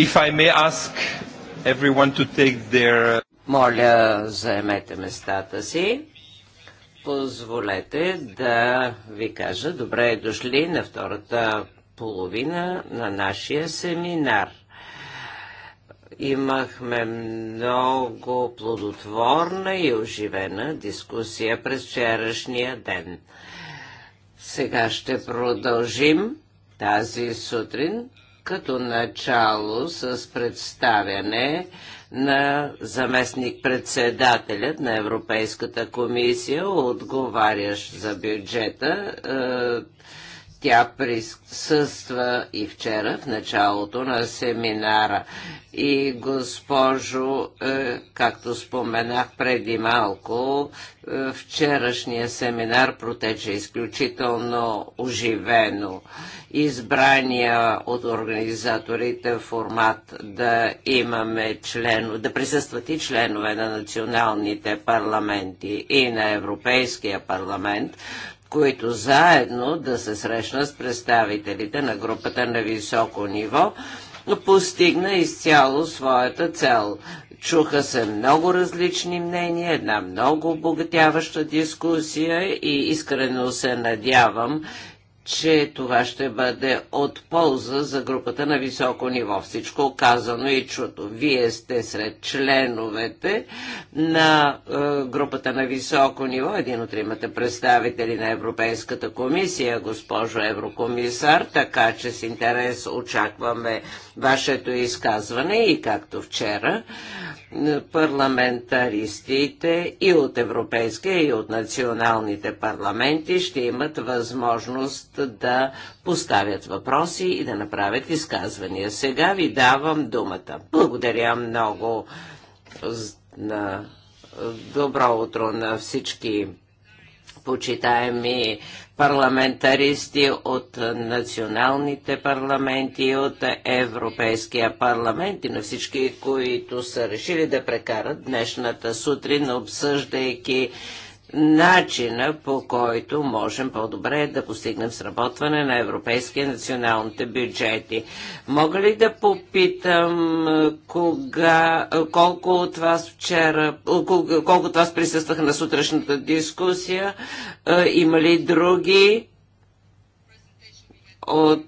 If I may ask everyone to take their... Моля, заемете местата си. Позволете да ви кажа добре дошли на втората половина на нашия семинар. Имахме много плодотворна и оживена дискусия през вчерашния ден. Сега ще продължим тази сутрин като начало с представяне на заместник-председателят на Европейската комисия, отговарящ за бюджета, е, тя присъства и вчера в началото на семинара. И госпожо, е, както споменах преди малко, е, вчерашния семинар протече изключително оживено. Избрания от организаторите формат да имаме члено, да присъстват и членове на националните парламенти и на Европейския парламент, които заедно да се срещнат с представителите на групата на високо ниво, постигна изцяло своята цел. Чуха се много различни мнения, една много обогатяваща дискусия и искрено се надявам, че това ще бъде от полза за групата на високо ниво. Всичко казано и чуто. Вие сте сред членовете на е, групата на високо ниво, един от тримата представители на Европейската комисия, госпожо Еврокомисар, така че с интерес очакваме вашето изказване и както вчера. Е, парламентаристите и от Европейския и от националните парламенти ще имат възможност да поставят въпроси и да направят изказвания. Сега ви давам думата. Благодаря много на добро утро на всички почитаеми парламентаристи от националните парламенти, от Европейския парламент и на всички, които са решили да прекарат днешната сутрин, обсъждайки начина по който можем по-добре да постигнем сработване на европейския националните бюджети. Мога ли да попитам кога, колко от вас вчера, колко, колко от вас присъстваха на сутрешната дискусия, има ли други от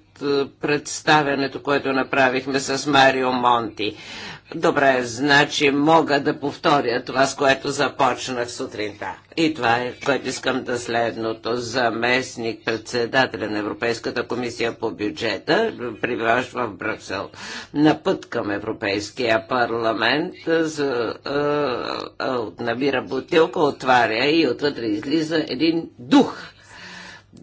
представянето, което направихме с Марио Монти. Добре, значи мога да повторя това, с което започнах сутринта. И това е, което искам да следното. Заместник председателя на Европейската комисия по бюджета, прибиваш в Брюксел, на път към Европейския парламент, за, а, а, набира бутилка, отваря и отвътре излиза един дух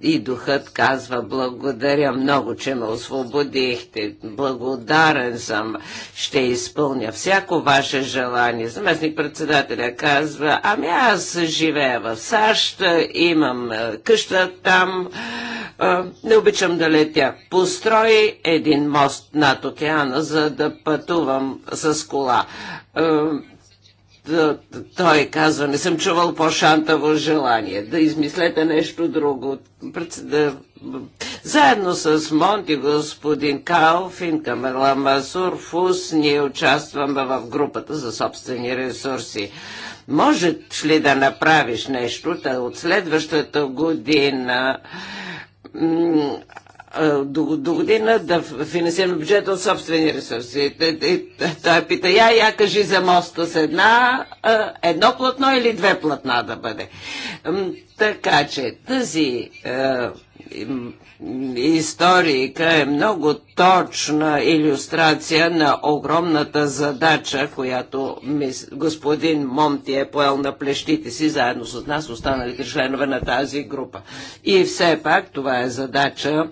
и духът казва, благодаря много, че ме освободихте, благодарен съм, ще изпълня всяко ваше желание. Заместник председателя казва, ами аз живея в САЩ, имам е, къща там, е, не обичам да летя. Построи един мост над океана, за да пътувам с кола е, е, той казва, не съм чувал по-шантаво желание. Да измислете нещо друго. Заедно с Монти, господин Калфин, Камела Масур, Фус, ние участваме в групата за собствени ресурси. Можеш ли да направиш нещо от следващата година? до, до година да финансираме бюджета от собствени ресурси. Той пита, я, я кажи за моста с една, едно платно или две платна да бъде. Така че тази историка е много точна иллюстрация на огромната задача, която господин Монти е поел на плещите си, заедно с нас, останалите членове на тази група. И все пак това е задача,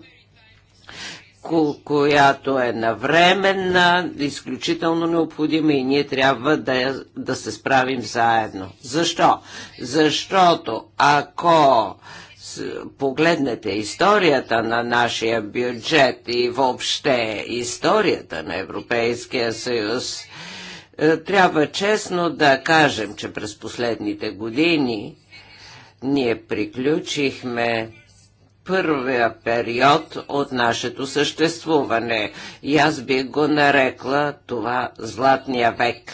която е навременна, изключително необходима и ние трябва да, да се справим заедно. Защо? Защото ако погледнете историята на нашия бюджет и въобще историята на Европейския съюз, е, трябва честно да кажем, че през последните години ние приключихме първия период от нашето съществуване. И аз би го нарекла това Златния век.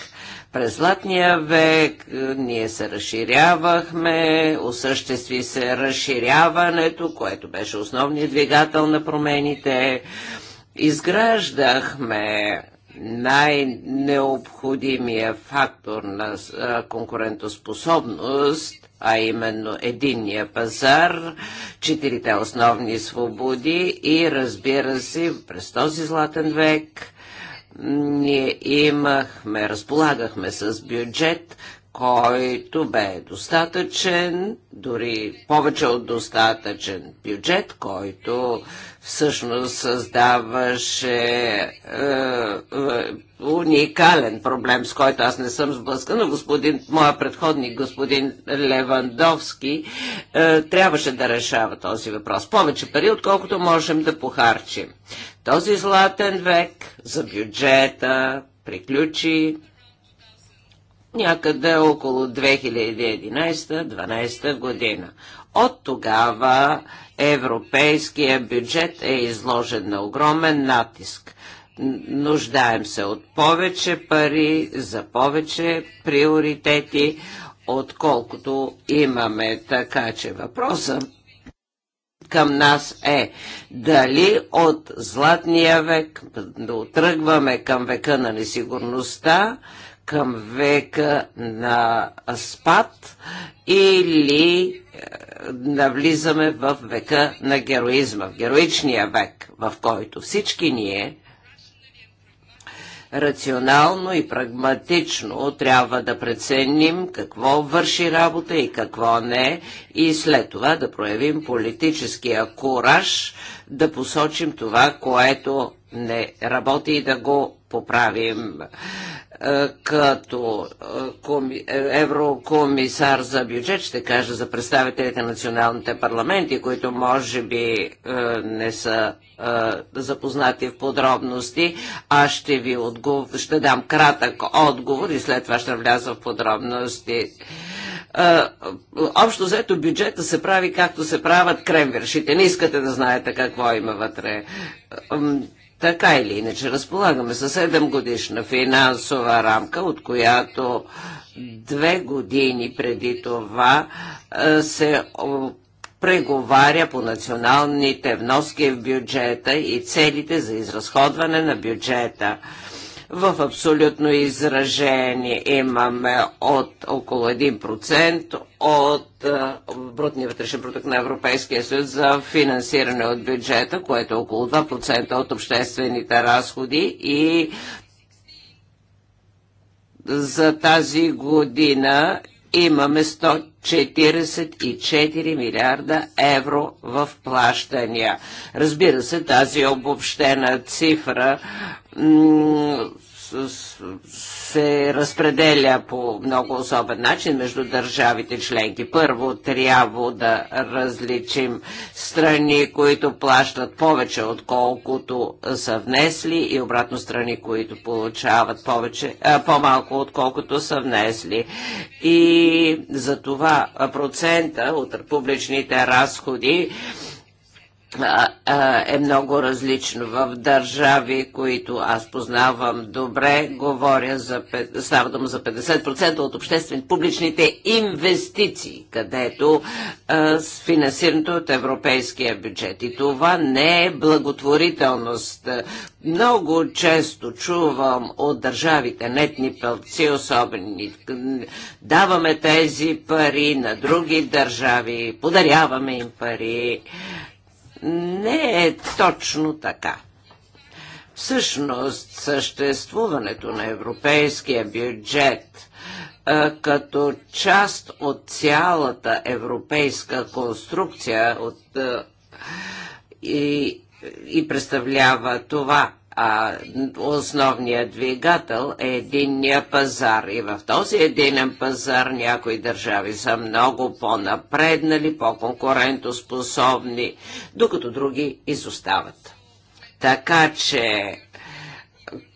През Златния век е, ние се разширявахме, осъществи се разширяването, което беше основният двигател на промените. Изграждахме най-необходимия фактор на конкурентоспособност а именно единния пазар, четирите основни свободи и разбира се, през този златен век ние имахме, разполагахме с бюджет, който бе достатъчен, дори повече от достатъчен бюджет, който всъщност създаваше е, е, уникален проблем, с който аз не съм сблъскана. Господин, моя предходник, господин Левандовски, е, трябваше да решава този въпрос. Повече пари, отколкото можем да похарчим. Този златен век за бюджета приключи някъде около 2011-2012 година. От тогава Европейския бюджет е изложен на огромен натиск. Нуждаем се от повече пари, за повече приоритети, отколкото имаме. Така че въпросът към нас е дали от златния век да отръгваме към века на несигурността към века на спад или е, навлизаме в века на героизма, в героичния век, в който всички ние рационално и прагматично трябва да преценим какво върши работа и какво не и след това да проявим политическия кураж да посочим това, което не работи и да го поправим. Е, като е, е, еврокомисар за бюджет, ще кажа за представителите на националните парламенти, които може би не са запознати в подробности, аз ще ви отгов... ще дам кратък отговор и след това ще вляза в подробности. Общо взето бюджета се прави както се правят кремвершите. Не искате да знаете какво има вътре така или иначе, разполагаме със 7 годишна финансова рамка, от която две години преди това е, се преговаря по националните вноски в бюджета и целите за изразходване на бюджета. В абсолютно изражение имаме от около 1% от е, брутния вътрешен продукт на Европейския съюз за финансиране от бюджета, което е около 2% от обществените разходи и за тази година имаме 100 44 милиарда евро в плащания. Разбира се, тази обобщена цифра с, с, се разпределя по много особен начин между държавите членки. Първо трябва да различим страни, които плащат повече, отколкото са внесли и обратно страни, които получават повече, по-малко, отколкото са внесли. И за това процента от публичните разходи е много различно. В държави, които аз познавам добре, говоря за, става дума за 50% от обществените публичните инвестиции, където а, с финансирането от европейския бюджет. И това не е благотворителност. Много често чувам от държавите нетни пълци, особени. Даваме тези пари на други държави, подаряваме им пари. Не е точно така. Всъщност, съществуването на европейския бюджет като част от цялата европейска конструкция от, и, и представлява това а, основният двигател е единния пазар. И в този единен пазар някои държави са много по-напреднали, по-конкурентоспособни, докато други изостават. Така че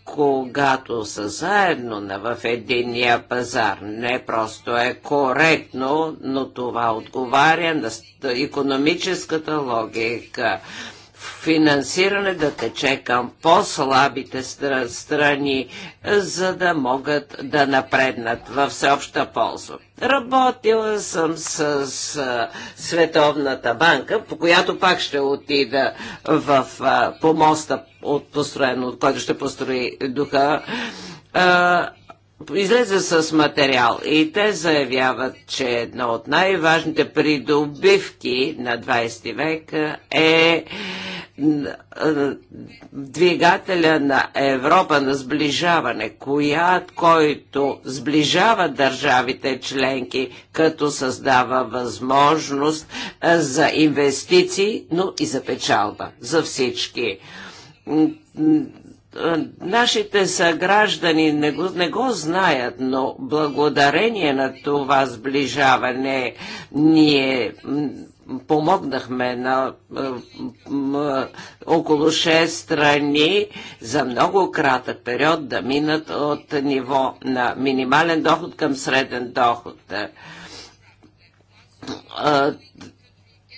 когато са заедно в единния пазар. Не просто е коректно, но това отговаря на економическата логика финансиране да тече към по-слабите страни, е, за да могат да напреднат във всеобща полза. Работила съм с, е, Световната банка, по която пак ще отида в, е, помоста, от от който ще построи духа излезе с материал и те заявяват, че една от най-важните придобивки на 20 век е двигателя на Европа на сближаване, коя, който сближава държавите членки, като създава възможност за инвестиции, но и за печалба за всички нашите съграждани не го, не го знаят, но благодарение на това сближаване ние помогнахме на е, е, около 6 страни за много кратък период да минат от ниво на минимален доход към среден доход. Е,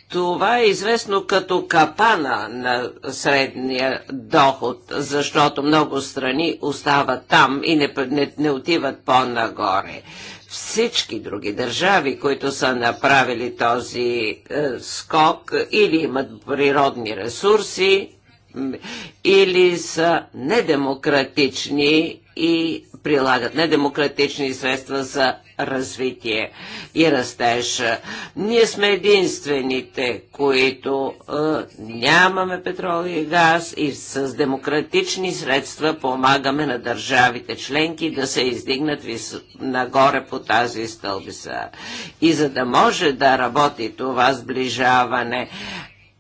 това е известно като капана на средния доход, защото много страни остават там и не, не, не отиват по-нагоре всички други държави, които са направили този е, скок или имат природни ресурси, или са недемократични и прилагат недемократични средства за развитие и растеж. Ние сме единствените, които е, нямаме петрол и газ и с демократични средства помагаме на държавите членки да се издигнат вис... нагоре по тази стълбица. И за да може да работи това сближаване,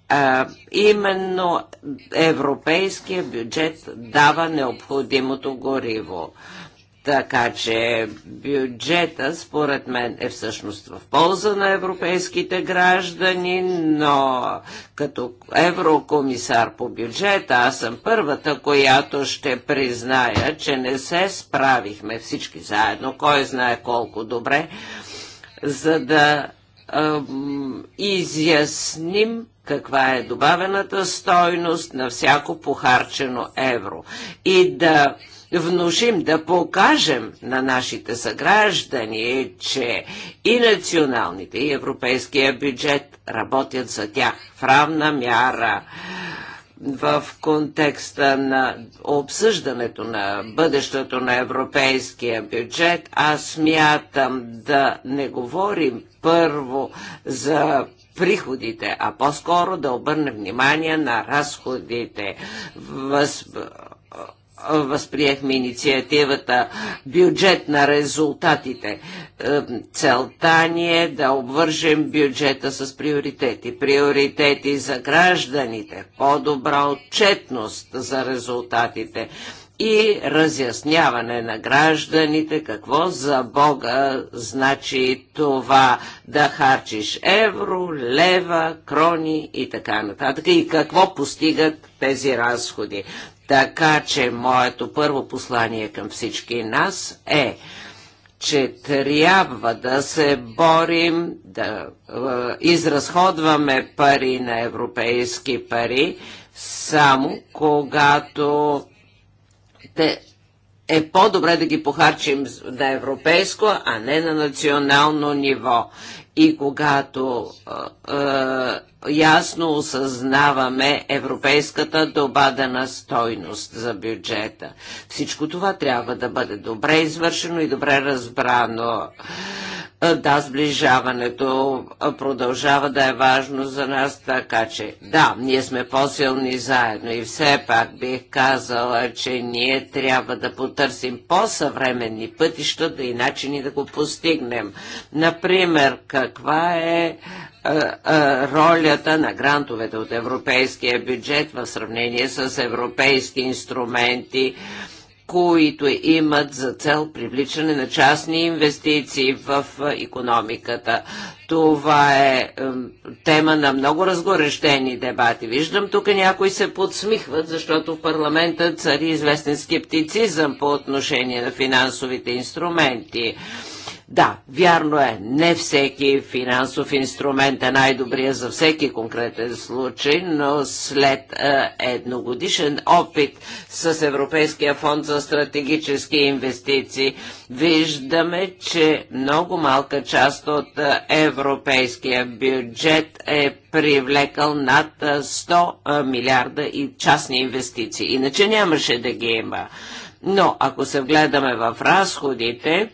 а, именно европейския бюджет дава необходимото гориво. Така че бюджета, според мен, е всъщност в полза на европейските граждани, но като еврокомисар по бюджета, аз съм първата, която ще призная, че не се справихме всички заедно, кой знае колко добре, за да изясним каква е добавената стойност на всяко похарчено евро и да внушим, да покажем на нашите съграждани, че и националните, и европейския бюджет работят за тях в равна мяра в контекста на обсъждането на бъдещето на европейския бюджет, аз смятам да не говорим първо за приходите, а по-скоро да обърне внимание на разходите. Въз... Възприехме инициативата бюджет на резултатите. Е, целта ни е да обвържем бюджета с приоритети. Приоритети за гражданите, по-добра отчетност за резултатите и разясняване на гражданите какво за Бога значи това да харчиш евро, лева, крони и така нататък и какво постигат тези разходи. Така че моето първо послание към всички нас е че трябва да се борим, да е, изразходваме пари на европейски пари, само когато парите е по-добре да ги похарчим на европейско, а не на национално ниво. И когато ясно осъзнаваме европейската добадена стойност за бюджета. Всичко това трябва да бъде добре извършено и добре разбрано. Да, сближаването продължава да е важно за нас, така че да, ние сме по-силни заедно и все пак бих казала, че ние трябва да потърсим по-съвременни пътища да и начини да го постигнем. Например, каква е ролята на грантовете от европейския бюджет в сравнение с европейски инструменти, които имат за цел привличане на частни инвестиции в економиката. Това е тема на много разгорещени дебати. Виждам тук някои се подсмихват, защото в парламента цари известен скептицизъм по отношение на финансовите инструменти. Да, вярно е, не всеки финансов инструмент е най-добрия за всеки конкретен случай, но след е, едногодишен опит с Европейския фонд за стратегически инвестиции, виждаме, че много малка част от е, европейския бюджет е привлекал над 100 е, е, милиарда и частни инвестиции. Иначе нямаше да ги има. Но ако се вгледаме в разходите,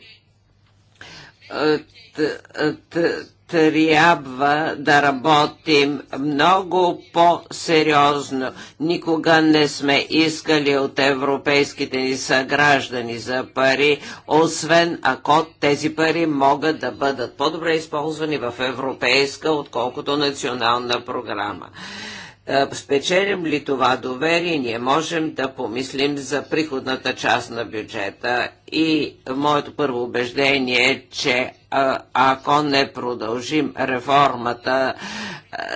трябва да работим много по-сериозно. Никога не сме искали от европейските ни съграждани за пари, освен ако тези пари могат да бъдат по-добре използвани в европейска, отколкото национална програма. Е, спечелим ли това доверие, ние можем да помислим за приходната част на бюджета и моето първо убеждение е, че ако не продължим реформата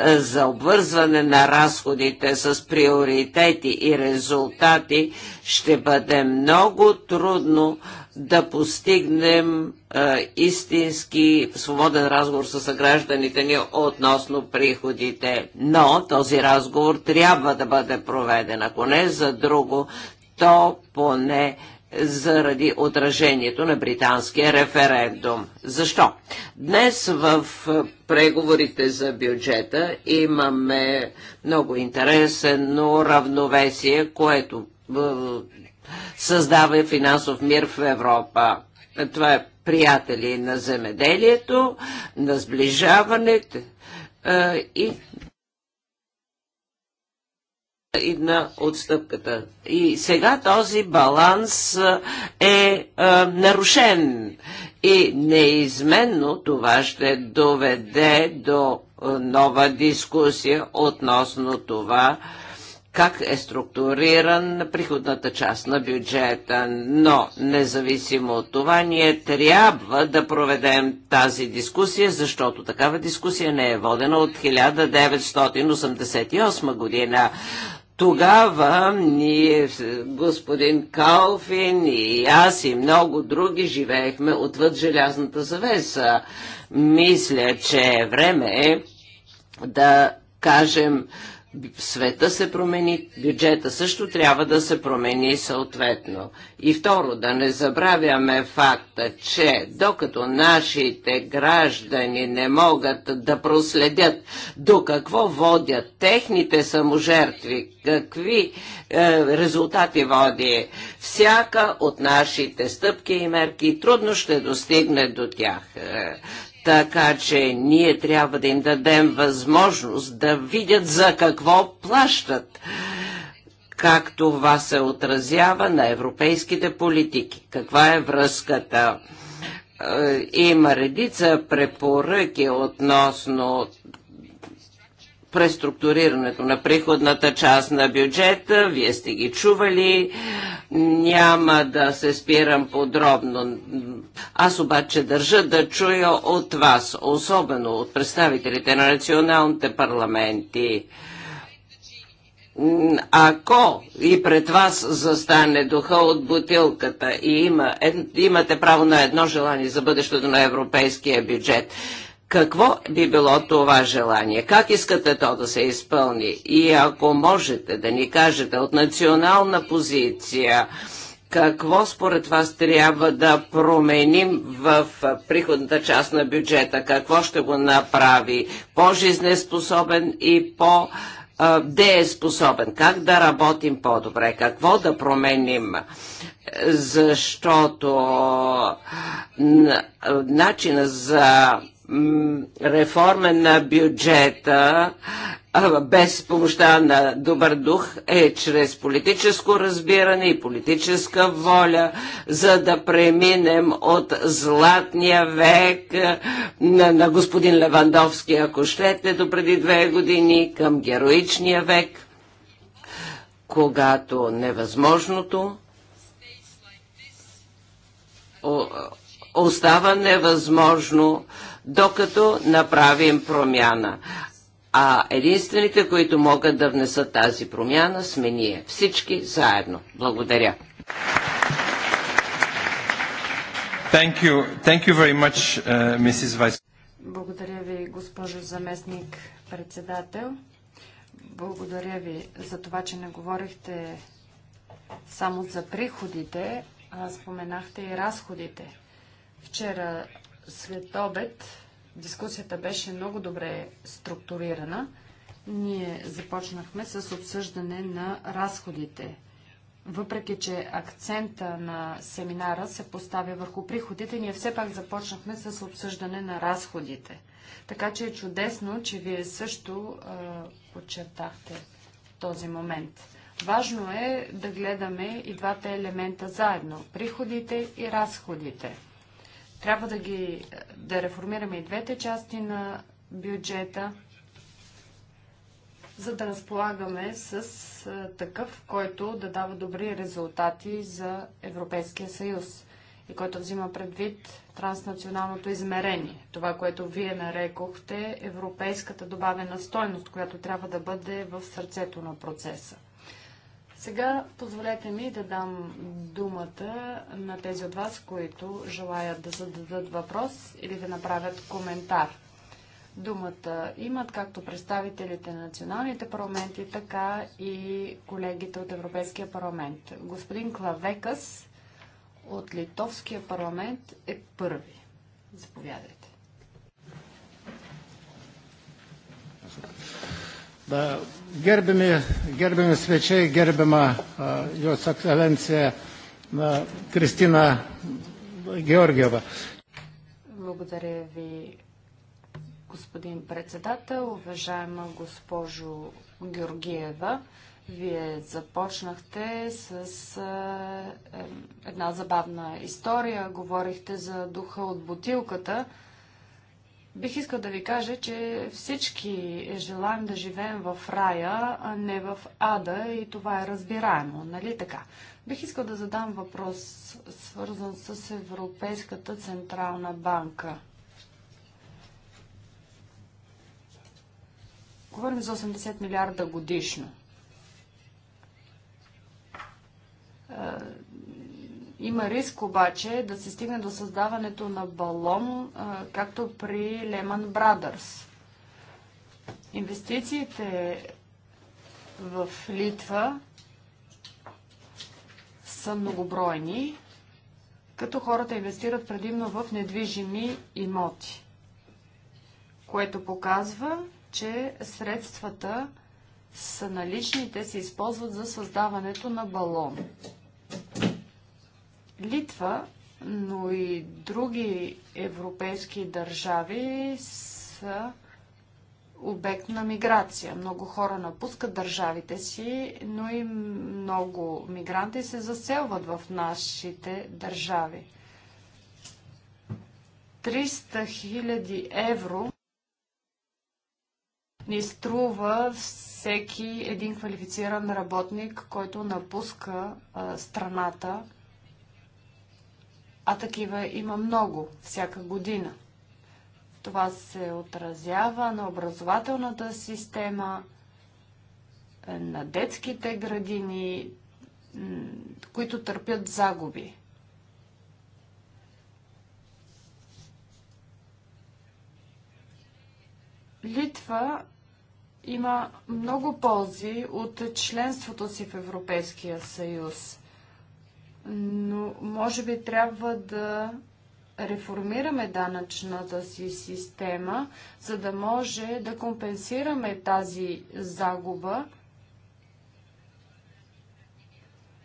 е, за обвързване на разходите с приоритети и резултати, ще бъде много трудно да постигнем а, истински свободен разговор с гражданите ни относно приходите. Но този разговор трябва да бъде проведен. Ако не за друго, то поне заради отражението на британския референдум. Защо? Днес в преговорите за бюджета имаме много интересно равновесие, което създава финансов мир в Европа. Това е приятели на земеделието, на сближаването и и на отстъпката. И сега този баланс е, е нарушен и неизменно това ще доведе до нова дискусия относно това, как е структуриран приходната част на бюджета. Но, независимо от това, ние трябва да проведем тази дискусия, защото такава дискусия не е водена от 1988 година. Тогава ние, господин Калфин и аз и много други живеехме отвъд желязната завеса. Мисля, че е време да кажем, света се промени, бюджета също трябва да се промени съответно. И второ, да не забравяме факта, че докато нашите граждани не могат да проследят до какво водят техните саможертви, какви е, резултати води всяка от нашите стъпки и мерки, трудно ще достигне до тях. Е, така че ние трябва да им дадем възможност да видят за какво плащат как това се отразява на европейските политики. Каква е връзката? Е, има редица препоръки относно преструктурирането на приходната част на бюджета. Вие сте ги чували. Няма да се спирам подробно. Аз обаче държа да чуя от вас, особено от представителите на националните парламенти, ако и пред вас застане духа от бутилката и има, е, имате право на едно желание за бъдещето на европейския бюджет, какво би било това желание? Как искате то да се изпълни? И ако можете да ни кажете от национална позиция, какво според вас трябва да променим в приходната част на бюджета? Какво ще го направи по-жизнеспособен и по- способен, Как да работим по-добре? Какво да променим? Защото начина за реформа на бюджета без помощта на добър дух е чрез политическо разбиране и политическа воля, за да преминем от златния век на, на господин Левандовски, ако щете, до преди две години към героичния век, когато невъзможното остава невъзможно докато направим промяна. А единствените, които могат да внесат тази промяна, сме ние. Всички заедно. Благодаря. Thank you. Thank you very much, uh, Mrs. Vice. Благодаря ви, госпожо заместник председател. Благодаря ви за това, че не говорихте само за приходите, а споменахте и разходите. Вчера след обед Дискусията беше много добре структурирана. Ние започнахме с обсъждане на разходите. Въпреки, че акцента на семинара се поставя върху приходите, ние все пак започнахме с обсъждане на разходите. Така че е чудесно, че вие също а, подчертахте този момент. Важно е да гледаме и двата елемента заедно приходите и разходите. Трябва да ги да реформираме и двете части на бюджета, за да разполагаме с такъв, който да дава добри резултати за Европейския съюз и който взима предвид транснационалното измерение. Това, което вие нарекохте европейската добавена стойност, която трябва да бъде в сърцето на процеса. Сега позволете ми да дам думата на тези от вас, които желаят да зададат въпрос или да направят коментар. Думата имат както представителите на националните парламенти, така и колегите от Европейския парламент. Господин Клавекас от Литовския парламент е първи. Заповядайте. Gerbiami, gerbiami svečiai, gerbiama Jos ekscelencija Кристина Георгиева. Благодаря ви, господин председател. Уважаема госпожо Георгиева, вие започнахте с е, една забавна история. Говорихте за духа от бутилката – Бих искал да ви кажа, че всички желаем да живеем в рая, а не в ада и това е разбираемо, нали така? Бих искал да задам въпрос, свързан с Европейската Централна банка. Говорим за 80 милиарда годишно е, има риск обаче да се стигне до създаването на балон, както при Lehman Brothers. Инвестициите в Литва са многобройни, като хората инвестират предимно в недвижими имоти, което показва, че средствата са налични и те се използват за създаването на балон. Литва, но и други европейски държави са обект на миграция. Много хора напускат държавите си, но и много мигранти се заселват в нашите държави. 300 000 евро ни струва всеки един квалифициран работник, който напуска а, страната а такива има много всяка година. Това се отразява на образователната система, е, на детските градини, които търпят загуби. Литва има много ползи от членството си в Европейския съюз но може би трябва да реформираме данъчната си система, за да може да компенсираме тази загуба.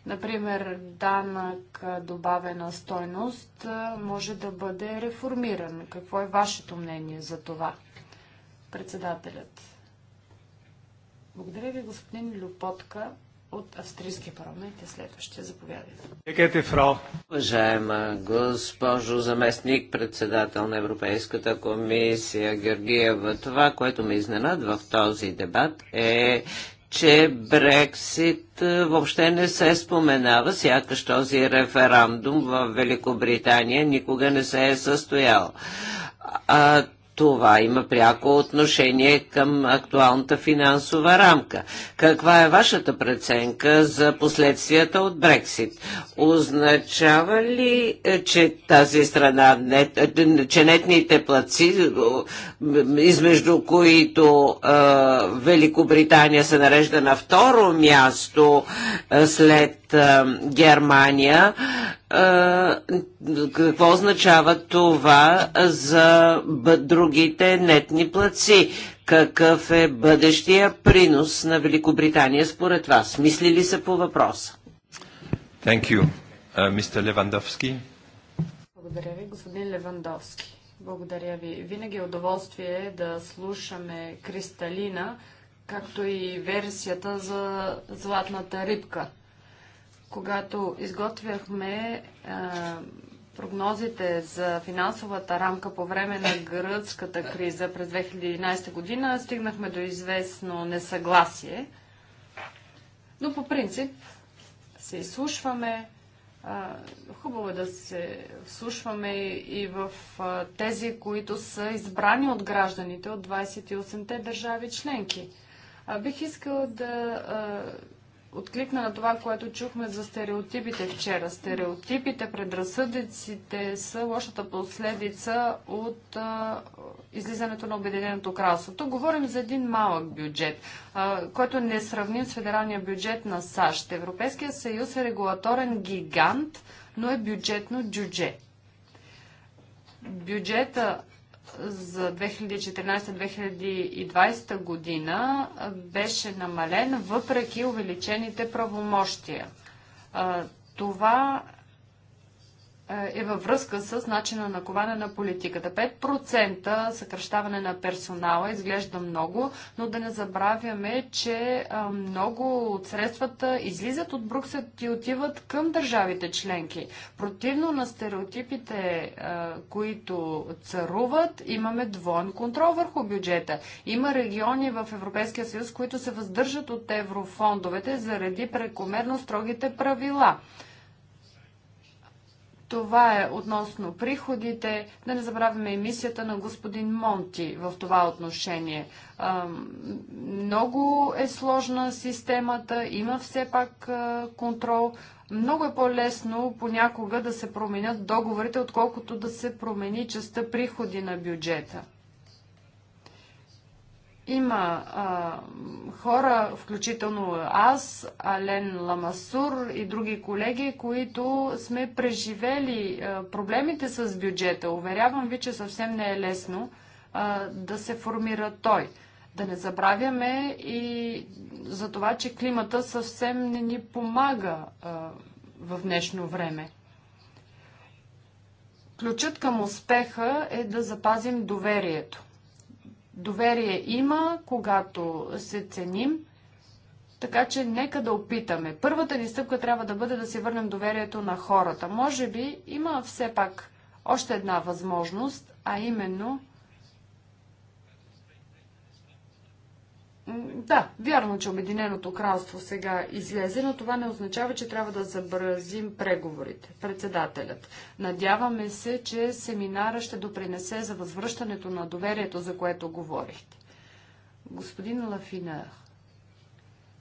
Например, данък добавена стойност може да бъде реформиран. Какво е вашето мнение за това, председателят? Благодаря ви, господин Люпотка от Австрийския парламент е следващия. Заповядайте. Уважаема госпожо заместник, председател на Европейската комисия Георгиева, това, което ме изненадва в този дебат е, че Брексит е, въобще не се споменава, сякаш този референдум в Великобритания никога не се е състоял. А, това има пряко отношение към актуалната финансова рамка. Каква е вашата преценка за последствията от Брексит? Означава ли, е, че тази страна, е, че нетните плаци, е, измежду които Великобритания се нарежда на второ място след Германия, какво означава това за другите нетни плаци? Какъв е бъдещия принос на Великобритания според вас? Мисли ли се по въпроса? Thank you. Uh, Mr. Lewandowski. Благодаря ви, господин Левандовски. Благодаря ви. Винаги е удоволствие да слушаме Кристалина, както и версията за златната рибка когато изготвяхме а, прогнозите за финансовата рамка по време на гръцката криза през 2011 година, стигнахме до известно несъгласие. Но по принцип се изслушваме. хубаво е да се вслушваме и в тези, които са избрани от гражданите от 28-те държави членки. бих искала да откликна на това, което чухме за стереотипите вчера. Стереотипите, предразсъдиците са лошата последица от а, излизането на Обединеното кралство. Тук говорим за един малък бюджет, а, който не е сравним с федералния бюджет на САЩ. Европейския съюз е регулаторен гигант, но е бюджетно джудже. Бюджета за 2014-2020 година беше намален въпреки увеличените правомощия. Това е във връзка с начина на коване на политиката. 5% съкръщаване на персонала изглежда много, но да не забравяме, че много от средствата излизат от Бруксел и отиват към държавите членки. Противно на стереотипите, които царуват, имаме двоен контрол върху бюджета. Има региони в Европейския съюз, които се въздържат от еврофондовете заради прекомерно строгите правила. Това е относно приходите. Да не забравяме и мисията на господин Монти в това отношение. много е сложна системата, има все пак контрол. Много е по-лесно понякога да се променят договорите, отколкото да се промени частта приходи на бюджета. Има а, хора, включително аз, Ален Ламасур и други колеги, които сме преживели а, проблемите с бюджета. Уверявам ви, че съвсем не е лесно а, да се формира той. Да не забравяме и за това, че климата съвсем не ни помага а, в днешно време. Ключът към успеха е да запазим доверието Доверие има, когато се ценим, така че нека да опитаме. Първата ни стъпка трябва да бъде да си върнем доверието на хората. Може би има все пак още една възможност, а именно Да, вярно, че Обединеното кралство сега излезе, но това не означава, че трябва да забразим преговорите. Председателят. Надяваме се, че семинара ще допринесе за възвръщането на доверието, за което говорихте. Господин Лафинер.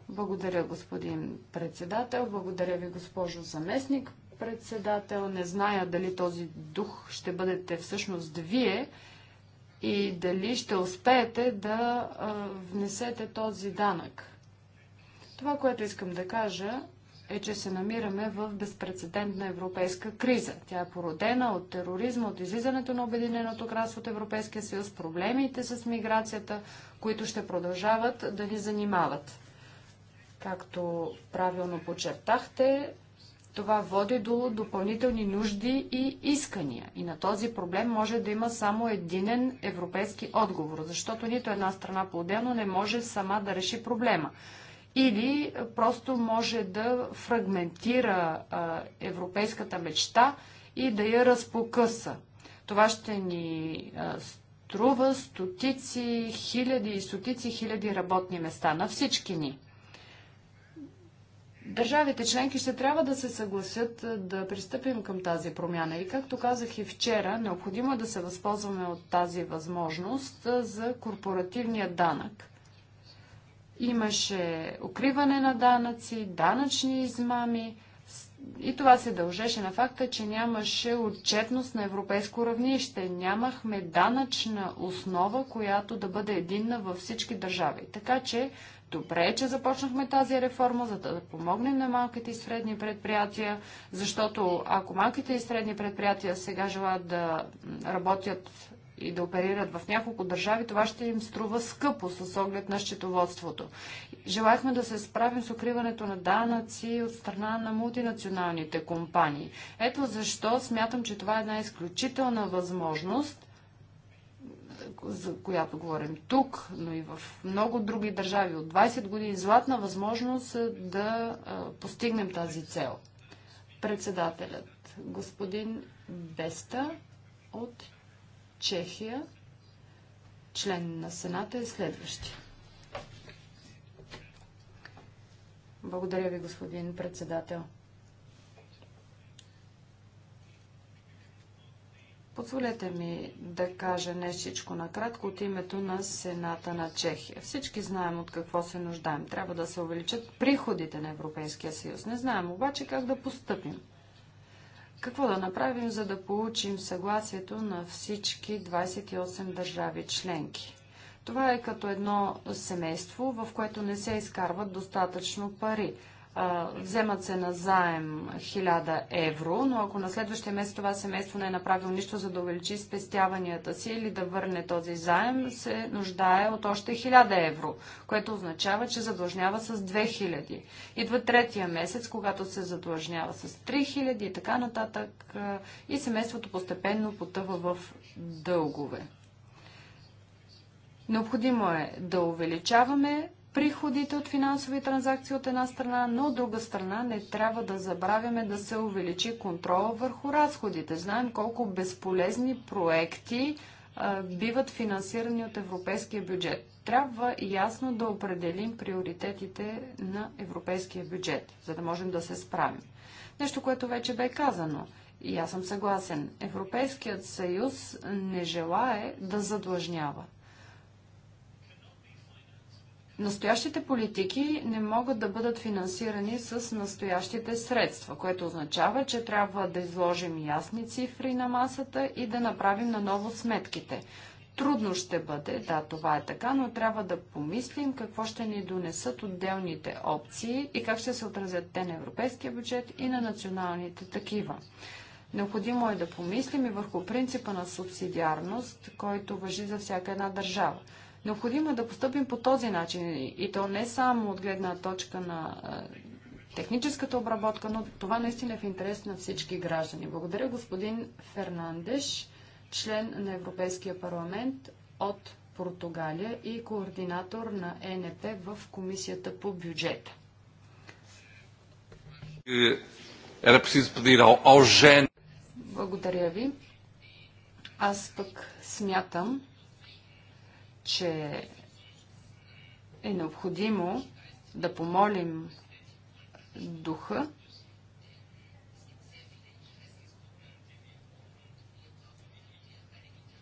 Благодаря, господин председател. Благодаря ви, госпожо заместник председател. Не зная дали този дух ще бъдете всъщност вие и дали ще успеете да внесете този данък. Това, което искам да кажа, е, че се намираме в безпредседентна европейска криза. Тя е породена от тероризма, от излизането на Обединеното кралство от Европейския съюз, проблемите с миграцията, които ще продължават да ни занимават. Както правилно подчертахте, това води до допълнителни нужди и искания. И на този проблем може да има само единен европейски отговор, защото нито една страна по-отделно не може сама да реши проблема. Или просто може да фрагментира а, европейската мечта и да я разпокъса. Това ще ни а, струва стотици, хиляди и стотици хиляди работни места на всички ни. Държавите членки ще трябва да се съгласят е, да пристъпим към тази промяна. И както казах и вчера, необходимо е да се възползваме от тази възможност е, за корпоративния данък. Имаше укриване на данъци, данъчни измами – и това се дължеше на факта, че нямаше отчетност на европейско равнище. Нямахме данъчна основа, която да бъде единна във всички държави. Така че добре е, че започнахме тази реформа, за да помогнем на малките и средни предприятия, защото ако малките и средни предприятия сега желаят да работят и да оперират в няколко държави, това ще им струва скъпо с оглед на счетоводството. Желахме да се справим с укриването на данъци от страна на мултинационалните компании. Ето защо смятам, че това е една изключителна възможност, за която говорим тук, но и в много други държави от 20 години, златна възможност е да постигнем тази цел. Председателят, господин Беста от Чехия, член на Сената е следващия. Благодаря ви, господин председател. Позволете ми да кажа нещичко накратко от името на Сената на Чехия. Всички знаем от какво се нуждаем. Трябва да се увеличат приходите на Европейския съюз. Не знаем обаче как да постъпим. Какво да направим, за да получим съгласието на всички 28 държави членки? Това е като едно семейство, в което не се изкарват достатъчно пари. А, вземат се на заем 1000 евро, но ако на следващия месец това семейство не е направило нищо за да увеличи спестяванията си или да върне този заем, се нуждае от още 1000 евро, което означава, че задлъжнява с 2000. Идва третия месец, когато се задлъжнява с 3000 и така нататък и семейството постепенно потъва в дългове. Необходимо е да увеличаваме приходите от финансови транзакции от една страна, но от друга страна не трябва да забравяме да се увеличи контрола върху разходите. Знаем колко безполезни проекти а, биват финансирани от европейския бюджет. Трябва ясно да определим приоритетите на европейския бюджет, за да можем да се справим. Нещо, което вече бе казано. И аз съм съгласен. Европейският съюз не желае да задлъжнява. Настоящите политики не могат да бъдат финансирани с настоящите средства, което означава, че трябва да изложим ясни цифри на масата и да направим наново сметките. Трудно ще бъде, да, това е така, но трябва да помислим какво ще ни донесат отделните опции и как ще се отразят те на европейския бюджет и на националните такива. Необходимо е да помислим и върху принципа на субсидиарност, който въжи за всяка една държава. Необходимо е да поступим по този начин и то не само от гледна точка на техническата обработка, но това наистина е в интерес на всички граждани. Благодаря господин Фернандеш, член на Европейския парламент от Португалия и координатор на ЕНП в Комисията по бюджет. Благодаря ви. Аз пък смятам, че е необходимо да помолим духа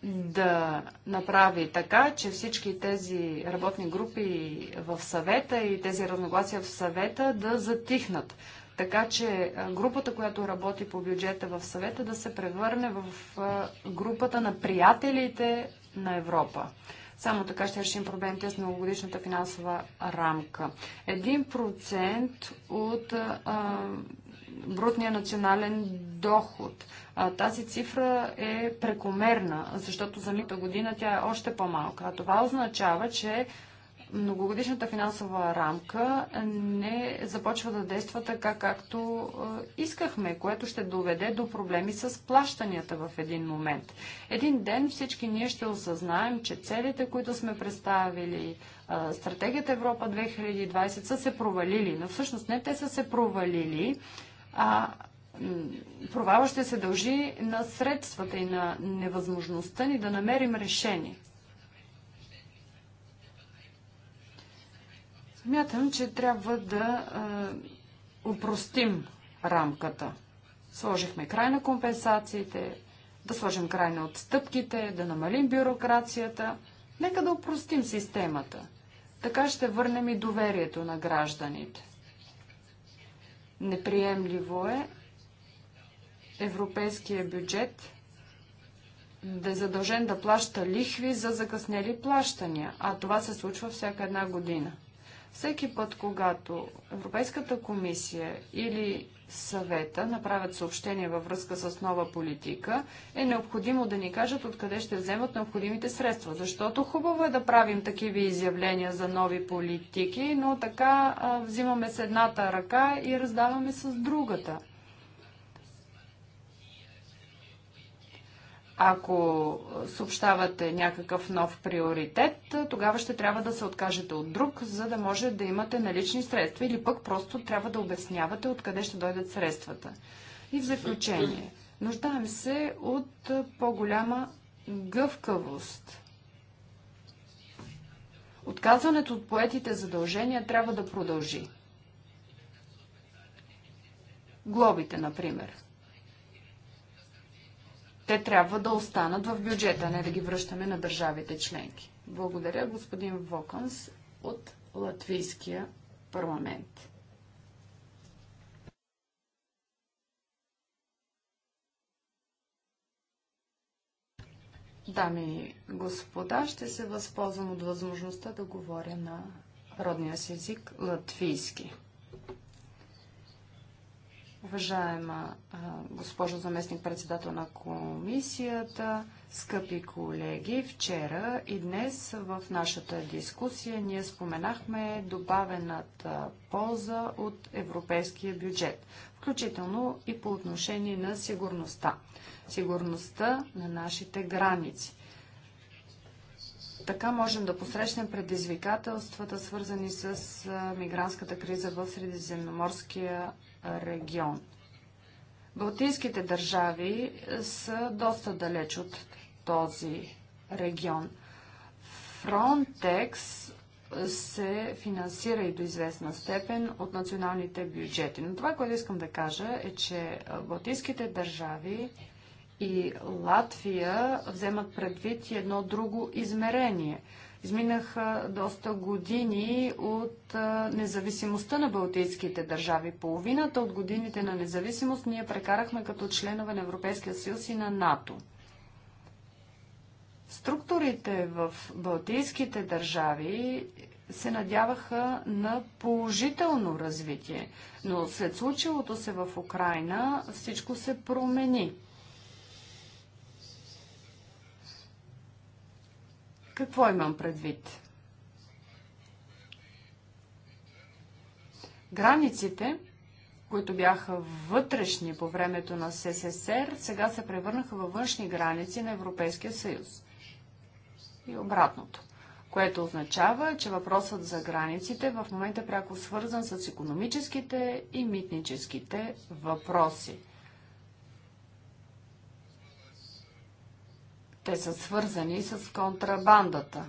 да направи така, че всички тези работни групи в съвета и тези разногласия в съвета да затихнат. Така че групата, която работи по бюджета в съвета, да се превърне в групата на приятелите на Европа. Само така ще решим проблемите с многогодишната финансова рамка. 1% от а, брутния национален доход. А, тази цифра е прекомерна, защото за мита година тя е още по-малка. А това означава, че многогодишната финансова рамка не започва да действа така, както е, искахме, което ще доведе до проблеми с плащанията в един момент. Един ден всички ние ще осъзнаем, че целите, които сме представили, е, стратегията Европа 2020 са се провалили, но всъщност не те са се провалили, а провала ще се дължи на средствата и на невъзможността ни да намерим решение. Смятам, че трябва да е, упростим рамката. Сложихме край на компенсациите, да сложим край на отстъпките, да намалим бюрокрацията. Нека да упростим системата. Така ще върнем и доверието на гражданите. Неприемливо е европейския бюджет да е задължен да плаща лихви за закъснели плащания, а това се случва всяка една година. Всеки път, когато Европейската комисия или съвета направят съобщение във връзка с нова политика, е необходимо да ни кажат откъде ще вземат необходимите средства. Защото хубаво е да правим такива изявления за нови политики, но така а, взимаме с едната ръка и раздаваме с другата. Ако съобщавате някакъв нов приоритет, тогава ще трябва да се откажете от друг, за да може да имате налични средства или пък просто трябва да обяснявате откъде ще дойдат средствата. И в заключение, нуждаем се от по-голяма гъвкавост. Отказването от поетите задължения трябва да продължи. Глобите, например те трябва да останат в бюджета, не да ги връщаме на държавите членки. Благодаря, господин Воканс от Латвийския парламент. Дами и господа, ще се възползвам от възможността да говоря на родния си език латвийски. Уважаема госпожо заместник председател на комисията, скъпи колеги, вчера и днес в нашата дискусия ние споменахме добавената полза от европейския бюджет, включително и по отношение на сигурността. Сигурността на нашите граници. Така можем да посрещнем предизвикателствата, свързани с мигрантската криза в Средиземноморския регион. Балтийските държави са доста далеч от този регион. Фронтекс се финансира и до известна степен от националните бюджети. Но това, което искам да кажа е, че Балтийските държави и Латвия вземат предвид едно друго измерение – Изминаха доста години от независимостта на балтийските държави. Половината от годините на независимост ние прекарахме като членове на Европейския съюз и на НАТО. Структурите в балтийските държави се надяваха на положително развитие, но след случилото се в Украина всичко се промени. Какво имам предвид? Границите, които бяха вътрешни по времето на СССР, сега се превърнаха във външни граници на Европейския съюз. И обратното. Което означава, че въпросът за границите в момента е пряко свързан с економическите и митническите въпроси – Те са свързани с контрабандата.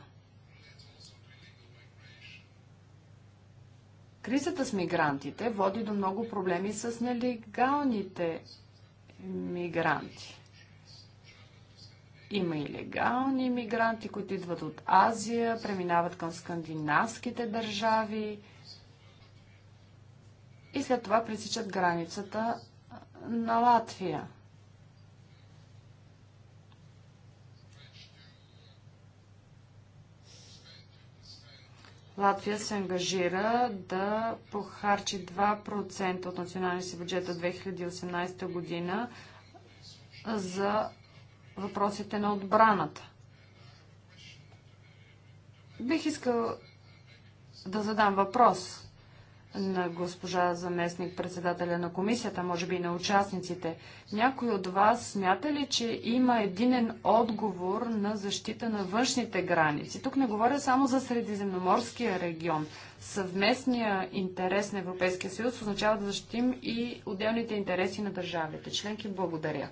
Кризата с мигрантите води до много проблеми с нелегалните мигранти. Има и легални мигранти, които идват от Азия, преминават към скандинавските държави и след това пресичат границата на Латвия. Латвия се ангажира да похарчи 2% от националния си бюджет за 2018 година за въпросите на отбраната. Бих искал да задам въпрос на госпожа заместник председателя на комисията, може би и на участниците. Някой от вас смята ли, че има единен отговор на защита на външните граници? Тук не говоря само за Средиземноморския регион. Съвместния интерес на Европейския съюз означава да защитим и отделните интереси на държавите. Членки, благодаря.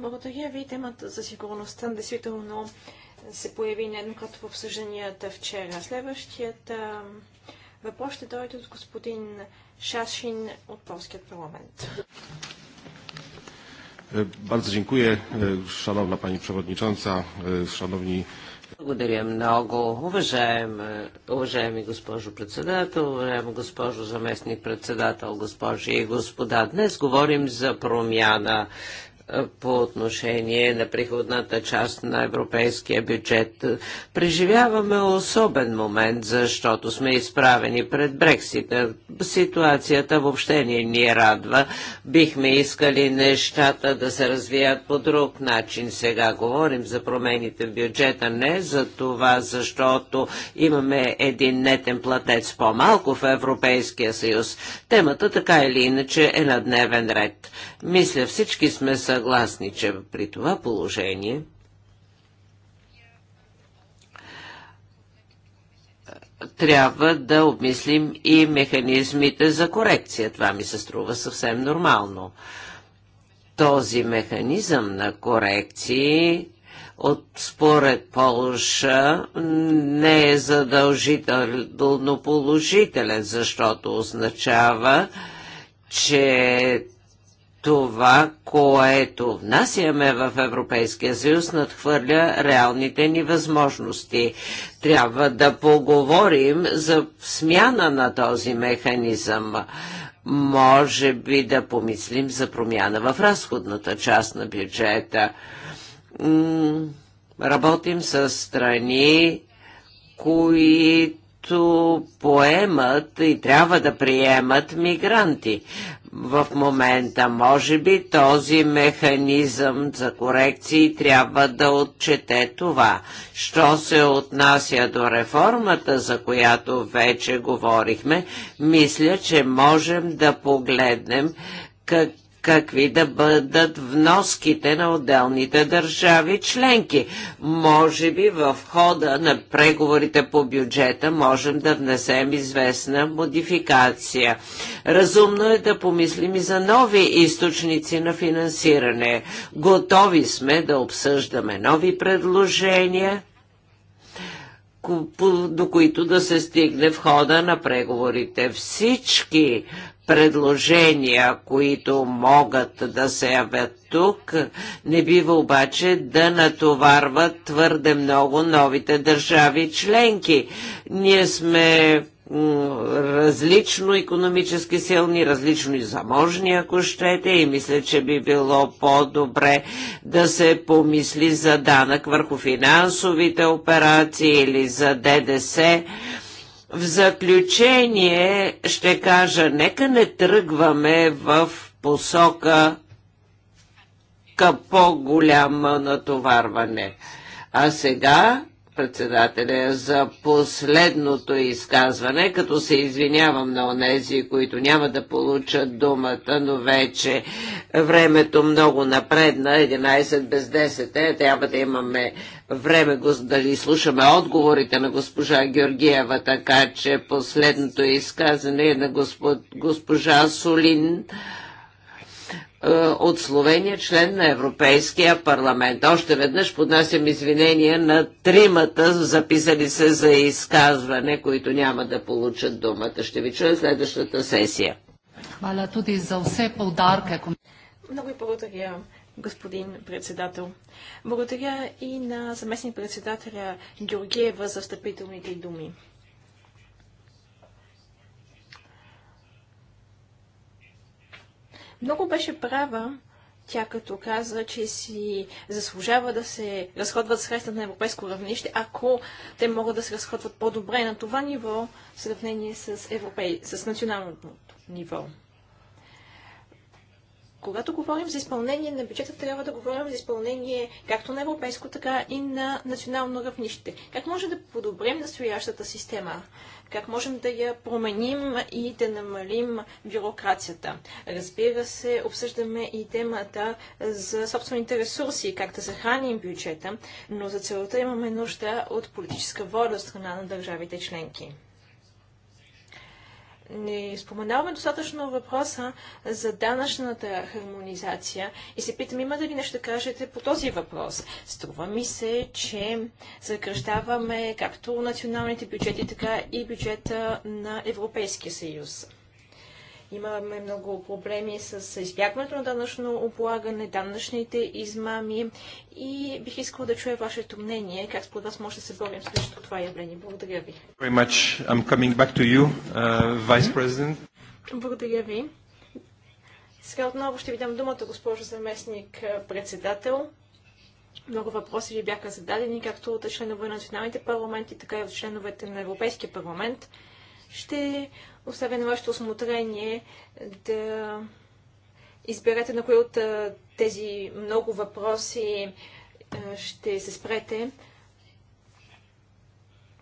Благодаря ви. Темата за сигурността действително се появи нееднократно в обсъжданията вчера. Следващият Въпрос ще дойде от господин Шашин от Полският парламент. Е, Bardzo dziękuję, е, szanowna pani przewodnicząca, е, szanowni... Благодаря много, уважаема, уважаеми госпожо председател, уважаема госпожо заместник председател, госпожи и господа. Днес говорим за промяна по отношение на приходната част на европейския бюджет. Преживяваме особен момент, защото сме изправени пред Брексита. Ситуацията въобще не ни радва. Бихме искали нещата да се развият по друг начин. Сега говорим за промените в бюджета, не за това, защото имаме един нетен платец по-малко в Европейския съюз. Темата така или иначе е на дневен ред. Мисля, всички сме съ съгласни, че при това положение трябва да обмислим и механизмите за корекция. Това ми се струва съвсем нормално. Този механизъм на корекции от според Полша не е задължително положителен, защото означава, че това, което внасяме в Европейския съюз, надхвърля реалните ни възможности. Трябва да поговорим за смяна на този механизъм. Може би да помислим за промяна в разходната част на бюджета. работим с страни, които поемат и трябва да приемат мигранти в момента. Може би този механизъм за корекции трябва да отчете това. Що се отнася до реформата, за която вече говорихме, мисля, че можем да погледнем как какви да бъдат вноските на отделните държави членки. Може би в хода на преговорите по бюджета можем да внесем известна модификация. Разумно е да помислим и за нови източници на финансиране. Готови сме да обсъждаме нови предложения до които да се стигне в хода на преговорите. Всички предложения, които могат да се явят тук, не бива обаче да натоварват твърде много новите държави членки. Ние сме различно економически силни, различно и заможни, ако щете, и мисля, че би било по-добре да се помисли за данък върху финансовите операции или за ДДС в заключение ще кажа, нека не тръгваме в посока към по-голямо натоварване. А сега председателя за последното изказване, като се извинявам на онези, които няма да получат думата, но вече времето много напредна, 11 без 10 е, трябва да имаме време ли слушаме отговорите на госпожа Георгиева, така че последното изказване е на госпожа Солин. Е, от Словения, член на Европейския парламент. Още веднъж поднасям извинения на тримата, записали се за изказване, които няма да получат думата. Ще ви чуя следващата сесия. Хваля туди за все подарка. Много и благодаря, господин председател. Благодаря и на заместник председателя Георгиева за встъпителните думи. Много беше права тя като каза, че си заслужава да се разходват средства на европейско равнище, ако те могат да се разходват по-добре на това ниво в сравнение с, европей... с националното ниво. Когато говорим за изпълнение на бюджета, трябва да говорим за изпълнение както на европейско, така и на национално равнище. Как може да подобрим настоящата система? Как можем да я променим и да намалим бюрокрацията? Разбира се, обсъждаме и темата за собствените ресурси, как да съхраним бюджета, но за целта имаме нужда от политическа воля от страна на държавите членки не споменаваме достатъчно въпроса за данъчната хармонизация и се питам, има ли нещо да кажете по този въпрос? Струва ми се, че съкръщаваме както националните бюджети, така и бюджета на Европейския съюз. Имаме много проблеми с избягването на данъчно облагане, данъчните измами и бих искал да чуя вашето мнение, как според вас може да се борим срещу това явление. Благодаря ви. Uh, Благодаря ви. Сега отново ще ви дам думата, госпожо заместник председател. Много въпроси ви бяха зададени, както от членове на националните парламенти, така и от членовете на Европейския парламент. Ще оставя на вашето осмотрение да изберете на кои от тези много въпроси ще се спрете.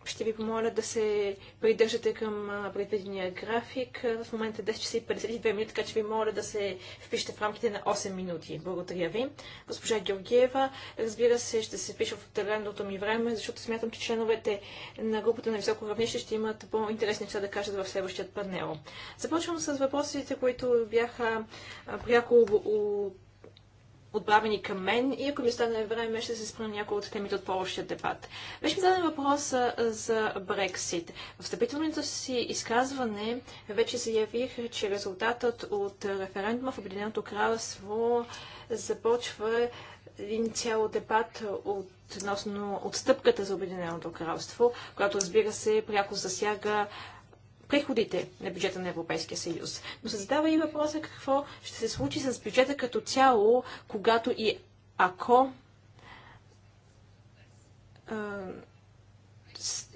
Ще ви помоля да се придържате към предвидения график. В момента е 10 часа и 52 минути, така че ви моля да се впишете в рамките на 8 минути. Благодаря ви. Госпожа Георгиева, разбира се, ще се впиша в отделеното ми време, защото смятам, че членовете на групата на високо равнище ще имат по-интересни неща да кажат в следващия панел. Започвам с въпросите, които бяха пряко Отправени към мен и ако ми остане време, ще се спра на някои от темите от по-общия дебат. Беше ми зададен въпрос за Брексит. В встъпителното си изказване вече явих, че резултатът от референдума в Обединеното кралство започва един цял дебат от, относно отстъпката за Обединеното кралство, която разбира се пряко засяга приходите на бюджета на Европейския съюз. Но се задава и въпроса какво ще се случи с бюджета като цяло, когато и ако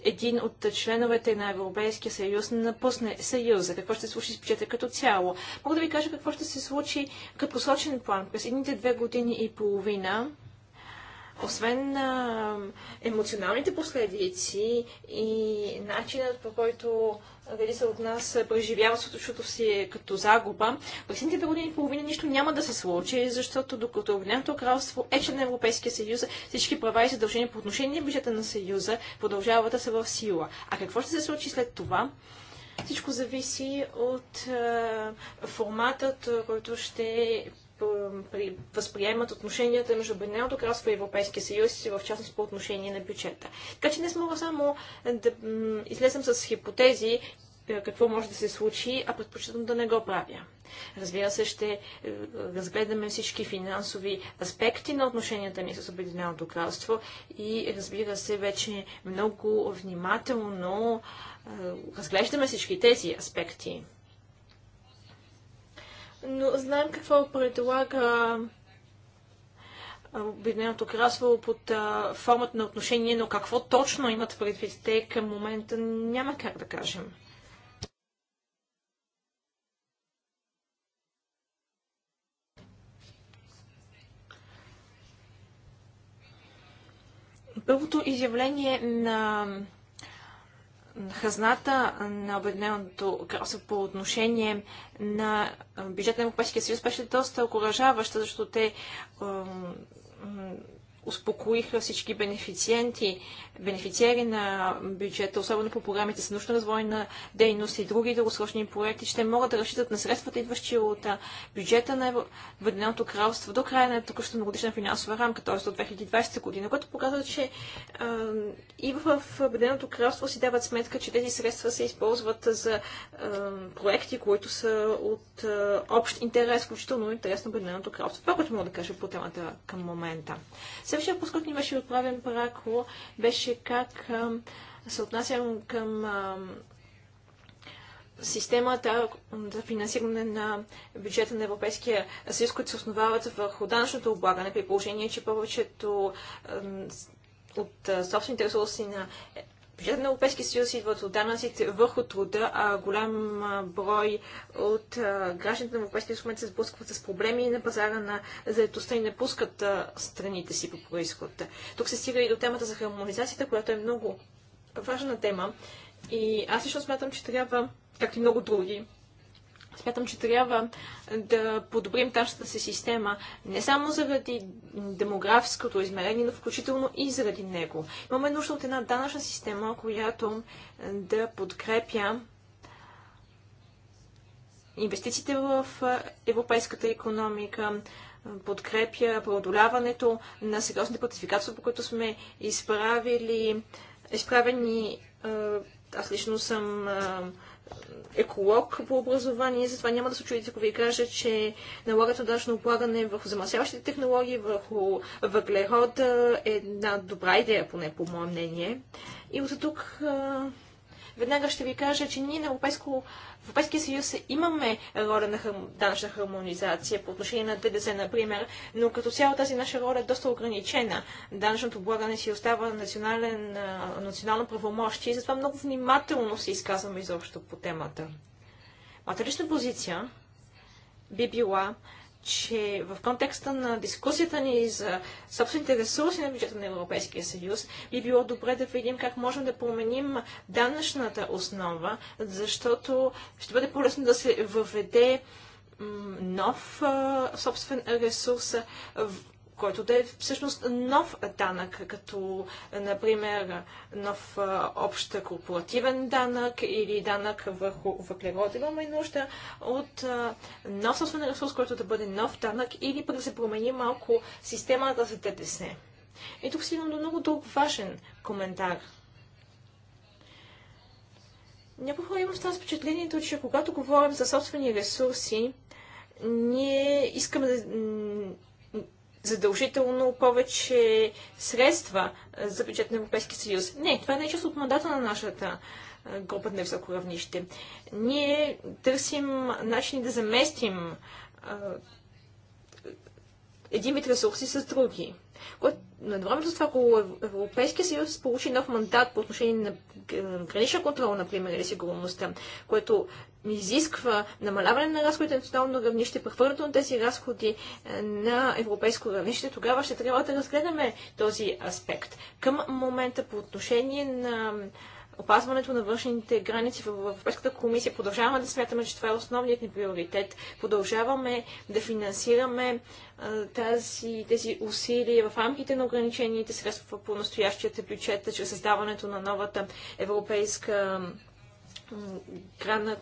един от членовете на Европейския съюз напусне съюза, какво ще се случи с бюджета като цяло. Мога да ви кажа какво ще се случи като сочен план през едните две години и половина освен а, емоционалните последици и начинът по който дали се от нас преживяват случващото си е като загуба, през следните години и половина нищо няма да се случи, защото докато Обединеното кралство е член на Европейския съюз, всички права и задължения по отношение на бюджета на съюза продължават да са в сила. А какво ще се случи след това? Всичко зависи от е, форматът, който ще при, възприемат отношенията между Обединеното кралство и Европейския съюз, в частност по отношение на бюджета. Така че днес мога само е, да излезем с хипотези, е, какво може да се случи, а предпочитам да не го правя. Разбира се, ще е, разгледаме всички финансови аспекти на отношенията ни с Обединеното кралство и разбира се, вече много внимателно разглеждаме всички тези аспекти но знаем какво предлага Обединеното кралство под а, формата на отношение, но какво точно имат предвид те към момента няма как да кажем. Първото изявление на хазната на Обединеното кралство по отношение на бюджета на Европейския съюз беше доста окоръжаваща, защото те успокоиха всички бенефициенти, бенефициери на бюджета, особено по програмите с научно развойна дейност и други дългосрочни проекти, ще могат да разчитат на средствата, идващи от бюджета на Въединеното кралство до края на на многодишна финансова рамка, т.е. до 2020 година, което показва, че а, и в Въединеното кралство си дават сметка, че тези средства се използват за а, проекти, които са от а, общ интерес, включително интерес на Въединеното кралство. Това, което мога да кажа по темата към момента. Следващия въпрос, който ни беше отправен прако, беше как се отнасям към системата за финансиране на бюджета на Европейския съюз, които се основават върху данъчното облагане, при положение, че повечето от собствените ресурси на Бюджет на Европейския съюз идват от данъците върху труда, а голям брой от гражданите на Европейския съюз се сблъскват с проблеми на пазара на заедостта и не пускат страните си по происход. Тук се стига и до темата за хармонизацията, която е много важна тема. И аз лично смятам, че трябва, както и много други, Смятам, че трябва да подобрим нашата си система не само заради демографското измерение, но включително и заради него. Имаме нужда от една данъчна система, която да подкрепя инвестициите в европейската економика, подкрепя преодоляването на сериозните платификации, по които сме изправили, изправени. Аз лично съм еколог по образование, затова няма да се чудите, ако ви кажа, че налагат удачно облагане върху замърсяващите технологии, върху въглерода е една добра идея, поне по мое мнение. И от тук веднага ще ви кажа, че ние на европейско в Европейския съюз имаме роля на хар... данъчна хармонизация по отношение на ДДС, например, но като цяло тази наша роля е доста ограничена. Данъчното облагане си остава национален, национално правомощие и затова много внимателно се изказваме изобщо по темата. Моята лична позиция би била, че в контекста на дискусията ни за собствените ресурси на бюджета на Европейския съюз би било добре да видим как можем да променим данъчната основа, защото ще бъде по-лесно да се въведе нов собствен ресурс в който да е всъщност нов данък, като, например, нов общ корпоративен данък или данък върху въглерода. Имаме нужда от нов собствен ресурс, който да бъде нов данък или пък да се промени малко системата за ДДС. И тук стигам до много друг важен коментар. Някои хора имам това впечатлението, че когато говорим за собствени ресурси, ние искаме да задължително повече средства за бюджет на Европейския съюз. Не, това не е част от мандата на нашата група на високо равнище. Ние търсим начини да заместим един вид ресурси с други. Едновременно с това, ако Европейския съюз получи нов мандат по отношение на гранична контрол, например, или сигурността, което изисква намаляване на разходите на национално равнище, прехвърлянето на тези разходи е, на европейско равнище, тогава ще трябва да разгледаме този аспект. Към момента по отношение на опазването на външните граници в Европейската комисия. Продължаваме да смятаме, че това е основният ни приоритет. Продължаваме да финансираме тази, тези усилия в рамките на ограничените средства по настоящия бюджет, чрез създаването на новата европейска грана,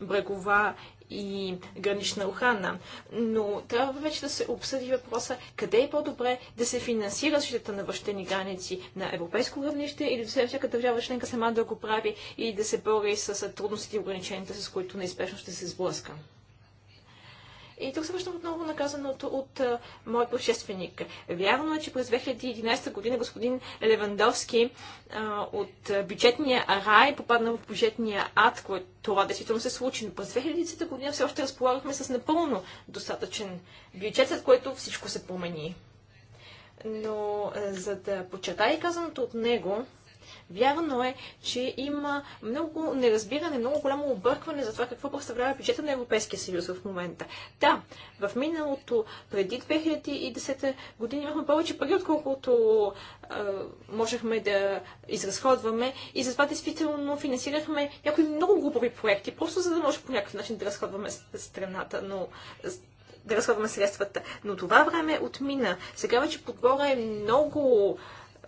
брегова и гранична охрана. Но трябва вече да се обсъди въпроса къде е по-добре да се финансира защитата на въщени граници на европейско равнище или да се всяка държава членка сама да го прави и да се бори с трудностите и ограниченията, с които неизбежно ще се сблъска. И тук се връщам отново на казаното от а, мой предшественик. Вярно е, че през 2011 година господин Левандовски а, от бюджетния рай попадна в бюджетния ад, което това действително се случи. Но през 2010 година все още разполагахме с напълно достатъчен бюджет, след което всичко се промени. Но а, за да подчертая казаното от него, Вярно е, че има много неразбиране, много голямо объркване за това какво представлява бюджета на Европейския съюз в момента. Да, в миналото, преди 2010 година имахме повече пари, отколкото е, можехме да изразходваме и затова действително финансирахме някои много глупови проекти, просто за да може по някакъв начин да разходваме страната, но да разходваме средствата. Но това време отмина. Сега вече подбора е много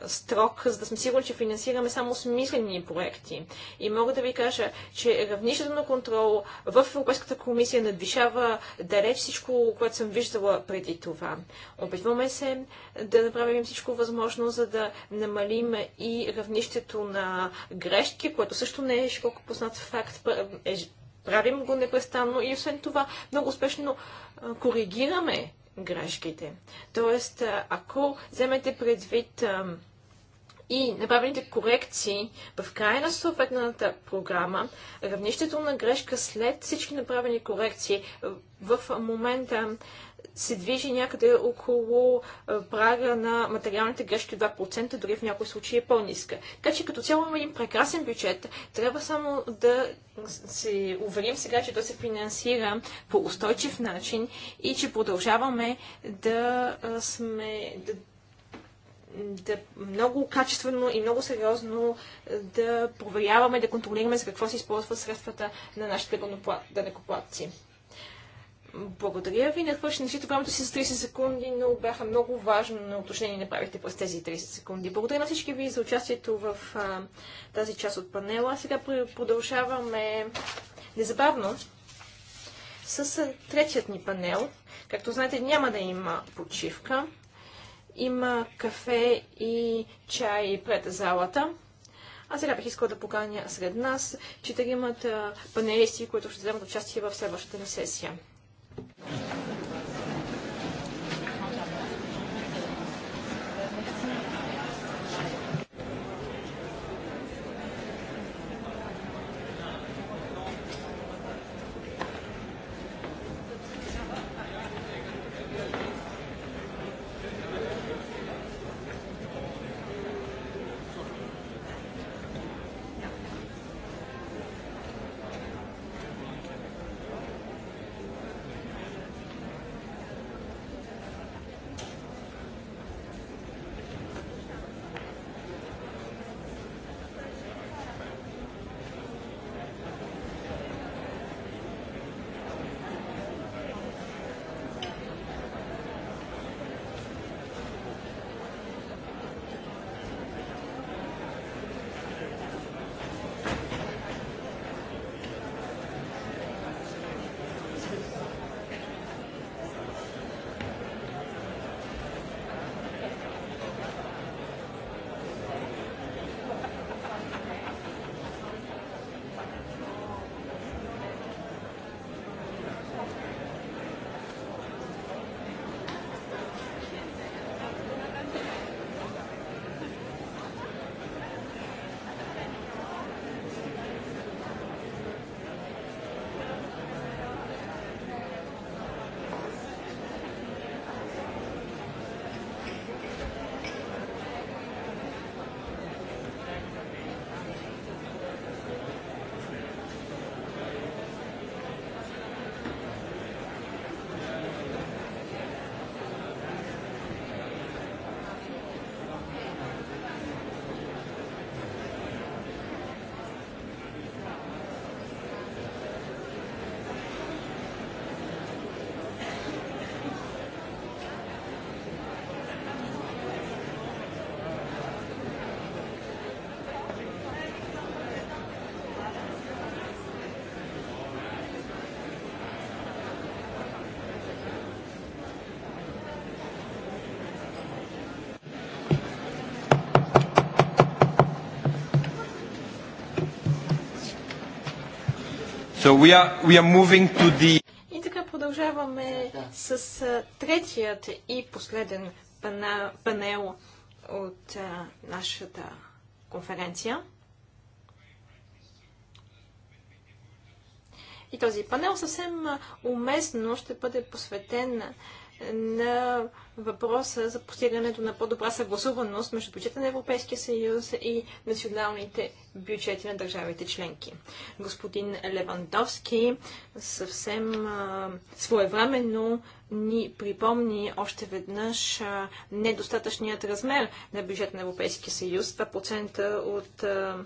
строк, за да сме сигурни, че финансираме само смислени проекти. И мога да ви кажа, че равнището на контрол в Европейската комисия надвишава далеч всичко, което съм виждала преди това. Опитваме се да направим всичко възможно, за да намалим и равнището на грешки, което също не е широко познат факт. Е, правим го непрестанно и освен това много успешно коригираме грешките. Тоест, ако вземете предвид и направените корекции в края на съответната програма, равнището на грешка след всички направени корекции в момента се движи някъде около прага на материалните грешки 2%, дори в някои случаи е по-ниска. Така че като цяло има един прекрасен бюджет. Трябва само да се уверим сега, че той се финансира по устойчив начин и че продължаваме да сме, да да много качествено и много сериозно е, да проверяваме, да контролираме за какво се използват средствата на нашите данекоплатци. Благодаря ви. Надхвърши времето си за 30 секунди, но бяха много важно уточнение направихте през тези 30 секунди. Благодаря на всички ви за участието в а, тази част от панела. Сега продължаваме незабавно с третият ни панел. Както знаете, няма да има почивка. Има кафе и чай пред залата. А сега бих искала да поканя сред нас четиримата панелисти, които ще вземат участие в следващата ни сесия. So we are, we are moving to the... И така продължаваме с третият и последен панел от нашата конференция. И този панел съвсем уместно ще бъде посветен на въпроса за постигането на по-добра съгласуваност между бюджета на Европейския съюз и националните бюджети на държавите членки. Господин Левандовски съвсем а, своевременно ни припомни още веднъж а, недостатъчният размер на бюджета на Европейския съюз, 2% от а,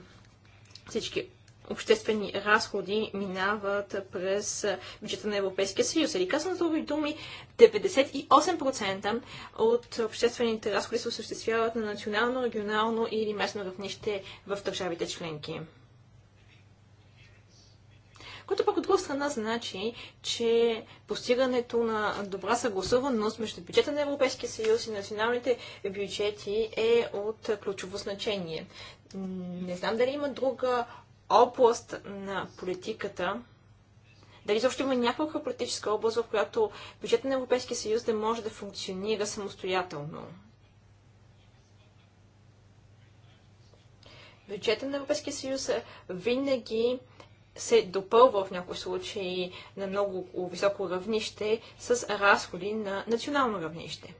всички обществени разходи минават през бюджета на Европейския съюз. Или казано с други думи, 98% от обществените разходи се осъществяват на национално, регионално или местно равнище в държавите членки. Което пък от друга страна значи, че постигането на добра съгласуваност между бюджета на Европейския съюз и националните бюджети е от ключово значение. Не знам дали има друга област на политиката, дали изобщо има някаква политическа област, в която бюджетът на Европейския съюз да може да функционира самостоятелно. Бюджетът на Европейския съюз винаги се допълва в някои случаи на много високо равнище с разходи на национално равнище.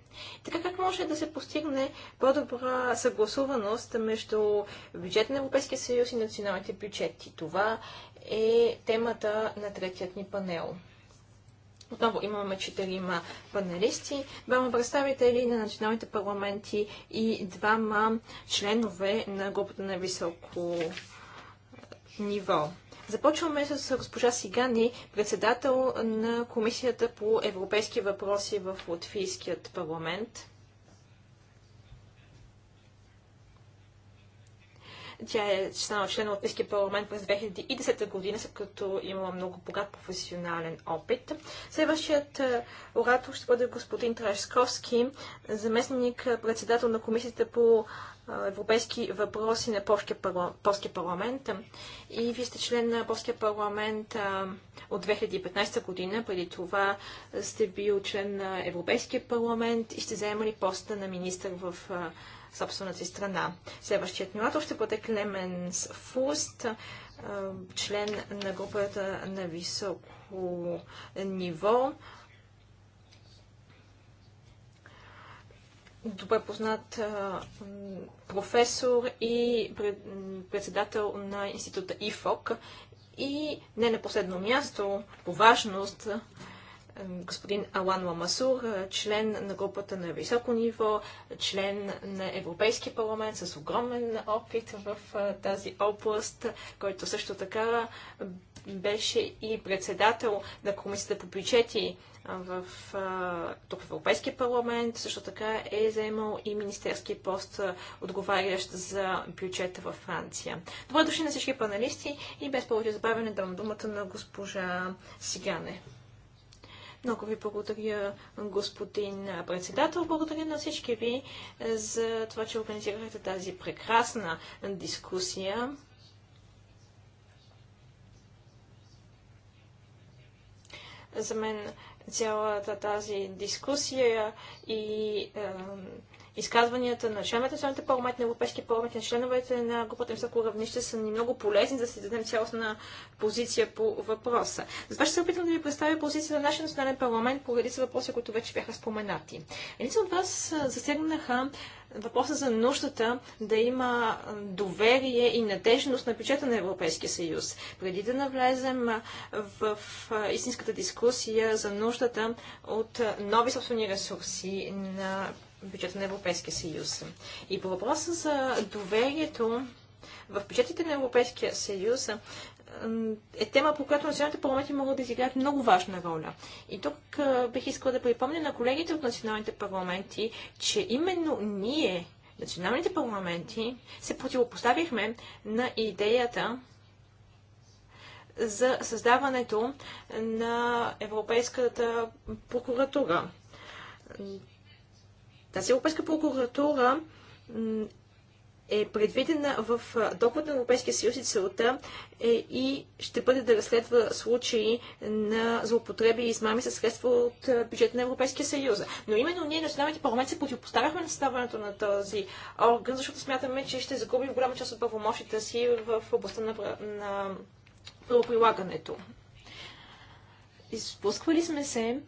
Така как може да се постигне по-добра съгласуваност между бюджет на Европейския съюз и националните бюджети? Това е темата на третият ни панел. Отново имаме четирима панелисти, двама представители на националните парламенти и двама членове на групата на високо ниво. Започваме с госпожа Сигани, председател на Комисията по европейски въпроси в Латвийският парламент. Тя е станала член на Европейския парламент през 2010 година, след като е имала много богат професионален опит. Следващият е, оратор ще бъде господин Трашковски, заместник е, председател на Комисията по европейски въпроси на Полския парламент, И вие сте член на Полския парламент от 2015 година. Преди това сте бил член на Европейския парламент и сте заемали поста на министър в собствената си страна. Следващият ми ще бъде Клеменс Фуст, член на групата на високо ниво. добре познат професор и председател на института ИФОК. И не на последно място, по важност, господин Алан Ламасур, е, член на групата на високо ниво, член на Европейския парламент с огромен опит в е, тази област, който също така беше и председател на Комисията по бюджети е, в, тук в Европейския парламент. Също така е заемал и министерски пост, отговарящ за бюджета във Франция. Добре дошли на всички паналисти и без повече забавяне давам думата на госпожа Сигане. Много ви благодаря, господин председател. Благодаря на всички ви е, за това, че организирахте тази прекрасна дискусия. За мен цялата тази дискусия и е, изказванията на членовете на Съвета парламент, на Европейския парламент и на членовете на групата на високо равнище са ни много полезни, за да си дадем цялостна позиция по въпроса. Затова ще се опитам да ви представя позиция на нашия национален парламент по редица въпроси, които вече бяха споменати. Едица от вас засегнаха въпроса за нуждата да има доверие и надежност на бюджета на Европейския съюз. Преди да навлезем в истинската дискусия за нуждата от нови собствени ресурси на бюджета на Европейския съюз. И по въпроса за доверието в бюджетите на Европейския съюз е тема, по която националните парламенти могат да изиграят много важна роля. И тук бих искала да припомня на колегите от националните парламенти, че именно ние, националните парламенти, се противопоставихме на идеята за създаването на Европейската прокуратура тази Европейска прокуратура е предвидена в доклад на Европейския съюз и целта е и ще бъде да разследва случаи на злоупотреби и измами със средства от бюджета на Европейския съюз. Но именно ние, националните парламенти, се противопоставяхме на създаването на този орган, защото смятаме, че ще загубим голяма част от правомощите си в областта на, на правоприлагането. Изпусквали сме се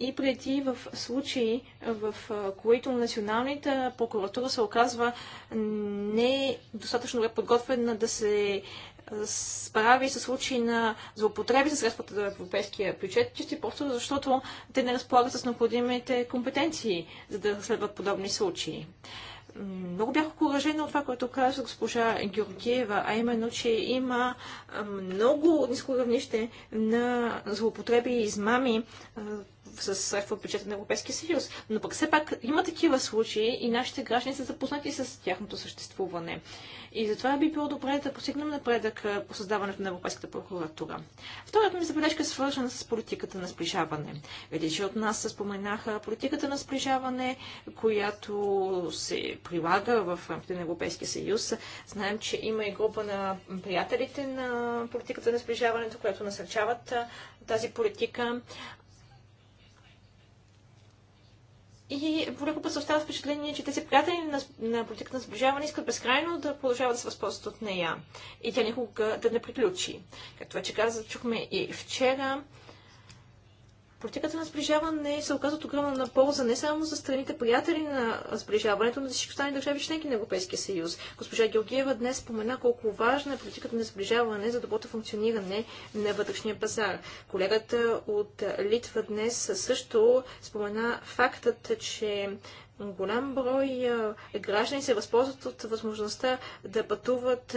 и преди в случаи, в които националната прокуратура се оказва не достатъчно подготвена да се справи с случаи на злоупотреби с средствата за европейския бюджет, чисто просто защото те не разполагат с необходимите компетенции, за да следват подобни случаи. Много бях окоръжена от това, което каза госпожа Георгиева, а именно, че има много ниско равнище на злоупотреби и измами с средства от бюджета на Европейския съюз. Но пък все пак има такива случаи и нашите граждани са запознати с тяхното съществуване. И затова би било добре да постигнем напредък по създаването на Европейската прокуратура. Втората ми забележка е свързана с политиката на сближаване. Редичи от нас споменаха политиката на сближаване, която се прилага в рамките на Европейския съюз. Знаем, че има и група на приятелите на политиката на сближаването, която насърчават тази политика. И понякога се остава впечатление, че тези приятели на, на политиката на сближаване искат безкрайно да продължават да се възползват от нея и тя никога да не приключи. Както вече казах, чухме и вчера, Политиката на сближаване се оказва от огромна полза не само за страните приятели на сближаването, но за всички останали държави членки на Европейския съюз. Госпожа Георгиева днес спомена колко важна е политиката на сближаване за доброто функциониране на вътрешния пазар. Колегата от Литва днес също спомена фактът, че голям брой граждани се възползват от възможността да пътуват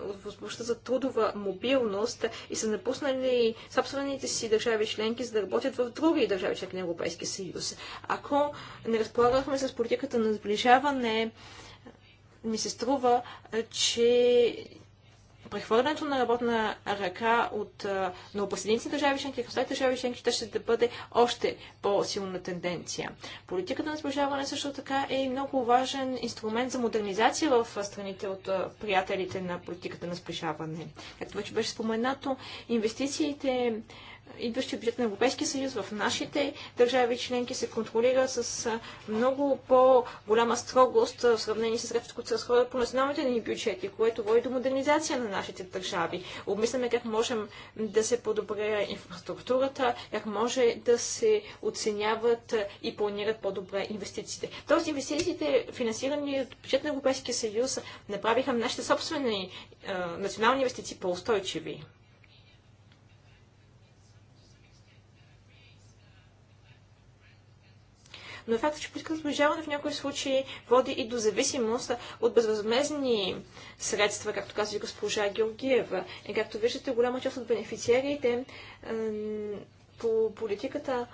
възможността за трудова мобилност и са напуснали собствените си държави членки, за да работят в други държави членки на Европейския съюз. Ако не разполагахме с политиката на сближаване, ми се струва, че прехвърлянето на работна ръка от новопоседеници държави членки към след държави членки ще, ще да бъде още по-силна тенденция. Политиката на сближаване също така е и много важен инструмент за модернизация в страните от приятелите на политиката на сближаване. Както вече беше споменато, инвестициите идващи бюджет на Европейския съюз в нашите държави членки се контролира с много по-голяма строгост в сравнение с средствата, които се разходят по националните ни бюджети, което води до модернизация на нашите държави. Обмисляме как можем да се подобря инфраструктурата, как може да се оценяват и планират по-добре инвестициите. Тоест инвестициите, финансирани от бюджет на Европейския съюз, направиха нашите собствени е, национални инвестиции по-устойчиви. но факта, е, че политиката сближаване в някои случаи води и до зависимост от безвъзмезни средства, както казва и госпожа Георгиева. И както виждате, голяма част от бенефициерите по политиката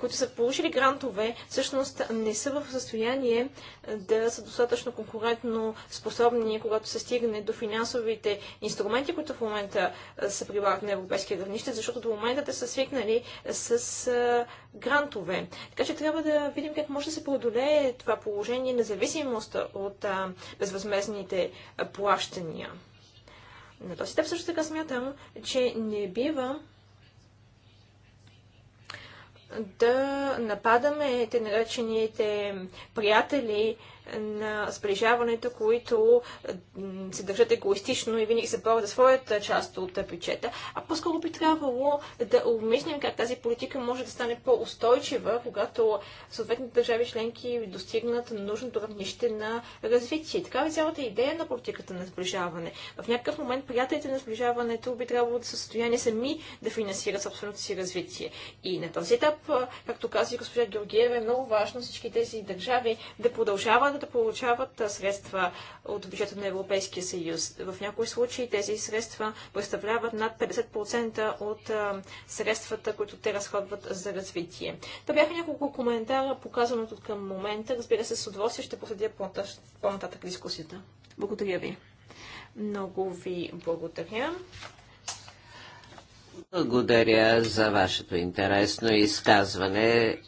които са получили грантове, всъщност не са в състояние е, да са достатъчно конкурентно способни, когато се стигне до финансовите инструменти, които в момента е, се прилагат на европейския гранище, защото до момента те са свикнали е, с грантове. Така че трябва да видим как може да се преодолее това положение, независимост от безвъзмезните плащания. На този теб също така смятам, че не бива да нападаме те наречените приятели на сближаването, които се държат егоистично и винаги се борят за своята част от бюджета, а по-скоро би трябвало да обмислим как тази политика може да стане по-устойчива, когато съответните държави членки достигнат нужното равнище на развитие. Така е цялата идея на политиката на сближаване. В някакъв момент приятелите на сближаването би трябвало да са в състояние сами да финансират собственото си развитие. И на този етап, както каза и госпожа Георгиева, е много важно всички тези държави да продължават да получават средства от бюджета на Европейския съюз. В някои случаи тези средства представляват над 50% от средствата, които те разходват за развитие. Та бяха няколко коментара, показаното към момента. Разбира се, с удоволствие ще последя по-нататък дискусията. Благодаря ви. Много ви благодаря. Благодаря за вашето интересно изказване.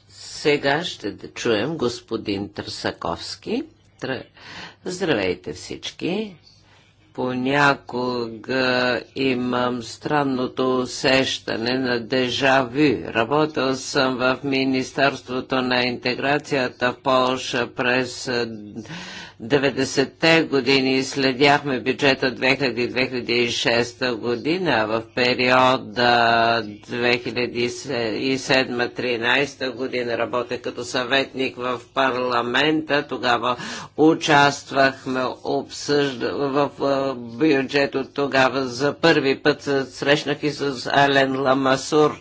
Сега ще да чуем господин Търсаковски. Здравейте всички! Понякога имам странното усещане на дежавю. Работил съм в Министерството на интеграцията в Полша през 90-те години следяхме бюджета 2000-2006 година в периода 2007-2013 година работех като съветник в парламента. Тогава участвахме обсъжда в бюджет от тогава. За първи път срещнах и с Ален Ламасур.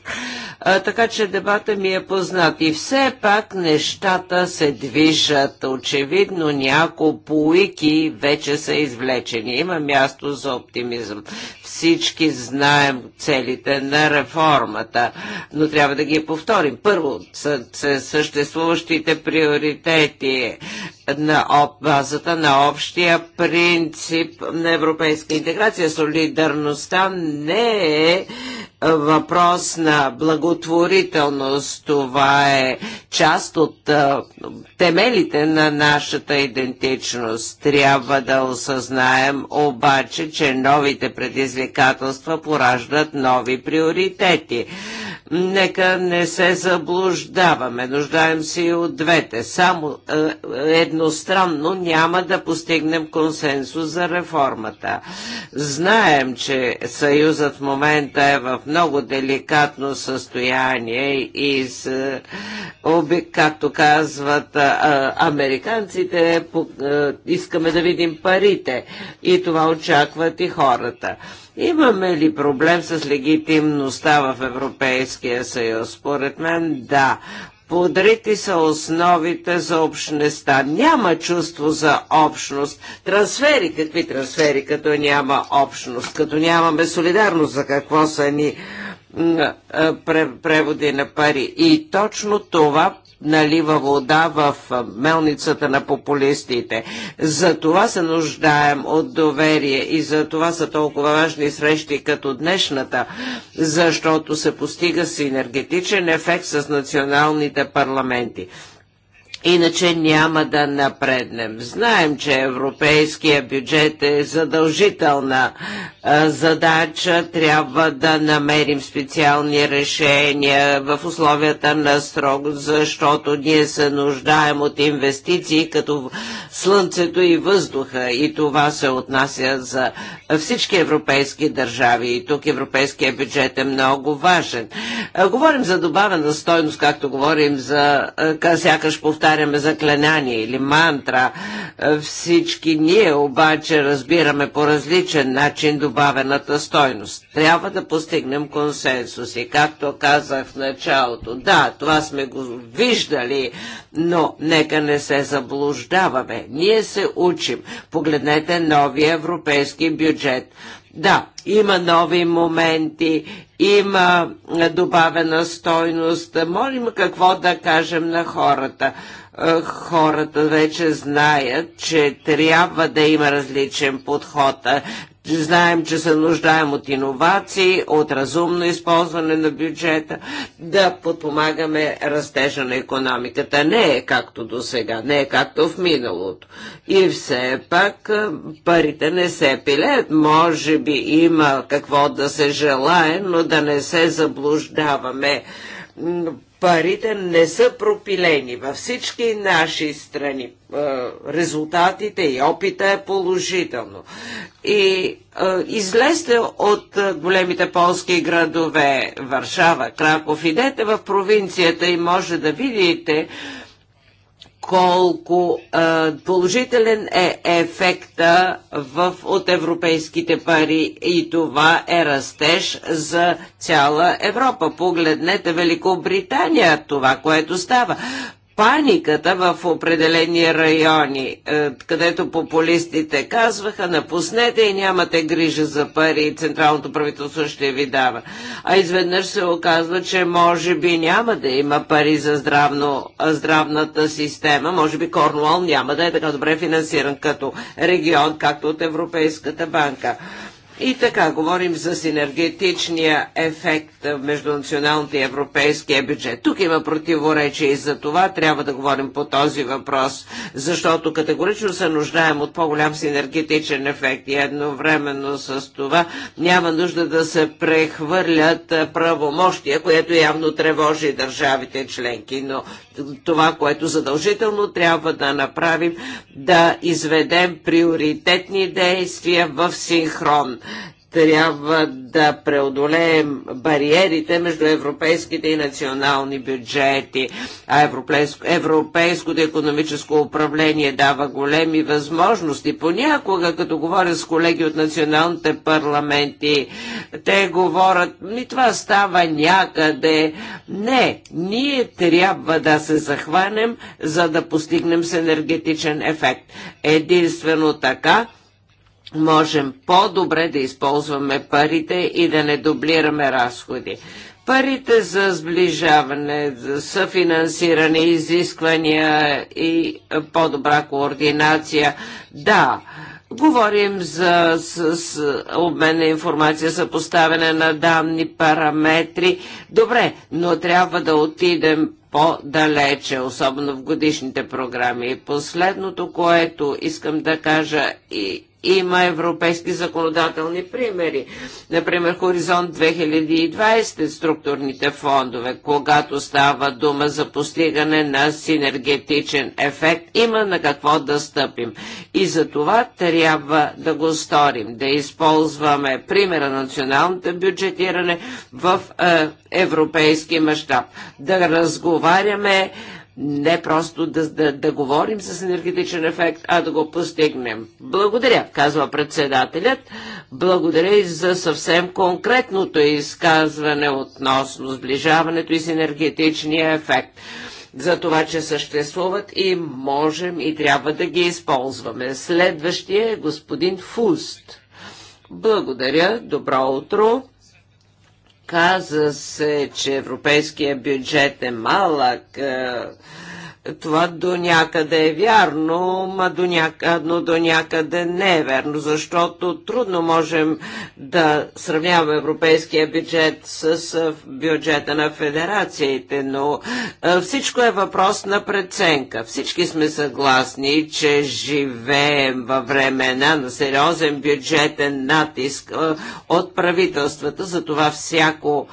А, така че дебата ми е познат. И все пак нещата се движат. Очевидно някои Малко поуки вече са извлечени. Има място за оптимизъм. Всички знаем целите на реформата, но трябва да ги повторим. Първо, са, са съществуващите приоритети на базата на общия принцип на европейска интеграция. Солидарността не е въпрос на благотворителност. Това е част от темелите на нашата идентичност. Трябва да осъзнаем обаче, че новите предизвикателства предизвикателства пораждат нови приоритети. Нека не се заблуждаваме, нуждаем се и от двете. Само е, е, едностранно няма да постигнем консенсус за реформата. Знаем, че Съюзът в момента е в много деликатно състояние и с, е, както казват американците, искаме да видим парите и това очакват и хората. Имаме ли проблем с легитимността в Европейския съюз? Според мен да. Подрити са основите за общността. Няма чувство за общност. Трансфери, какви трансфери, като няма общност, като нямаме солидарност, за какво са ни преводи на пари. И точно това налива вода в мелницата на популистите. За това се нуждаем от доверие и за това са толкова важни срещи като днешната, защото се постига синергетичен ефект с националните парламенти. Иначе няма да напреднем. Знаем, че европейския бюджет е задължителна задача. Трябва да намерим специални решения в условията на строг, защото ние се нуждаем от инвестиции като слънцето и въздуха. И това се отнася за всички европейски държави. И тук европейския бюджет е много важен. Говорим за добавена стойност, както говорим за сякаш повтаряме повтаряме заклинание или мантра. Е, всички ние обаче разбираме по различен начин добавената стойност. Трябва да постигнем консенсус и както казах в началото, да, това сме го виждали, но нека не се заблуждаваме. Ние се учим. Погледнете новия европейски бюджет. Да, има нови моменти, има добавена стойност. Молим какво да кажем на хората. Е, хората вече знаят, че трябва да има различен подход. Е, знаем, че се нуждаем от иновации, от разумно използване на бюджета, да подпомагаме растежа на економиката. Не е както до сега, не е както в миналото. И все пак е, парите не се пилеят. Може би има какво да се желае, но да не се заблуждаваме парите не са пропилени. Във всички наши страни резултатите и опита е положително. И излезте от големите полски градове Варшава, Краков, идете в провинцията и може да видите, колко а, положителен е ефекта в, от европейските пари и това е растеж за цяла Европа. Погледнете Великобритания, това, което става паниката в определени райони, е, където популистите казваха, напуснете и нямате грижа за пари централното правителство ще ви дава. А изведнъж се оказва, че може би няма да има пари за здравно, здравната система, може би Корнуол няма да е така добре финансиран като регион, както от Европейската банка. И така, говорим за синергетичния ефект между националната и европейския бюджет. Тук има противоречие и за това трябва да говорим по този въпрос, защото категорично се нуждаем от по-голям синергетичен ефект и едновременно с това няма нужда да се прехвърлят правомощия, което явно тревожи държавите членки. Но това, което задължително трябва да направим, да изведем приоритетни действия в синхрон трябва да преодолеем бариерите между европейските и национални бюджети. А европейско, европейското економическо управление дава големи възможности. Понякога, като говоря с колеги от националните парламенти, те говорят, ми това става някъде. Не, ние трябва да се захванем, за да постигнем с енергетичен ефект. Единствено така можем по-добре да използваме парите и да не дублираме разходи. Парите за сближаване, за финансиране, изисквания и по-добра координация. Да, Говорим за с, с, обмен на информация, за поставяне на данни, параметри. Добре, но трябва да отидем по-далече, особено в годишните програми. И последното, което искам да кажа и има европейски законодателни примери. Например, Хоризонт 2020, структурните фондове, когато става дума за постигане на синергетичен ефект, има на какво да стъпим. И за това трябва да го сторим, да използваме примера на националното бюджетиране в е, европейски мащаб, да разговаряме не просто да, да, да говорим с енергетичен ефект, а да го постигнем. Благодаря, казва председателят. Благодаря и за съвсем конкретното изказване относно сближаването и с енергетичния ефект за това, че съществуват и можем и трябва да ги използваме. Следващия е господин Фуст. Благодаря, добро утро. Каза се, че европейския бюджет е малък. Е, това до някъде е вярно, ма до някъде, но до някъде не е верно, защото трудно можем да сравняваме европейския бюджет с бюджета на федерациите, но всичко е въпрос на преценка. Всички сме съгласни, че живеем във времена на сериозен бюджетен натиск от правителствата, за това всяко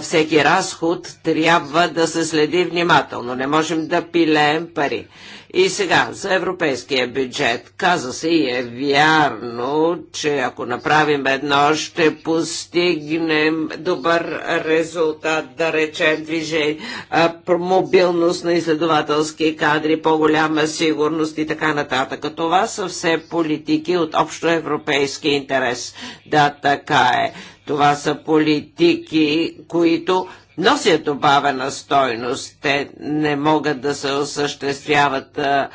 всеки разход трябва да се следи внимателно. Не можем да пилеем пари. И сега, за европейския бюджет. Каза се и е вярно, че ако направим едно, ще постигнем добър резултат, да речем движение, мобилност на изследователски кадри, по-голяма сигурност и така нататък. Това са все политики от общо европейски интерес. Да, така е. Това са политики, които носят добавена стойност. Те не могат да се осъществяват а,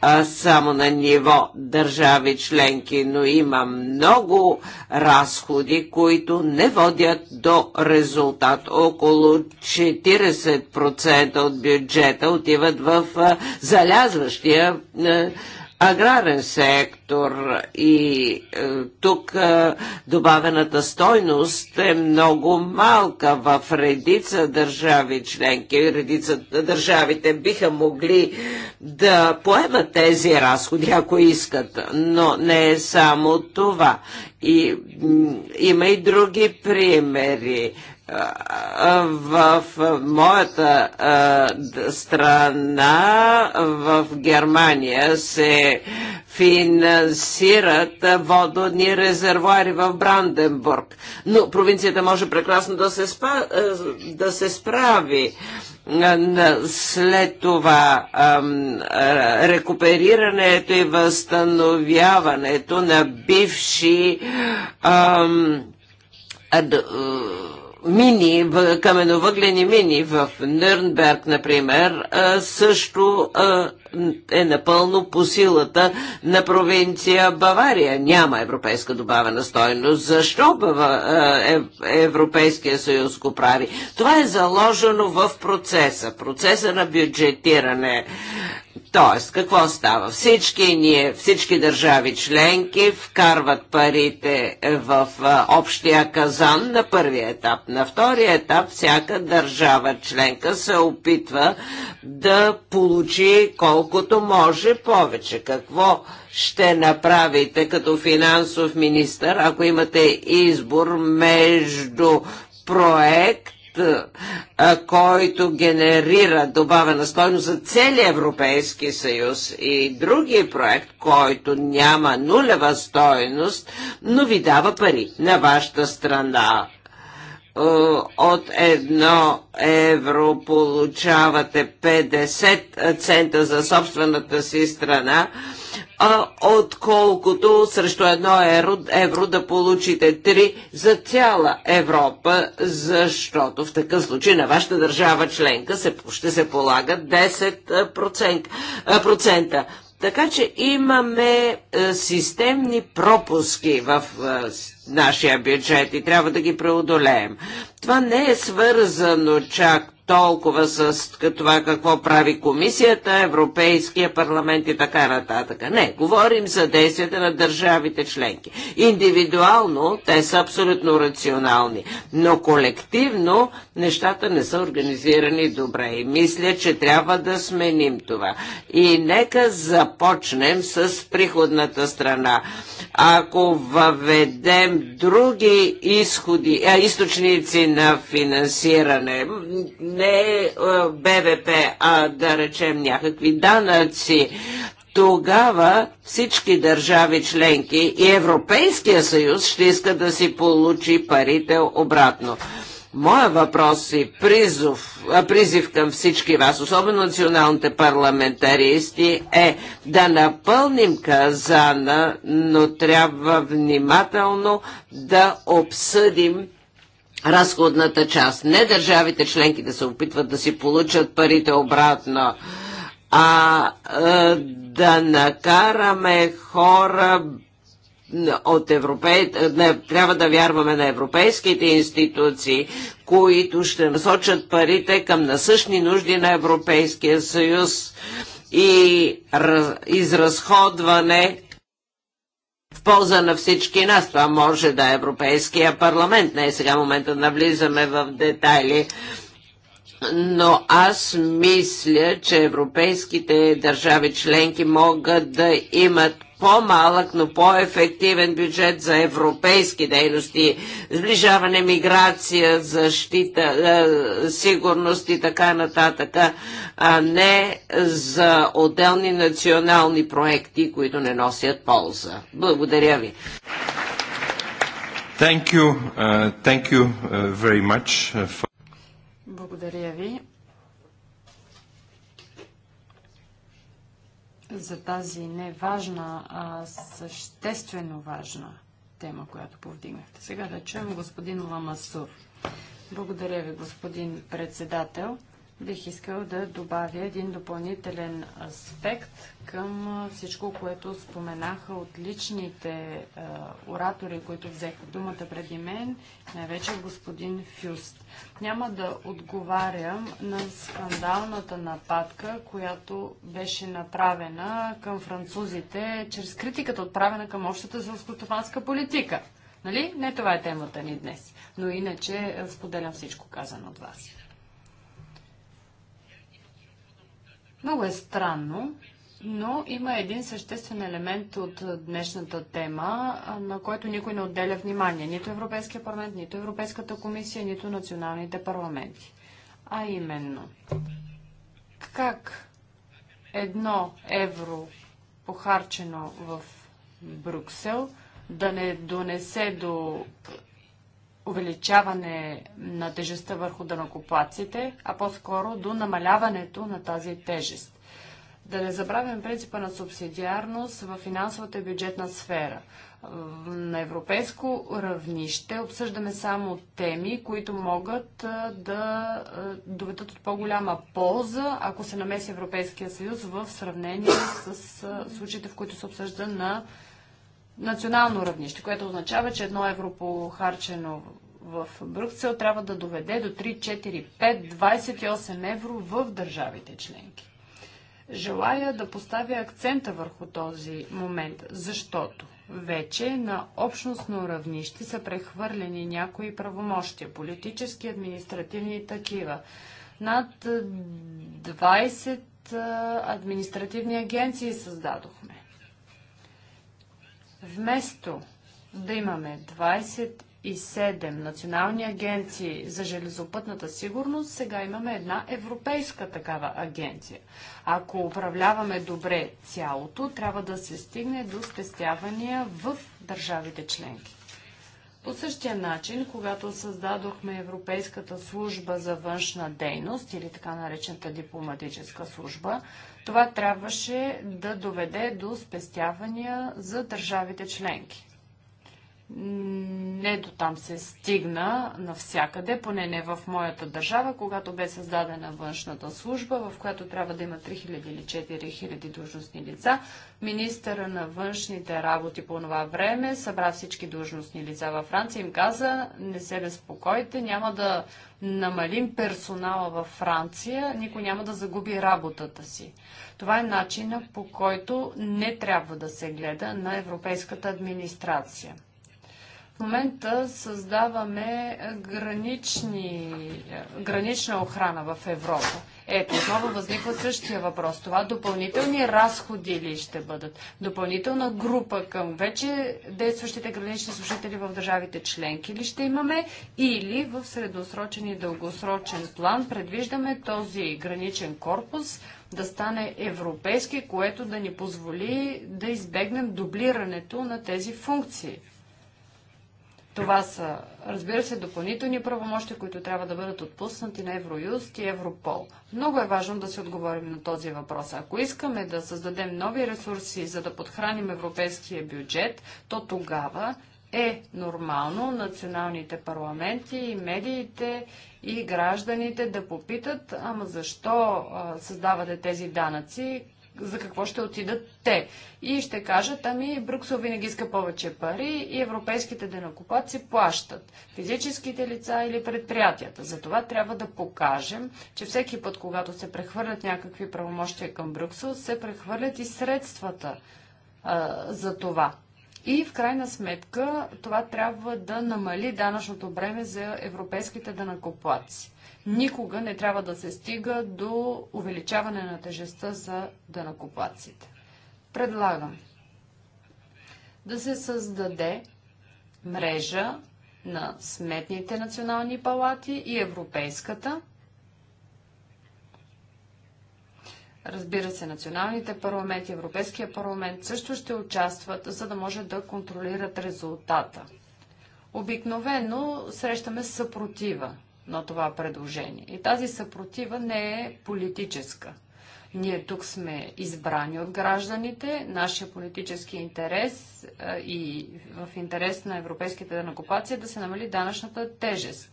а, само на ниво държави членки, но има много разходи, които не водят до резултат. Около 40% от бюджета отиват в а, залязващия а, аграрен сектор и е, тук е, добавената стойност е много малка в редица държави членки. Редица държавите биха могли да поемат тези разходи, ако искат, но не е само това. И, има и други примери в моята страна, в Германия, се финансират водни резервуари в Бранденбург. Но провинцията може прекрасно да се, спа, да се справи. След това рекуперирането и възстановяването на бивши мини, каменовъглени мини в Нюрнберг, например, също е напълно по силата на провинция Бавария. Няма европейска добавена стойност. Защо е, Европейския съюз го прави? Това е заложено в процеса, процеса на бюджетиране. Тоест, какво става? Всички ние, всички държави членки вкарват парите в общия казан на първия етап. На втория етап всяка държава членка се опитва да получи колкото може повече. Какво ще направите като финансов министр, ако имате избор между проект който генерира добавена стойност за целия Европейски съюз и другия проект, който няма нулева стойност, но ви дава пари на вашата страна от едно евро получавате 50 цента за собствената си страна, а, отколкото срещу едно евро, евро да получите три за цяла Европа, защото в такъв случай на вашата държава членка се, ще се полага 10%. процента. Така че имаме системни пропуски в нашия бюджет и трябва да ги преодолеем. Това не е свързано чак толкова с това какво прави комисията, Европейския парламент и така нататък. Не, говорим за действията на държавите членки. Индивидуално те са абсолютно рационални, но колективно нещата не са организирани добре и мисля, че трябва да сменим това. И нека започнем с приходната страна. Ако въведем други изходи, а, източници на финансиране, не е, е, БВП, а да речем някакви данъци, тогава всички държави членки и Европейския съюз ще иска да си получи парите обратно. Моя въпрос и призов, призив към всички вас, особено националните парламентаристи, е да напълним казана, но трябва внимателно да обсъдим разходната част. Не държавите членки да се опитват да си получат парите обратно, а да накараме хора от европей... не, трябва да вярваме на европейските институции, които ще насочат парите към насъщни нужди на Европейския съюз и раз... изразходване в полза на всички нас. Това може да е Европейския парламент. Не е сега момента да навлизаме в детайли. Но аз мисля, че европейските държави членки могат да имат по-малък, но по-ефективен бюджет за европейски дейности, сближаване, миграция, защита, е, сигурност и така нататък, а не за отделни национални проекти, които не носят полза. Благодаря ви. Thank you, uh, thank you uh, very much uh, for... Благодаря ви за тази неважна, а съществено важна тема, която повдигнахте. Сега да чуем господин Ламасур. Благодаря ви, господин председател. Бих искал да добавя един допълнителен аспект, към всичко, което споменаха от личните а, оратори, които взеха думата преди мен, най-вече господин Фюст. Няма да отговарям на скандалната нападка, която беше направена към французите чрез критиката отправена към общата селскотопанска политика. Нали? Не това е темата ни днес. Но иначе споделям всичко казано от вас. Много е странно, но има един съществен елемент от днешната тема, на който никой не отделя внимание. Нито Европейския парламент, нито Европейската комисия, нито националните парламенти. А именно, как едно евро похарчено в Брюксел да не донесе до увеличаване на тежестта върху данокоплаците, а по-скоро до намаляването на тази тежест. Да не забравяме принципа на субсидиарност в финансовата и бюджетна сфера. На европейско равнище обсъждаме само теми, които могат да доведат от по-голяма полза, ако се намеси Европейския съюз в сравнение с случаите, в които се обсъжда на национално равнище, което означава, че едно евро похарчено в Брюксел трябва да доведе до 3, 4, 5, 28 евро в държавите членки. Желая да поставя акцента върху този момент, защото вече на общностно равнище са прехвърлени някои правомощия, политически, административни и такива. Над 20 административни агенции създадохме. Вместо да имаме 20 и седем национални агенции за железопътната сигурност, сега имаме една европейска такава агенция. Ако управляваме добре цялото, трябва да се стигне до спестявания в държавите членки. По същия начин, когато създадохме Европейската служба за външна дейност или така наречената дипломатическа служба, това трябваше да доведе до спестявания за държавите членки не до там се стигна навсякъде, поне не в моята държава, когато бе създадена външната служба, в която трябва да има 3000 или 4000 длъжностни лица. Министъра на външните работи по това време събра всички длъжностни лица във Франция и им каза, не се безпокойте, няма да намалим персонала във Франция, никой няма да загуби работата си. Това е начина по който не трябва да се гледа на европейската администрация. В момента създаваме гранични, гранична охрана в Европа. Ето, отново възниква същия въпрос. Това допълнителни разходи ли ще бъдат? Допълнителна група към вече действащите гранични служители в държавите членки ли ще имаме? Или в средносрочен и дългосрочен план предвиждаме този граничен корпус да стане европейски, което да ни позволи да избегнем дублирането на тези функции? Това са, разбира се, допълнителни правомощи, които трябва да бъдат отпуснати на Евроюст и Европол. Много е важно да се отговорим на този въпрос. Ако искаме да създадем нови ресурси, за да подхраним европейския бюджет, то тогава е нормално националните парламенти и медиите и гражданите да попитат, ама защо а, създавате тези данъци, за какво ще отидат те. И ще кажат, ами Брюксел винаги иска повече пари и европейските денокупаци плащат. Физическите лица или предприятията. Затова трябва да покажем, че всеки път, когато се прехвърлят някакви правомощия към Брюксел, се прехвърлят и средствата а, за това. И в крайна сметка това трябва да намали данъчното бреме за европейските данакоплаци. Никога не трябва да се стига до увеличаване на тежестта за дънакоплаците. Предлагам да се създаде мрежа на сметните национални палати и европейската. Разбира се, националните парламенти, Европейския парламент също ще участват, за да може да контролират резултата. Обикновено срещаме съпротива на това предложение. И тази съпротива не е политическа. Ние тук сме избрани от гражданите. Нашия политически интерес и в интерес на европейските данакопаци е да се намали данъчната тежест.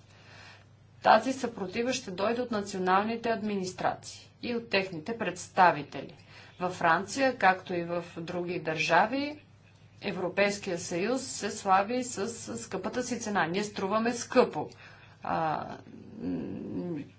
Тази съпротива ще дойде от националните администрации и от техните представители. Във Франция, както и в други държави, Европейския съюз се слави с скъпата си цена. Ние струваме скъпо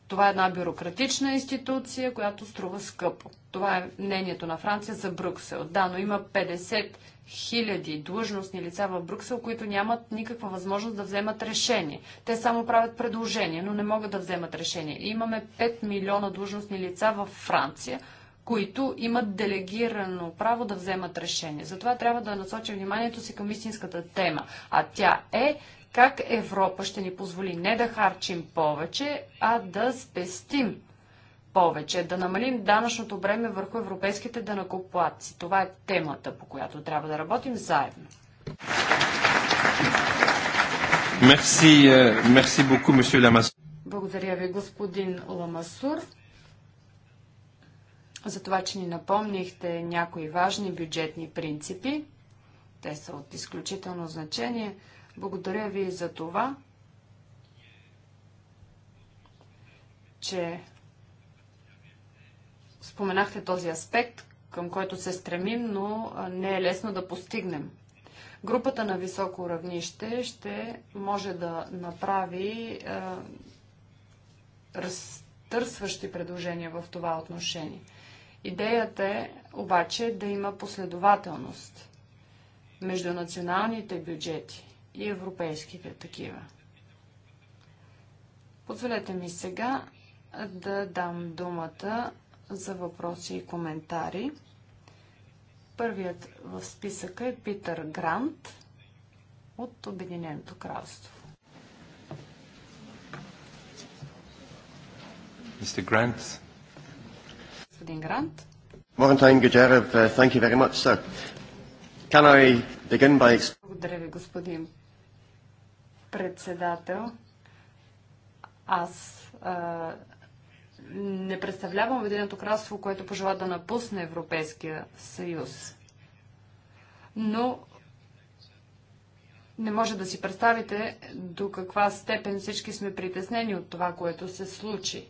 това е една бюрократична институция, която струва скъпо. Това е мнението на Франция за Брюксел. Да, но има 50 хиляди длъжностни лица в Брюксел, които нямат никаква възможност да вземат решение. Те само правят предложение, но не могат да вземат решение. И имаме 5 милиона длъжностни лица в Франция, които имат делегирано право да вземат решение. Затова трябва да насочим вниманието си към истинската тема, а тя е как Европа ще ни позволи не да харчим повече, а да спестим повече, да намалим данъчното бреме върху европейските данакоплатци. Това е темата, по която трябва да работим заедно. Euh, Благодаря ви, господин Ламасур, за това, че ни напомнихте някои важни бюджетни принципи. Те са от изключително значение. Благодаря ви за това, че споменахте този аспект, към който се стремим, но не е лесно да постигнем. Групата на високо равнище ще може да направи е, разтърсващи предложения в това отношение. Идеята е обаче да има последователност между националните бюджети и европейските такива. Позволете ми сега да дам думата за въпроси и коментари. Първият в списъка е Питър Грант от Обединеното кралство. Mr. Grant. Господин Грант. Warren Guterres, uh, thank you very much, sir. Can I begin by... Благодаря ви, господин председател. Аз а, не представлявам Обединеното кралство, което пожела да напусне Европейския съюз. Но не може да си представите до каква степен всички сме притеснени от това, което се случи.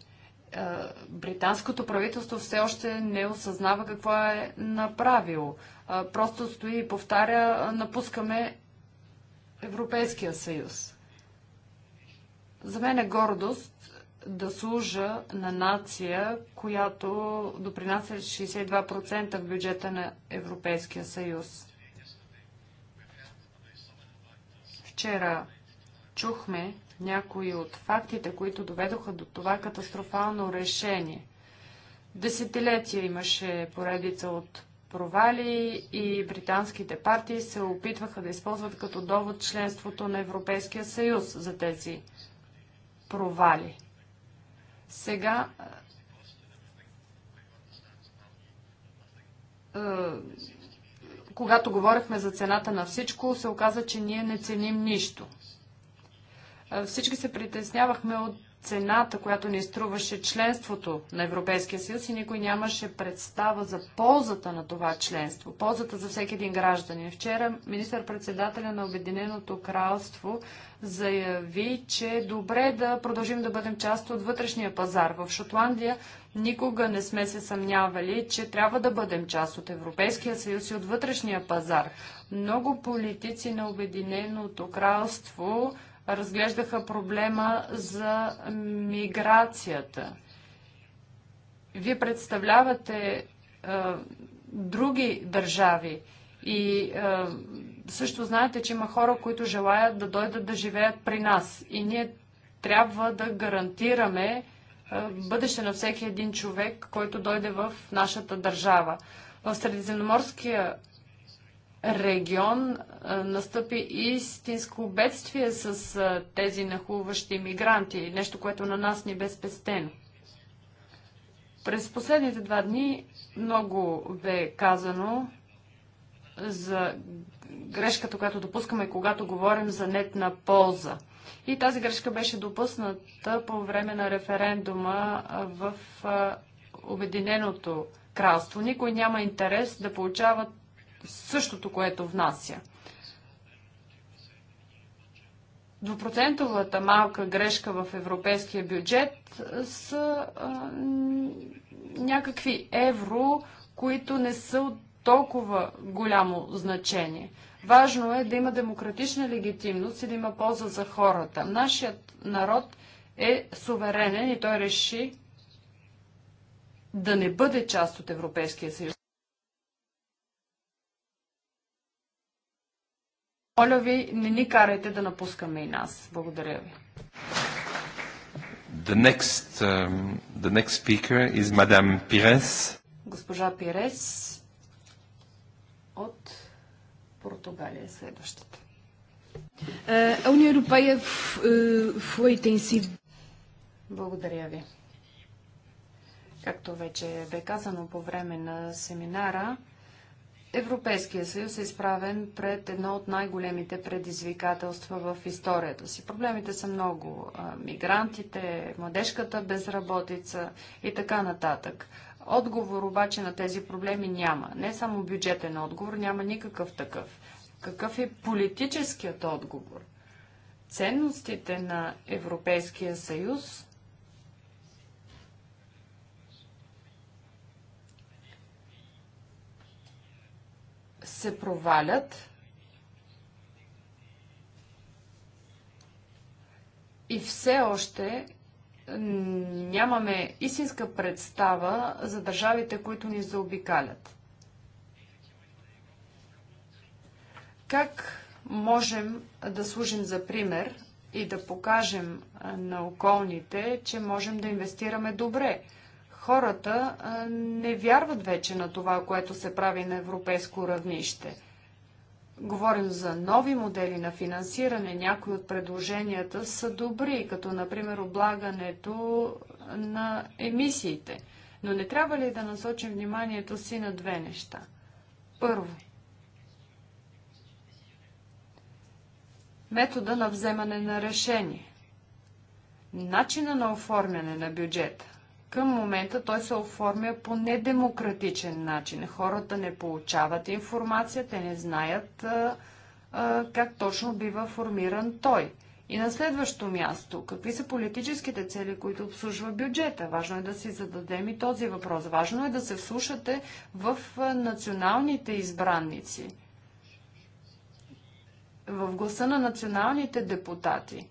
Британското правителство все още не осъзнава какво е направило. Просто стои и повтаря, напускаме Европейския съюз. За мен е гордост да служа на нация, която допринася 62% в бюджета на Европейския съюз. Вчера чухме някои от фактите, които доведоха до това катастрофално решение. Десетилетия имаше поредица от провали и британските партии се опитваха да използват като довод членството на Европейския съюз за тези провали. Сега е, е, когато говорихме за цената на всичко, се оказа, че ние не ценим нищо. Е, всички се притеснявахме от цената, която ни струваше членството на Европейския съюз и никой нямаше представа за ползата на това членство, ползата за всеки един гражданин. Вчера министър-председателя на Обединеното кралство заяви, че е добре да продължим да бъдем част от вътрешния пазар. В Шотландия никога не сме се съмнявали, че трябва да бъдем част от Европейския съюз и от вътрешния пазар. Много политици на Обединеното кралство разглеждаха проблема за миграцията. Вие представлявате а, други държави и а, също знаете, че има хора, които желаят да дойдат да живеят при нас. И ние трябва да гарантираме а, бъдеще на всеки един човек, който дойде в нашата държава. В Средиземноморския регион настъпи истинско бедствие с тези нахуващи мигранти, нещо, което на нас ни бе спестено. През последните два дни много бе казано за грешката, която допускаме, когато говорим за нетна полза. И тази грешка беше допусната по време на референдума в Обединеното кралство. Никой няма интерес да получават същото, което внася. Двупроцентовата малка грешка в европейския бюджет са а, някакви евро, които не са от толкова голямо значение. Важно е да има демократична легитимност и да има полза за хората. Нашият народ е суверенен и той реши да не бъде част от Европейския съюз. Моля ви, не ни карайте да напускаме и нас. Благодаря ви. The next, um, the next speaker is Madame Pires. Госпожа Пирес от Португалия е следващата. А Уния Европея в intensiva. Е, Благодаря ви. Както вече бе казано по време на семинара, Европейския съюз е изправен пред едно от най-големите предизвикателства в историята си. Проблемите са много. Мигрантите, младежката безработица и така нататък. Отговор обаче на тези проблеми няма. Не само бюджетен отговор, няма никакъв такъв. Какъв е политическият отговор? Ценностите на Европейския съюз се провалят и все още нямаме истинска представа за държавите, които ни заобикалят. Как можем да служим за пример и да покажем на околните, че можем да инвестираме добре – Хората не вярват вече на това, което се прави на европейско равнище. Говорим за нови модели на финансиране. Някои от предложенията са добри, като например облагането на емисиите. Но не трябва ли да насочим вниманието си на две неща? Първо, метода на вземане на решение, начина на оформяне на бюджета. Към момента той се оформя по недемократичен начин. Хората не получават информация, те не знаят а, а, как точно бива формиран той. И на следващо място, какви са политическите цели, които обслужва бюджета? Важно е да си зададем и този въпрос. Важно е да се вслушате в националните избранници, в гласа на националните депутати.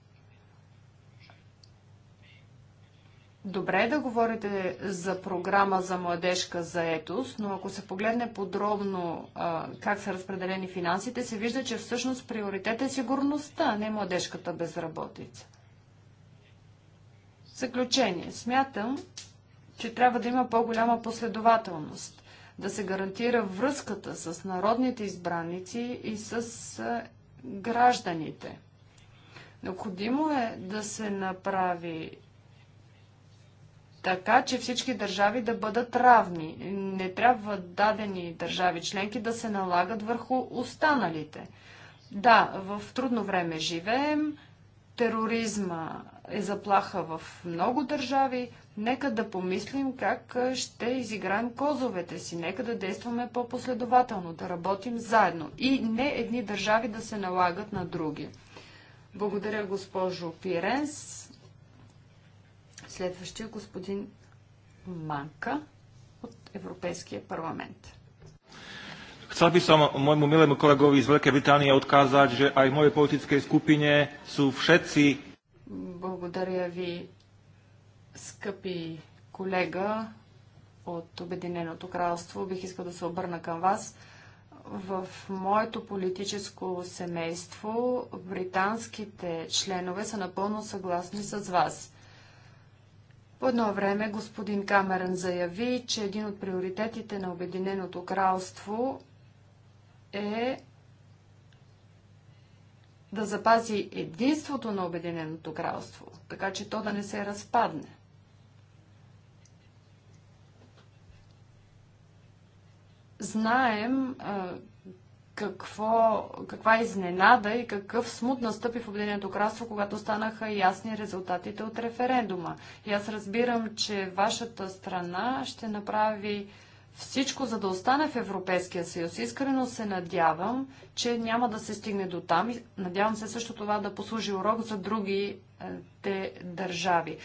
Добре е да говорите за програма за младежка заетост, но ако се погледне подробно а, как са разпределени финансите, се вижда, че всъщност приоритет е сигурността, а не младежката безработица. Заключение. Смятам, че трябва да има по-голяма последователност, да се гарантира връзката с народните избраници и с а, гражданите. Необходимо е да се направи така че всички държави да бъдат равни. Не трябва дадени държави членки да се налагат върху останалите. Да, в трудно време живеем, тероризма е заплаха в много държави, нека да помислим как ще изиграем козовете си, нека да действаме по-последователно, да работим заедно и не едни държави да се налагат на други. Благодаря, госпожо Пиренс. Следващия господин Манка от Европейския парламент. Chcel by som môjmu milému kolegovi z Veľkej Británie odkázať, že aj v mojej politickej skupine sú všetci... Благодаря ви, скъпи колега от Обединеното кралство. Бих искал да се обърна към вас в моето политическо семейство британските членове са напълно съгласни с вас. По едно време господин Камерън заяви, че един от приоритетите на Обединеното кралство е да запази единството на Обединеното кралство, така че то да не се разпадне. Знаем, какво, каква изненада и какъв смут настъпи в Обединеното кралство, когато станаха ясни резултатите от референдума. И аз разбирам, че вашата страна ще направи всичко, за да остане в Европейския съюз. Искрено се надявам, че няма да се стигне до там. Надявам се също това да послужи урок за другите е, държави.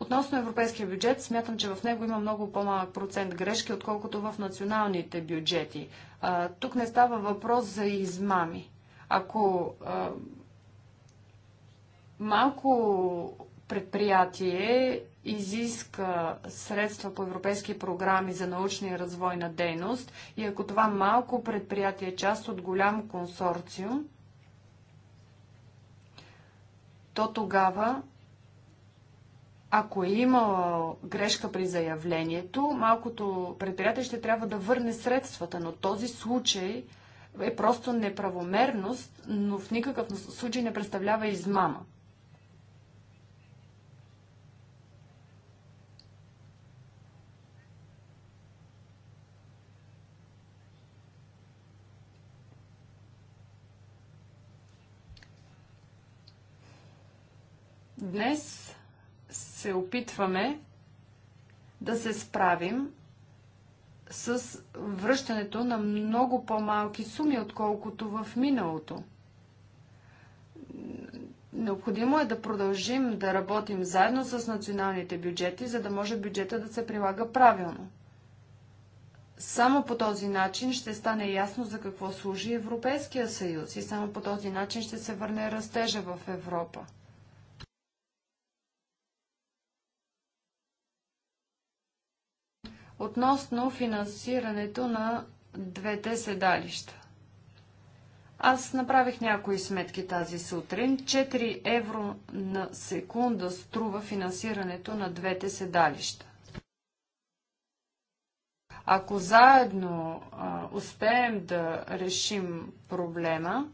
Относно европейския бюджет, смятам, че в него има много по-малък процент грешки, отколкото в националните бюджети. А, тук не става въпрос за измами. Ако а, малко предприятие изиска средства по европейски програми за научна и развойна дейност и ако това малко предприятие е част от голям консорциум, то тогава ако е имала грешка при заявлението, малкото предприятие ще трябва да върне средствата, но този случай е просто неправомерност, но в никакъв случай не представлява измама. Днес се опитваме да се справим с връщането на много по-малки суми, отколкото в миналото. Необходимо е да продължим да работим заедно с националните бюджети, за да може бюджета да се прилага правилно. Само по този начин ще стане ясно за какво служи Европейския съюз и само по този начин ще се върне растежа в Европа. Относно финансирането на двете седалища. Аз направих някои сметки тази сутрин. 4 евро на секунда струва финансирането на двете седалища. Ако заедно а, успеем да решим проблема,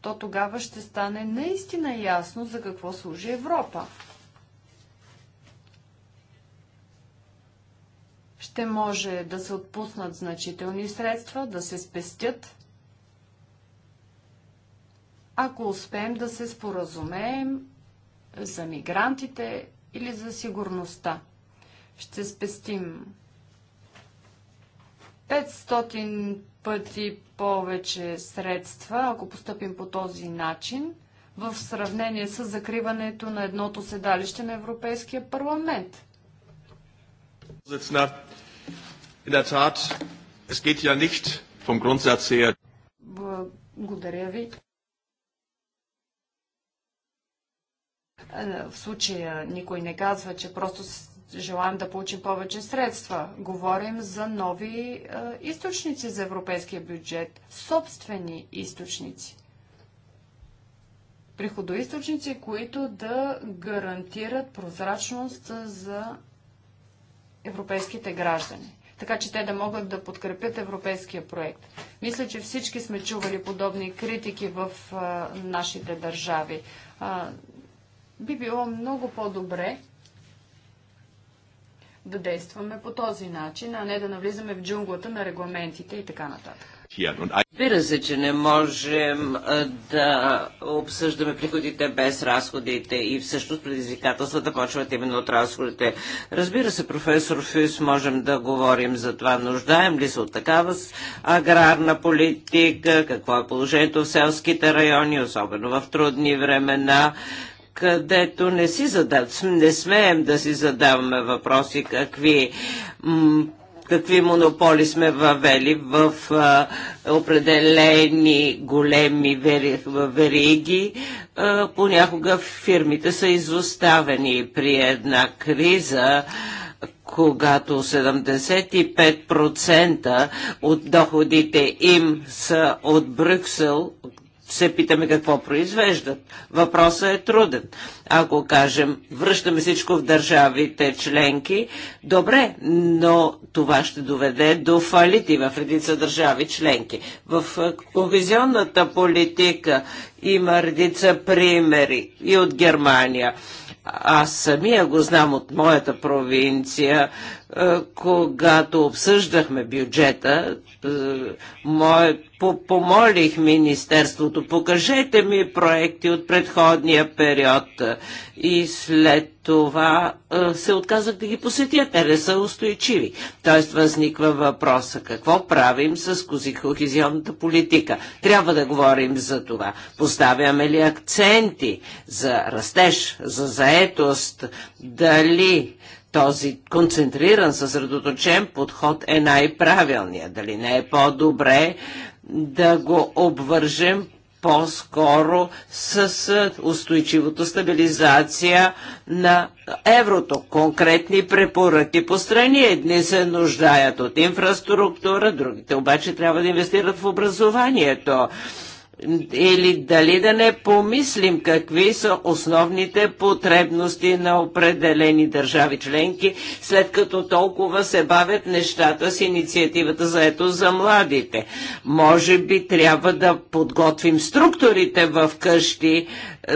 то тогава ще стане наистина ясно за какво служи Европа. ще може да се отпуснат значителни средства, да се спестят, ако успеем да се споразумеем за мигрантите или за сигурността. Ще спестим 500 пъти повече средства, ако поступим по този начин, в сравнение с закриването на едното седалище на Европейския парламент. It's not in der Tat, es geht ja nicht vom Grundsatz her. Благодаря ви. Е, в случая никой не казва, че просто желаем да получим повече средства. Говорим за нови е, източници за европейския бюджет, собствени източници. Приходоисточници, които да гарантират прозрачност за европейските граждани така че те да могат да подкрепят европейския проект. Мисля, че всички сме чували подобни критики в а, нашите държави. А, би било много по-добре да действаме по този начин, а не да навлизаме в джунглата на регламентите и така нататък. Разбира се, че не можем да обсъждаме приходите без разходите и всъщност предизвикателствата почват именно от разходите. Разбира се, професор Фюс, можем да говорим за това. Нуждаем ли се от такава аграрна политика? Какво е положението в селските райони, особено в трудни времена? където не, си задав, не смеем да си задаваме въпроси какви какви монополи сме въвели в а, определени големи вери, вериги. А, понякога фирмите са изоставени при една криза когато 75% от доходите им са от Брюксел, се питаме какво произвеждат. Въпросът е труден. Ако кажем, връщаме всичко в държавите членки, добре, но това ще доведе до фалити в редица държави членки. В е, кохезионната политика има редица примери и от Германия. Аз самия го знам от моята провинция. Е, когато обсъждахме бюджета, е, мое, помолих Министерството, покажете ми проекти от предходния период и след това е, се отказах да ги посетя. Те не са устойчиви. Тоест възниква въпроса какво правим с козихохизионната политика. Трябва да говорим за това. Поставяме ли акценти за растеж, за заетост, дали този концентриран, съсредоточен подход е най-правилният. Дали не е по-добре да го обвържем по-скоро с устойчивото стабилизация на еврото. Конкретни препоръки по страни. Едни се нуждаят от инфраструктура, другите обаче трябва да инвестират в образованието или дали да не помислим какви са основните потребности на определени държави членки, след като толкова се бавят нещата с инициативата за ето за младите. Може би трябва да подготвим структурите в къщи е,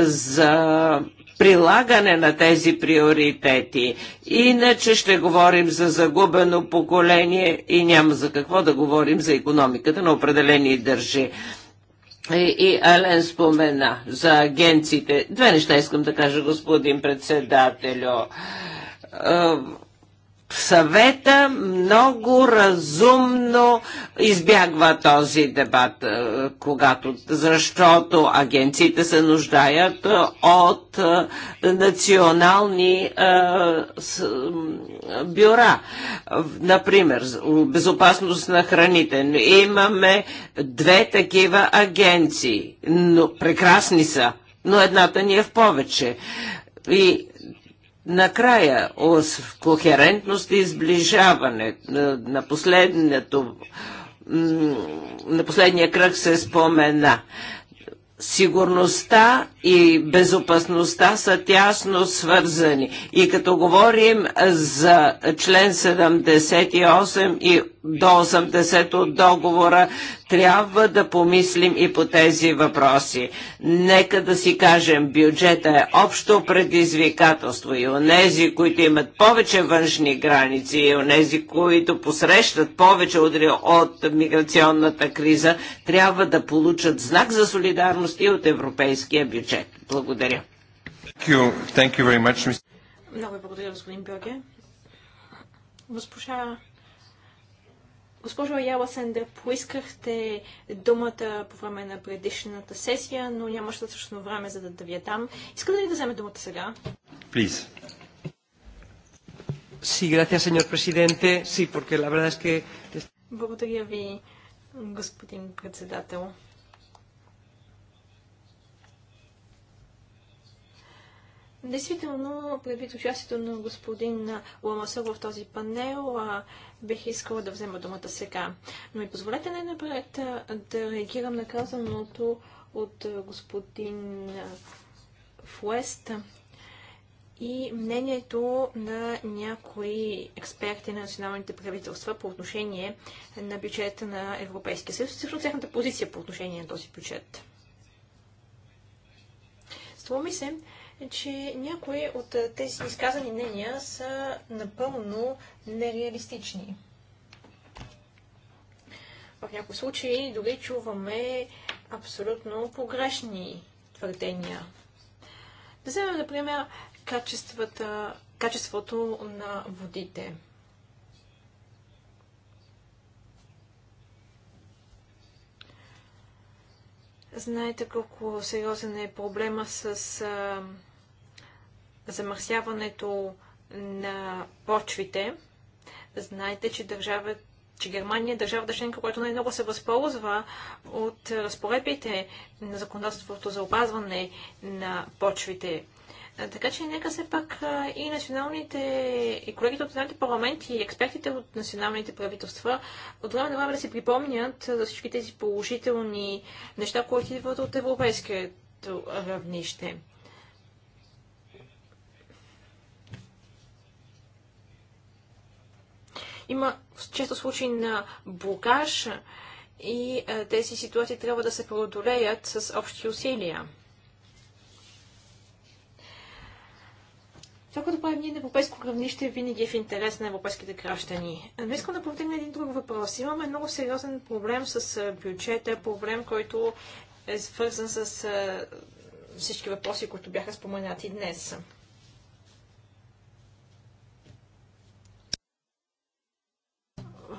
за прилагане на тези приоритети. Иначе ще говорим за загубено поколение и няма за какво да говорим за економиката на определени държи и Ален спомена за агенциите. Две неща искам да кажа, господин председателю съвета много разумно избягва този дебат, е, когато, защото агенциите се нуждаят е, от е, национални бюра. Например, безопасност на храните. Имаме две такива агенции, но прекрасни са, но едната ни е в повече. И Накрая, кохерентност и изближаване на последното на последния кръг се спомена. Сигурността и безопасността са тясно свързани. И като говорим за член 78 и до 80 от договора, трябва да помислим и по тези въпроси. Нека да си кажем, бюджета е общо предизвикателство и онези, които имат повече външни граници и онези, които посрещат повече удри от миграционната криза, трябва да получат знак за солидарност и от европейския бюджет. Благодаря. Thank you. Thank you much, Много благодаря, господин Бьоге. Госпожа Госпожо Аяла Сендер, поискахте думата по време на предишната сесия, но нямаше достатъчно време за да, да ви я дам. Искате да ли да вземе думата сега? Плиз. Си, грация, сеньор президенте. Си, porque la verdad es que... Благодаря ви, господин председател. Действително, предвид участието на господин Ломасов в този панел, бих искала да взема думата сега. Но ми позволете най-напред да реагирам на казаното от господин Фуест и мнението на някои експерти на националните правителства по отношение на бюджета на Европейския съюз, също тяхната позиция по отношение на този бюджет. Струва ми се, че някои от тези изказани мнения са напълно нереалистични. В някои случаи дори чуваме абсолютно погрешни твърдения. Да вземем, например, качеството на водите. Знаете колко сериозен е проблема с замърсяването на почвите. Знаете, че държава, че Германия е държавата членка, която най-много се възползва от разпоредбите на законодателството за опазване на почвите. Така че нека се пак и националните, и колегите от националните парламенти, и експертите от националните правителства от време на време да си припомнят за всички тези положителни неща, които идват от европейското равнище. има често случаи на блокаж и е, тези ситуации трябва да се преодолеят с общи усилия. Това, което правим ние на европейско равнище, винаги е в интерес на европейските граждани. Но искам да повдигна един друг въпрос. Имаме много сериозен проблем с е, бюджета, проблем, който е свързан с е, всички въпроси, които бяха споменати днес.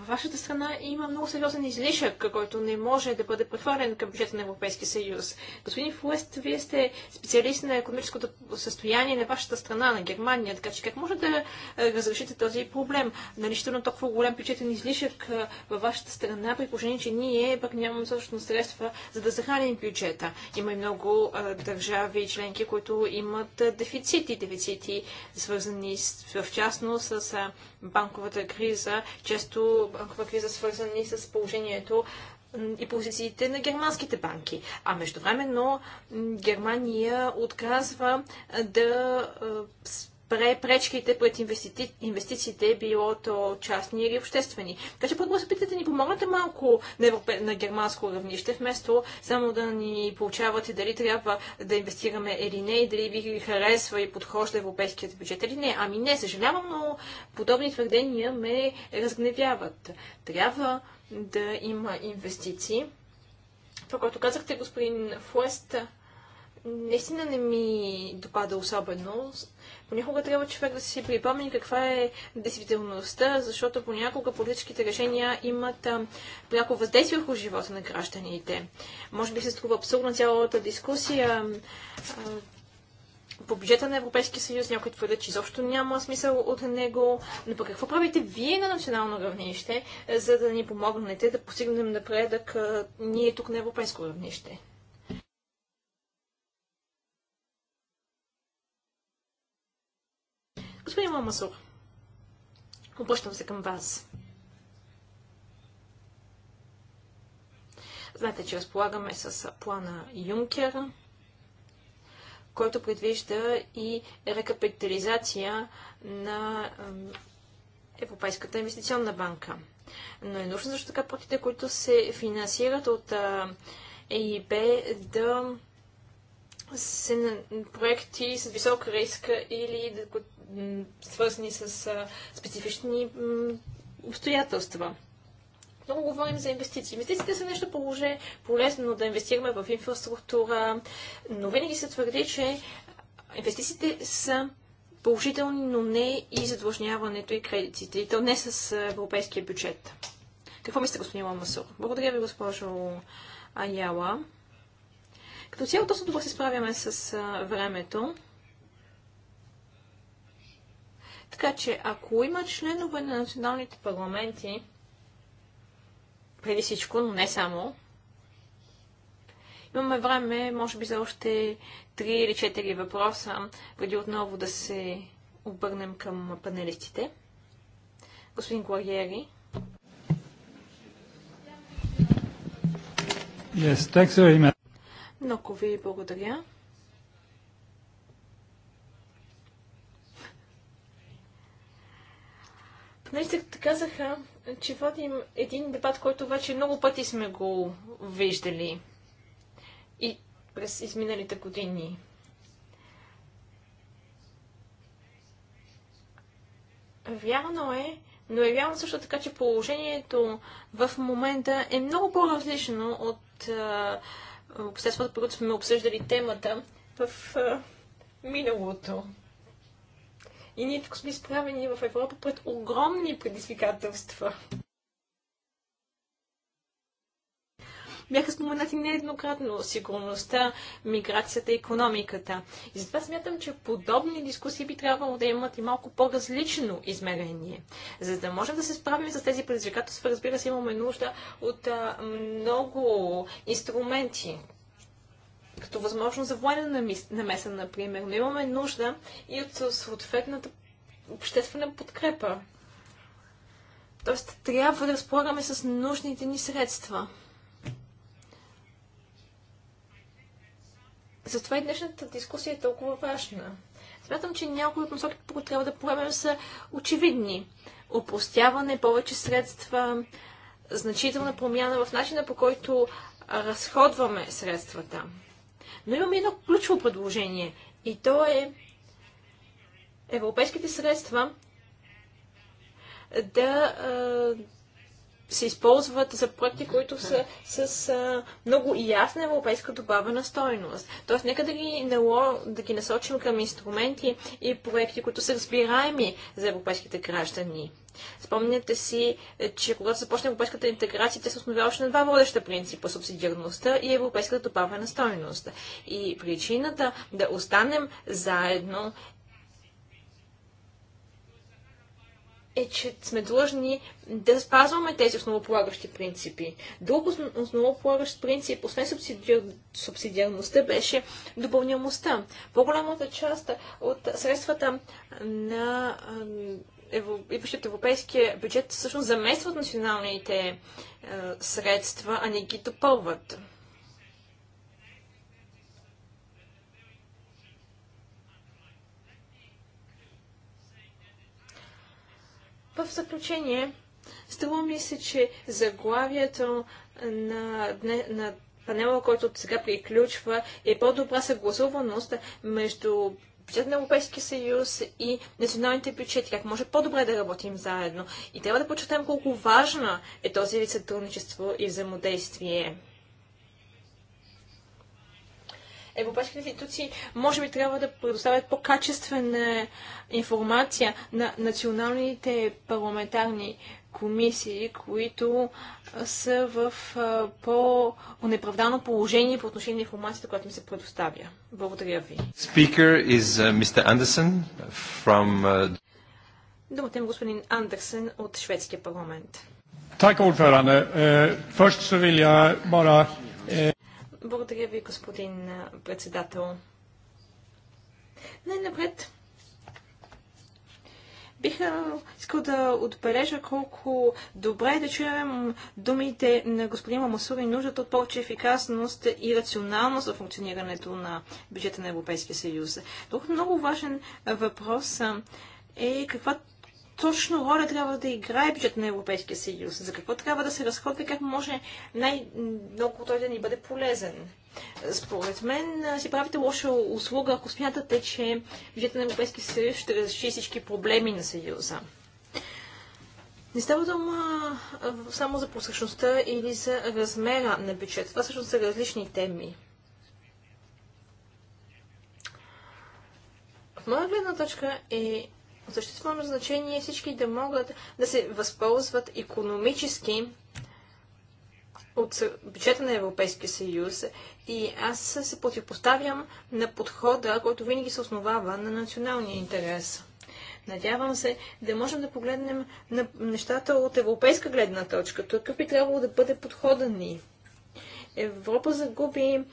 във вашата страна има много сериозен излишък, който не може да бъде прехвърлен към бюджета на Европейския съюз. Господин Фуест, вие сте специалист на економическото състояние на вашата страна, на Германия, така че как може да разрешите този проблем? Налищо на толкова голям бюджетен излишък във вашата страна, при положение, че ние пък нямаме също средства, за да захраним бюджета. Има и много държави и членки, които имат дефицити, дефицити свързани с, в частност с банковата криза, често банкова криза свързани с положението и позициите на германските банки. А междувременно Германия отказва да спре пречките пред инвестици... инвестициите, било то частни или обществени. Така че първо се питате ни помогнете малко на, европе... на германско равнище, вместо само да ни получавате дали трябва да инвестираме или не и дали ви харесва и подхожда европейският бюджет или не. Ами не, съжалявам, но подобни твърдения ме разгневяват. Трябва да има инвестиции. Това, което казахте, господин Фуест, наистина не ми допада особено. Понякога трябва човек да си припомни каква е действителността, защото понякога политическите решения имат пряко въздействие върху живота на гражданите. Може би се струва абсурдна цялата дискусия по бюджета на Европейския съюз, някой твърде, че изобщо няма смисъл от него. Но пък какво правите вие на национално равнище, за да ни помогнете да постигнем напредък ние тук на европейско равнище? Господин Мамасур, обръщам се към вас. Знаете, че разполагаме с плана Юнкер, който предвижда и рекапитализация на Европейската инвестиционна банка. Но е нужно също така проектите, които се финансират от ЕИБ да се проекти с висок риск или свързани с специфични обстоятелства. Много говорим за инвестиции. Инвестициите са нещо положе, полезно да инвестираме в инфраструктура, но винаги се твърди, че инвестициите са положителни, но не и задлъжняването и кредитите, и то не с европейския бюджет. Какво мисля, господин Ламасур? Благодаря ви, госпожо Аяла. Като цяло доста добре се справяме с а, времето. Така че, ако има членове на националните парламенти, преди всичко, но не само, имаме време, може би, за още 3 или 4 въпроса, преди отново да се обърнем към панелистите. Господин Гуарьери. Yes, thanks very much. Много ви благодаря. Панелистите казаха, че водим един дебат, който вече много пъти сме го виждали и през изминалите години. Вярно е, но е вярно също така, че положението в момента е много по-различно от а, обществото, по сме обсъждали темата в а, миналото. И ние тук сме изправени в Европа пред огромни предизвикателства. бяха споменати нееднократно сигурността, миграцията и економиката. И затова смятам, че подобни дискусии би трябвало да имат и малко по-различно измерение. За да можем да се справим с тези предизвикателства, разбира се, имаме нужда от а, много инструменти, като възможност за военна намеса, например, но имаме нужда и от съответната обществена подкрепа. Тоест, трябва да разполагаме с нужните ни средства. Затова и днешната дискусия е толкова важна. Смятам, че някои от насоките, които трябва да поемем, са очевидни. Опростяване, повече средства, значителна промяна в начина по който разходваме средствата. Но имаме едно ключово предложение и то е европейските средства да се използват за проекти, които са с а, много ясна европейска добавена стойност. Тоест, нека да ги, нало, да ги насочим към инструменти и проекти, които са разбираеми за европейските граждани. Спомняте си, е, че когато започне европейската интеграция, те се основяваше на два водеща принципа – субсидиарността и европейската добавена стойност. И причината да останем заедно е, че сме длъжни да спазваме тези основополагащи принципи. Друг основополагащ принцип, освен субсидиар... субсидиарността, беше допълнямостта. По-голямата част от средствата на идващият европейския бюджет всъщност заместват националните е, средства, а не ги допълват. В заключение, струва ми се, че заглавието на, на панела, който сега приключва, е по-добра съгласуваност между бюджет на Европейския съюз и националните бюджети, как може по-добре да работим заедно. И трябва да почетем колко важна е този вид сътрудничество и взаимодействие европейските институции може би трябва да предоставят по-качествена информация на националните парламентарни комисии, които са в по-неправдано положение по отношение на информацията, която ми се предоставя. Благодаря ви. Speaker is Mr. Anderson from... Думата има господин Андерсен от Шведския парламент. Tack ordförande. Э, först så vill jag bara... Э, благодаря ви, господин председател. Най-напред бих искал да отбележа колко добре е да чуем думите на господин Мамасур и нуждата от повече ефикасност и рационалност за функционирането на бюджета на Европейския съюз. Друг много важен въпрос е каква точно роля трябва да играе бюджет на Европейския съюз, за какво трябва да се разходва и как може най-много той да ни бъде полезен. Според мен си правите лоша услуга, ако смятате, че бюджетът на Европейския съюз ще разреши всички проблеми на съюза. Не става дума само за посъщността или за размера на бюджет. Това всъщност са различни теми. Моя гледна точка е от съществено значение всички да могат да се възползват економически от бюджета на Европейския съюз и аз се противопоставям на подхода, който винаги се основава на националния интерес. Надявам се да можем да погледнем на нещата от европейска гледна точка. Такъв би трябвало да бъде подхода ни. Европа загуби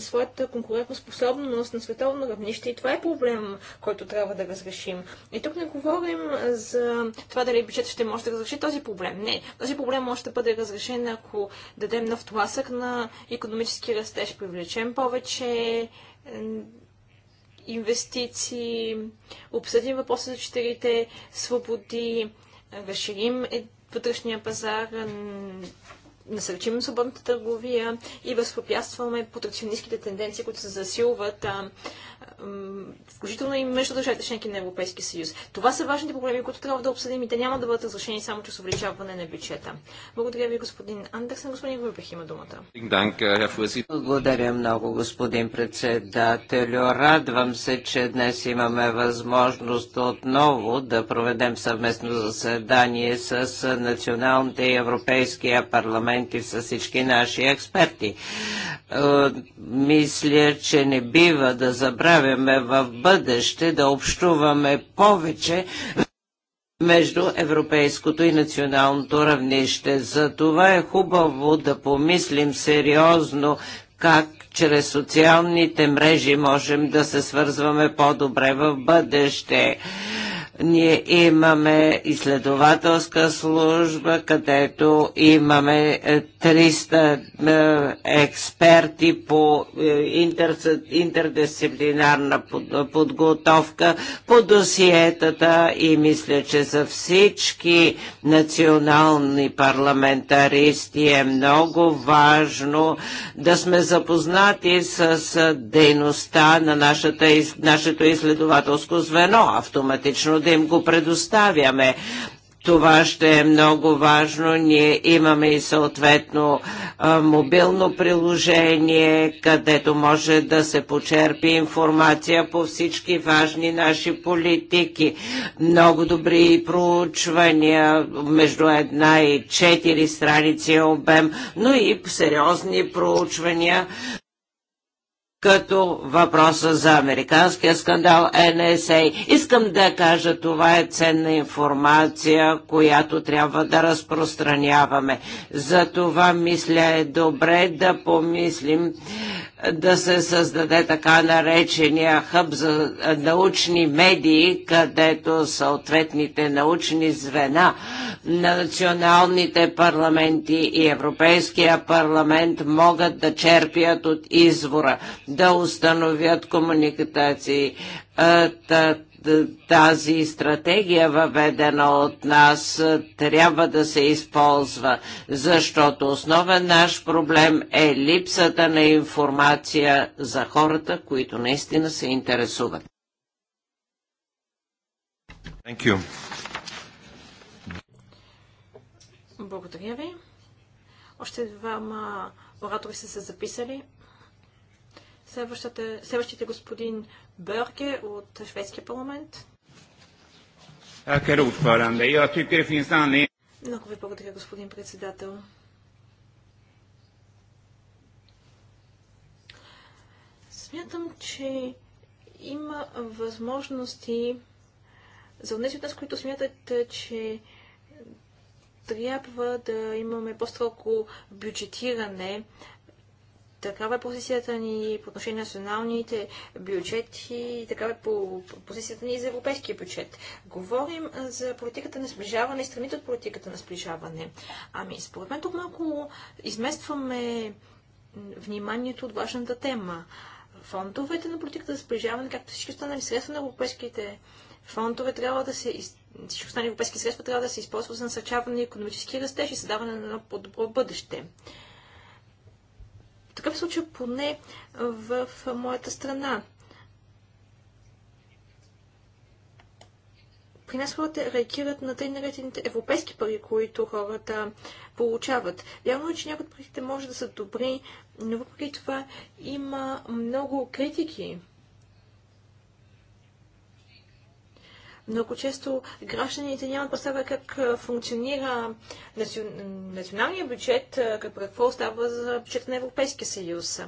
своята конкурентоспособност на световно равнище и това е проблем, който трябва да разрешим. И тук не говорим за това дали бюджет ще може да разреши този проблем. Не, този проблем може да бъде разрешен, ако дадем нов тласък на економически растеж, привлечем повече инвестиции, обсъдим въпроса за четирите свободи, разширим е, вътрешния пазар, насърчим свободната търговия и възпрепятстваме протекционистските тенденции, които се засилват а, включително и между държавите членки на Европейския съюз. Това са важните проблеми, които трябва да обсъдим и те няма да бъдат разрешени само чрез увеличаване на бюджета. Благодаря ви, господин Андерсен. Господин Върбех има думата. Благодаря много, господин председателю. Радвам се, че днес имаме възможност отново да проведем съвместно заседание с националните и европейския парламенти, с всички наши експерти. Е, мисля, че не бива да забравя планираме в бъдеще да общуваме повече между европейското и националното равнище. За това е хубаво да помислим сериозно как чрез социалните мрежи можем да се свързваме по-добре в бъдеще. Ние имаме изследователска служба, където имаме 300 е, е, експерти по е, интердисциплинарна подготовка по досиетата и мисля, че за всички национални парламентаристи е много важно да сме запознати с дейността на нашата, нашето изследователско звено, автоматично им го предоставяме. Това ще е много важно. Ние имаме и съответно а, мобилно приложение, където може да се почерпи информация по всички важни наши политики. Много добри проучвания, между една и четири страници е обем, но и сериозни проучвания като въпроса за американския скандал NSA. Искам да кажа, това е ценна информация, която трябва да разпространяваме. За това мисля е добре да помислим да се създаде така наречения хъб за научни медии, където съответните научни звена на националните парламенти и Европейския парламент могат да черпят от извора, да установят комуникации тази стратегия, въведена от нас, трябва да се използва, защото основен наш проблем е липсата на информация за хората, които наистина се интересуват. Thank you. Благодаря ви. Още двама оратори са се записали. следващите господин Börge от шведския парламент. Много ви благодаря, господин председател. Смятам, че има възможности за тези от нас, които смятат, че трябва да имаме по-строго бюджетиране Такава е позицията ни по отношение на националните бюджети и такава е по позицията ни за европейския бюджет. Говорим за политиката на сближаване и страните от политиката на сближаване. Ами, според мен тук малко изместваме вниманието от важната тема. Фондовете на политиката за сближаване, както всички останали средства на европейските фондове трябва да се из... всички останали европейски средства трябва да се използват за насърчаване на економически растеж и създаване на едно по-добро бъдеще. Такъв случай поне в моята страна. при нас хората реагират на тъй наречените европейски пари, които хората получават. Вярно е, че някои от парите може да са добри, но въпреки това има много критики Много често гражданите нямат представа как функционира националния бюджет, като какво става за бюджета на Европейския съюз.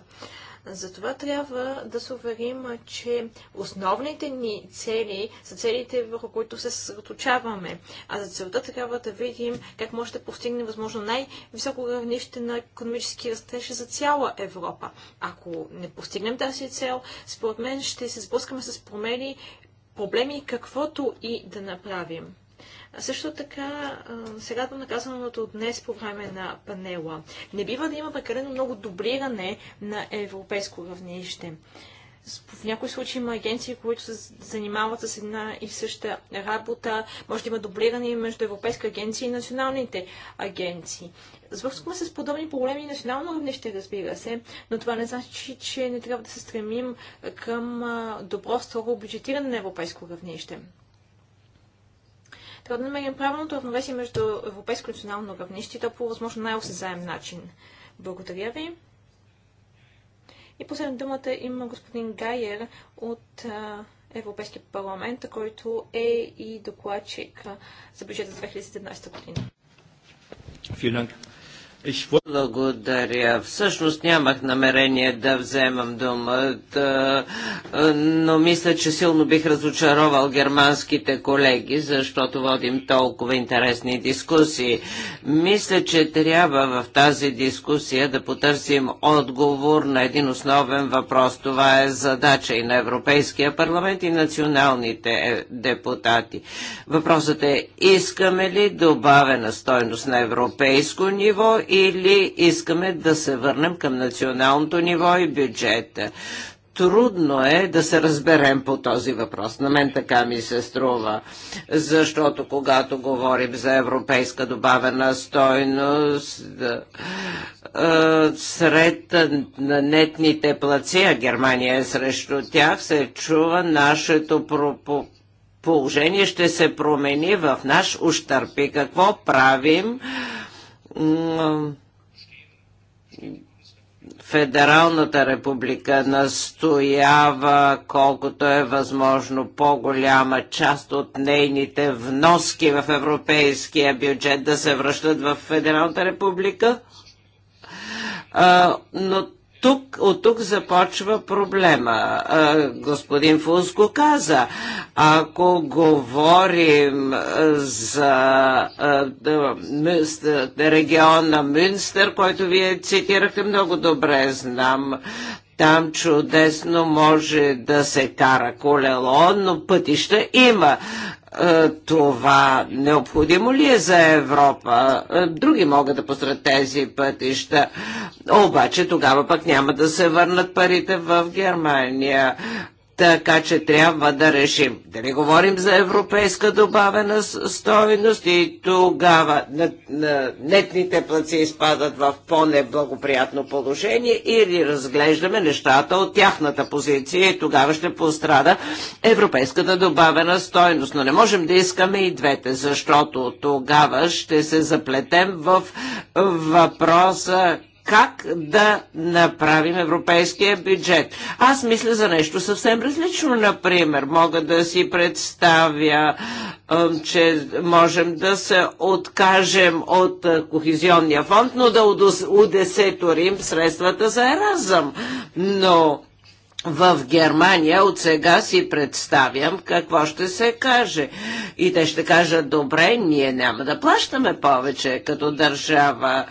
Затова трябва да се уверим, че основните ни цели са целите, върху които се съсредоточаваме. А за целта трябва да видим как може да постигне възможно най-високо равнище на економически растеж за цяла Европа. Ако не постигнем тази цел, според мен ще се сблъскаме с промени, проблеми, каквото и да направим. А също така сега радвам на казаното днес по време на панела. Не бива да има прекалено много дублиране на европейско равнище. В някои случаи има агенции, които се занимават с една и съща работа. Може да има дублиране между Европейска агенция и националните агенции. Звърскаме се с подобни проблеми национално равнище, разбира се, но това не значи, че не трябва да се стремим към добро, строго бюджетиране на европейско равнище. Трябва да намерим правилното равновесие между европейско и национално равнище и то по възможно най-осезаем начин. Благодаря ви. И последна думата има господин Гайер от Европейския парламент, който е и докладчик за бюджета за 2017 година. Благодаря. Всъщност нямах намерение да вземам думата, е, но мисля, че силно бих разочаровал германските колеги, защото водим толкова интересни дискусии. Мисля, че трябва в тази дискусия да потърсим отговор на един основен въпрос. Това е задача и на Европейския парламент и националните е, депутати. Въпросът е, искаме ли добавена стойност на европейско ниво или искаме да се върнем към националното ниво и бюджета. Трудно е да се разберем по този въпрос. На мен така ми се струва, защото когато говорим за европейска добавена стойност, сред нетните плаци, а Германия е срещу тях, се чува нашето положение ще се промени в наш ущърпи. Какво правим? Федералната република настоява колкото е възможно по-голяма част от нейните вноски в европейския бюджет да се връщат в Федералната република, но тук, от тук започва проблема. Господин Фуско каза, ако говорим за регион на Мюнстър, който вие цитирахте много добре, знам, там чудесно може да се кара колело, но пътища има. Е, това необходимо ли е за Европа? Е, други могат да посред тези пътища. Обаче тогава пък няма да се върнат парите в Германия. Така че трябва да решим. Да не говорим за европейска добавена стоеност, и тогава на, на нетните плаци изпадат в по-неблагоприятно положение или разглеждаме нещата от тяхната позиция и тогава ще пострада европейската добавена стоеност. Но не можем да искаме и двете, защото тогава ще се заплетем в въпроса как да направим европейския бюджет. Аз мисля за нещо съвсем различно, например. Мога да си представя, че можем да се откажем от Кохизионния фонд, но да удесеторим средствата за еразъм. Но в Германия от сега си представям какво ще се каже. И те ще кажат, добре, ние няма да плащаме повече като държава.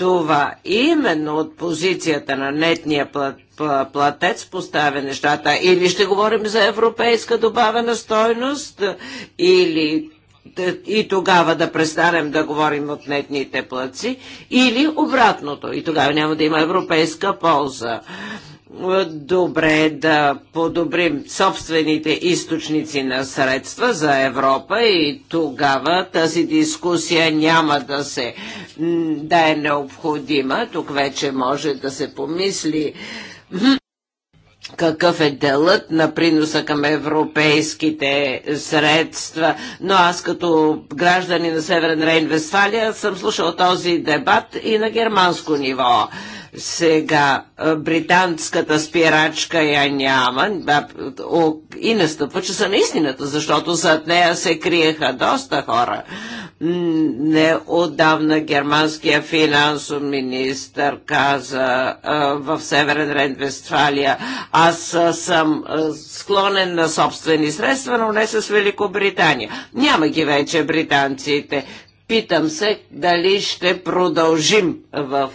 Това именно от позицията на нетния платец поставя нещата. Или ще говорим за европейска добавена стойност, или и тогава да престанем да говорим от нетните плаци, или обратното, и тогава няма да има европейска полза добре е да подобрим собствените източници на средства за Европа и тогава тази дискусия няма да се да е необходима. Тук вече може да се помисли какъв е делът на приноса към европейските средства. Но аз като граждани на Северен Рейн-Вестфалия съм слушал този дебат и на германско ниво. Сега британската спирачка я няма и настъпва часа на истината, защото зад нея се криеха доста хора. Не отдавна германския финансов министр каза в Северен Рен-Вестфалия, аз съм склонен на собствени средства, но не с Великобритания. Няма ги вече британците. Питам се дали ще продължим в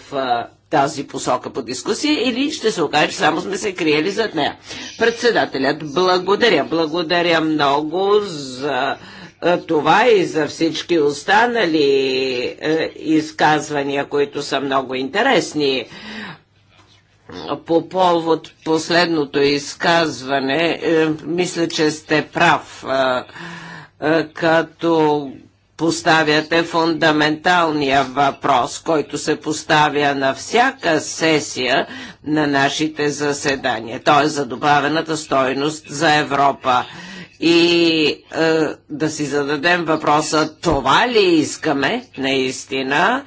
тази посока по дискусия или ще се окаже, че само сме се криели зад нея. Председателят, благодаря, благодаря много за е, това и за всички останали е, изказвания, които са много интересни. По повод последното изказване, е, мисля, че сте прав като поставяте фундаменталния въпрос, който се поставя на всяка сесия на нашите заседания, т.е. за добавената стойност за Европа. И е, да си зададем въпроса, това ли искаме наистина?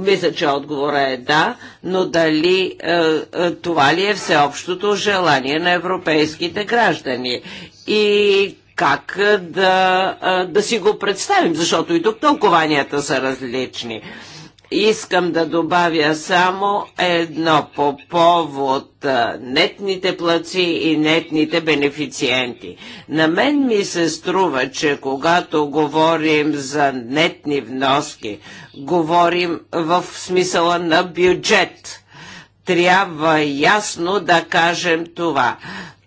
Мисля, че отговора е да, но дали е, е, това ли е всеобщото желание на европейските граждани? И как да, да си го представим, защото и тук тълкованията са различни. Искам да добавя само едно по повод нетните плаци и нетните бенефициенти. На мен ми се струва, че когато говорим за нетни вноски, говорим в смисъла на бюджет. Трябва ясно да кажем това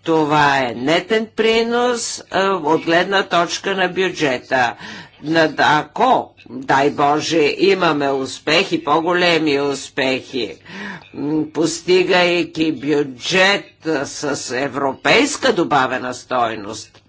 това е нетен принос а, от гледна точка на бюджета. Ако, дай Боже, имаме успехи, по-големи успехи, постигайки бюджет с европейска добавена стойност,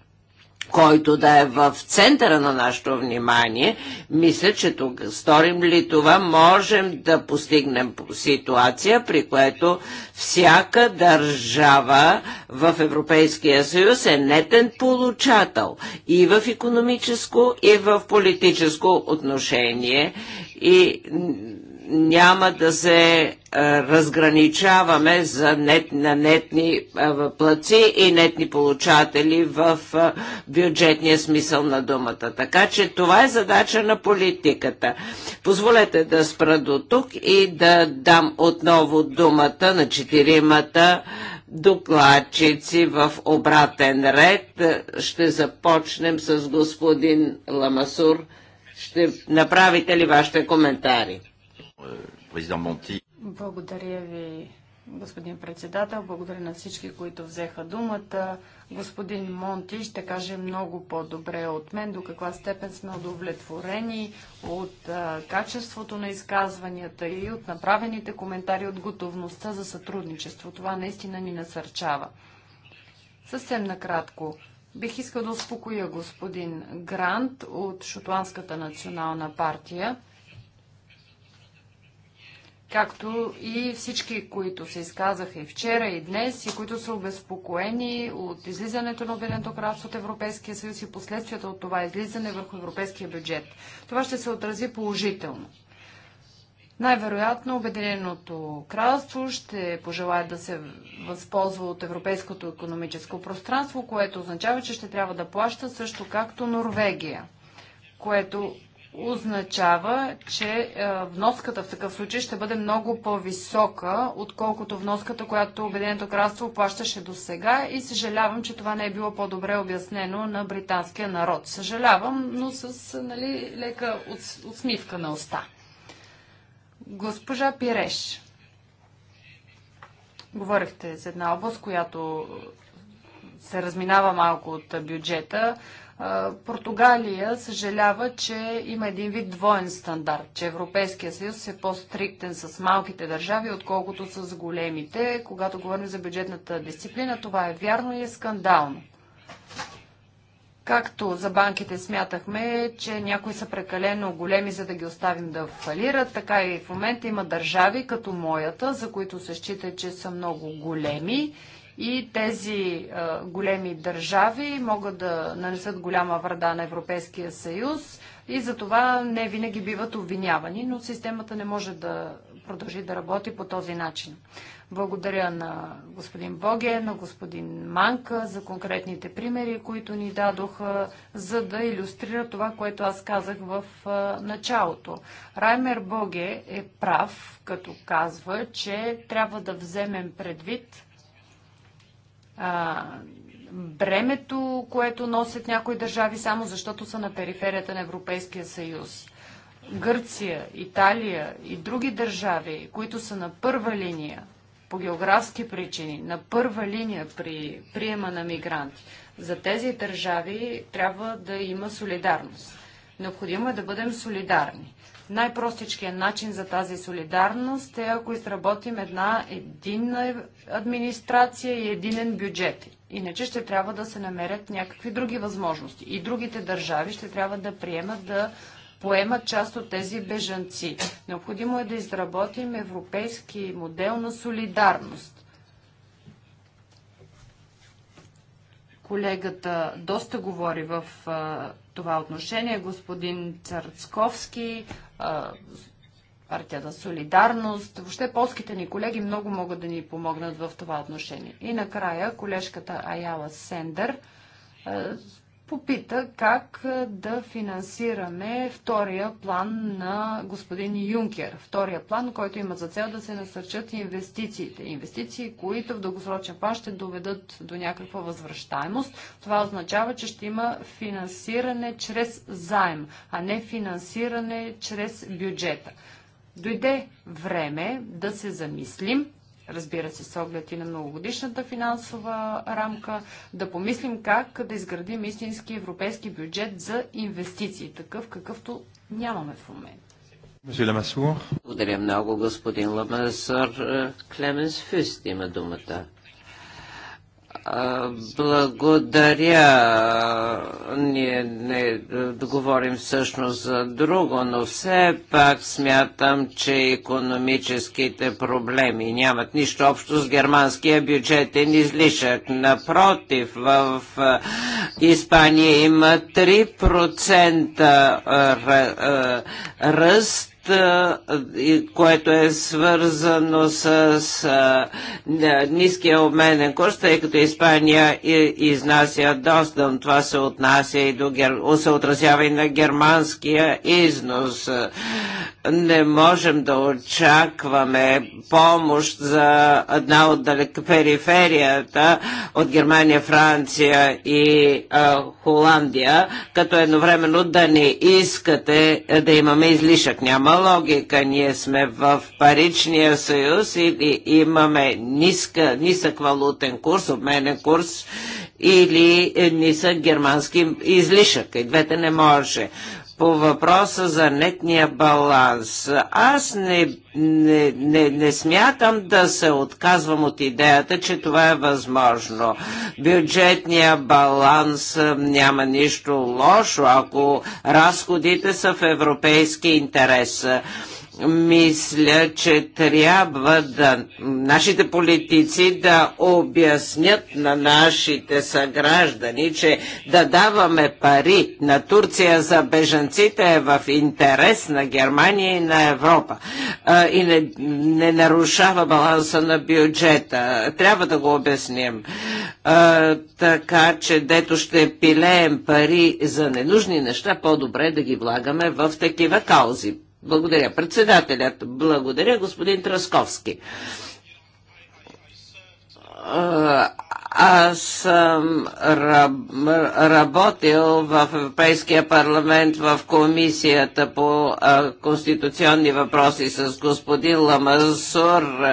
който да е в центъра на нашето внимание, мисля, че тук сторим ли това, можем да постигнем ситуация, при което всяка държава в Европейския съюз е нетен получател и в економическо, и в политическо отношение и няма да се е, разграничаваме за нет, на нетни е, плаци и нетни получатели в е, бюджетния смисъл на думата. Така че това е задача на политиката. Позволете да спра до тук и да дам отново думата на четиримата докладчици в обратен ред. Ще започнем с господин Ламасур. Ще направите ли вашите коментари? Е, президент Монти. Благодаря ви, господин председател. Благодаря на всички, които взеха думата. Господин Монти ще каже много по-добре от мен до каква степен сме удовлетворени от качеството на изказванията и от направените коментари от готовността за сътрудничество. Това наистина ни насърчава. Съвсем накратко. Бих искал да успокоя господин Грант от Шотландската национална партия както и всички, които се изказаха и вчера, и днес, и които са обезпокоени от излизането на Обединеното кралство от Европейския съюз и последствията от това излизане върху европейския бюджет. Това ще се отрази положително. Най-вероятно Обединеното кралство ще пожелая да се възползва от европейското економическо пространство, което означава, че ще трябва да плаща също както Норвегия, което означава, че е, вноската в такъв случай ще бъде много по-висока, отколкото вноската, която Обединеното кралство плащаше до сега и съжалявам, че това не е било по-добре обяснено на британския народ. Съжалявам, но с нали, лека усмивка на уста. Госпожа Пиреш, говорихте за една област, която се разминава малко от бюджета. Португалия съжалява, че има един вид двоен стандарт, че Европейския съюз е по-стриктен с малките държави, отколкото с големите. Когато говорим за бюджетната дисциплина, това е вярно и е скандално. Както за банките смятахме, че някои са прекалено големи, за да ги оставим да фалират, така и в момента има държави, като моята, за които се счита, че са много големи и тези а, големи държави могат да нанесат голяма вреда на Европейския съюз и за това не винаги биват обвинявани, но системата не може да продължи да работи по този начин. Благодаря на господин Боге, на господин Манка за конкретните примери, които ни дадоха, за да иллюстрира това, което аз казах в началото. Раймер Боге е прав, като казва, че трябва да вземем предвид а, бремето, което носят някои държави, само защото са на периферията на Европейския съюз. Гърция, Италия и други държави, които са на първа линия по географски причини, на първа линия при приема на мигранти, за тези държави трябва да има солидарност. Необходимо е да бъдем солидарни. Най-простичкият начин за тази солидарност е ако изработим една единна администрация и единен бюджет. Иначе ще трябва да се намерят някакви други възможности. И другите държави ще трябва да приемат да поемат част от тези бежанци. Необходимо е да изработим европейски модел на солидарност. Колегата доста говори в а, това отношение, господин Царцковски, партията Солидарност. Въобще полските ни колеги много могат да ни помогнат в това отношение. И накрая колежката Аяла Сендер попита как да финансираме втория план на господин Юнкер. Втория план, който има за цел да се насърчат инвестициите. Инвестиции, които в дългосрочен план ще доведат до някаква възвръщаемост. Това означава, че ще има финансиране чрез заем, а не финансиране чрез бюджета. Дойде време да се замислим разбира се, с оглед и на многогодишната финансова рамка, да помислим как да изградим истински европейски бюджет за инвестиции, такъв какъвто нямаме в момента. Благодаря много, господин Ламасор. Клеменс Фюст има думата. Благодаря. Ние не говорим всъщност за друго, но все пак смятам, че економическите проблеми нямат нищо общо с германския бюджетен излишък. Напротив, в Испания има 3% ръст което е свързано с ниския обменен курс, тъй като Испания изнася доста, това се отнася и до, се отразява и на германския износ не можем да очакваме помощ за една от периферията от Германия, Франция и а, Холандия, като едновременно да не искате е, да имаме излишък. Няма логика. Ние сме в паричния съюз или имаме ниска, нисък валутен курс, обменен курс или е, нисък германски излишък. И двете не може по въпроса за нетния баланс. Аз не, не, не, не смятам да се отказвам от идеята, че това е възможно. Бюджетния баланс няма нищо лошо, ако разходите са в европейски интерес мисля, че трябва да нашите политици да обяснят на нашите съграждани, че да даваме пари на Турция за бежанците е в интерес на Германия и на Европа а, и не, не нарушава баланса на бюджета. Трябва да го обясним. А, така че дето ще пилеем пари за ненужни неща, по-добре да ги влагаме в такива каузи благодаря. Председателят. Благодаря, господин Трасковски аз съм работил в Европейския парламент в комисията по конституционни въпроси с господин Ламасур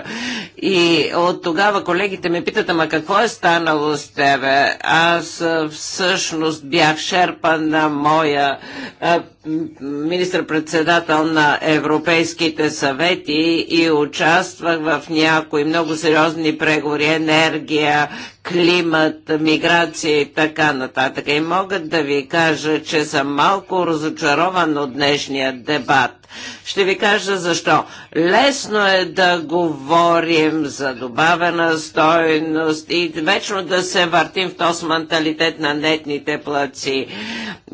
и от тогава колегите ме питат, ама какво е станало с тебе? Аз всъщност бях шерпа на моя министър-председател на Европейските съвети и участвах в някои много сериозни преговори, енергия, климат, миграция и така нататък. И мога да ви кажа, че съм малко разочарован от днешния дебат. Ще ви кажа защо. Лесно е да говорим за добавена стойност и вечно да се въртим в този менталитет на нетните плаци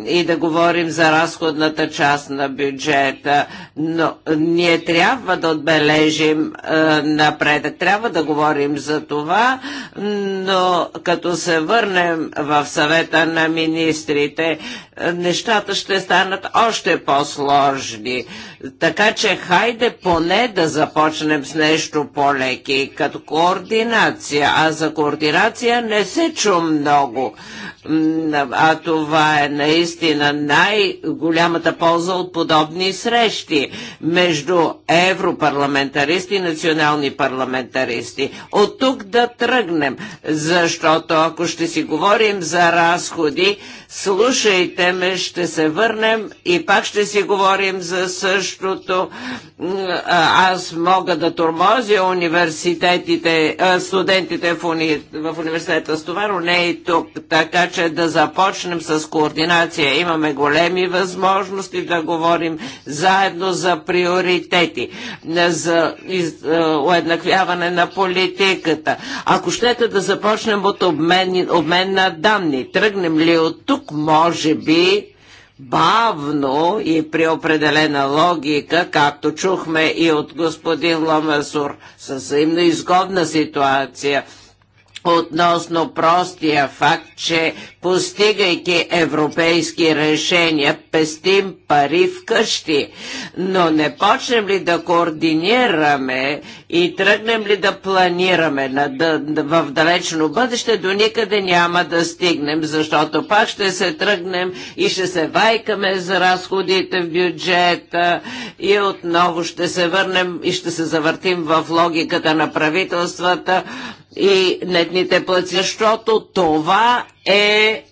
и да говорим за разходната част на бюджета. Но ние трябва да отбележим е, напредък. Трябва да говорим за това, но като се върнем в съвета на министрите, е, нещата ще станат още по-сложни. Така че хайде поне да започнем с нещо по-леки, като координация. А за координация не се чу много. А това е наистина най-голямата полза от подобни срещи между европарламентаристи и национални парламентаристи. От тук да тръгнем, защото ако ще си говорим за разходи, слушайте ме, ще се върнем и пак ще си говорим за същото. Аз мога да тормозя университетите, студентите в, в университета с това, но не и тук. Така че да започнем с координация. Имаме големи възможности да говорим заедно за приоритети, за е, уеднаквяване на политиката. Ако щете да започнем от обмен, обмен на данни, тръгнем ли от тук, може би бавно и при определена логика, както чухме и от господин Ломасур, със взаимно изгодна ситуация – относно простия факт, че постигайки европейски решения, пестим пари вкъщи. Но не почнем ли да координираме и тръгнем ли да планираме на, да, в далечно бъдеще, до никъде няма да стигнем, защото пак ще се тръгнем и ще се вайкаме за разходите в бюджета и отново ще се върнем и ще се завъртим в логиката на правителствата и нетните път, защото това е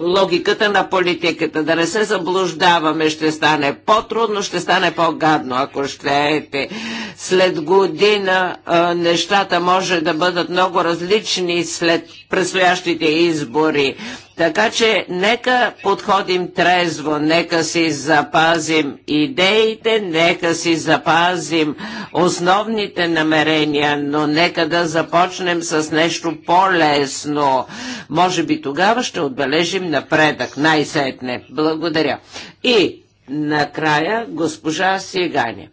логиката на политиката. Да не се заблуждаваме, ще стане по-трудно, ще стане по-гадно, ако щеете. След година нещата може да бъдат много различни след предстоящите избори. Така че нека подходим трезво, нека си запазим идеите, нека си запазим основните намерения, но нека да започнем с нещо по-лесно. Може би тогава ще отбележим напредък, най-сетне. Благодаря. И накрая госпожа Сигане.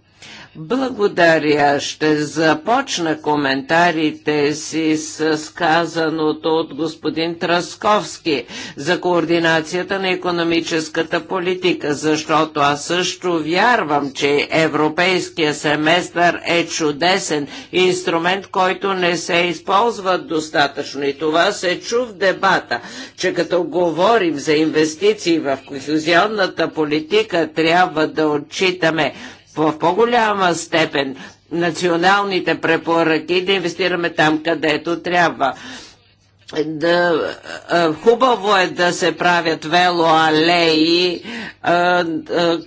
Благодаря. Ще започна коментарите си с казаното от господин Трасковски за координацията на економическата политика, защото аз също вярвам, че европейския семестър е чудесен инструмент, който не се използва достатъчно. И това се чу в дебата, че като говорим за инвестиции в кохезионната политика, трябва да отчитаме в по-голяма степен националните препоръки да инвестираме там, където трябва да, хубаво е да се правят велоалеи,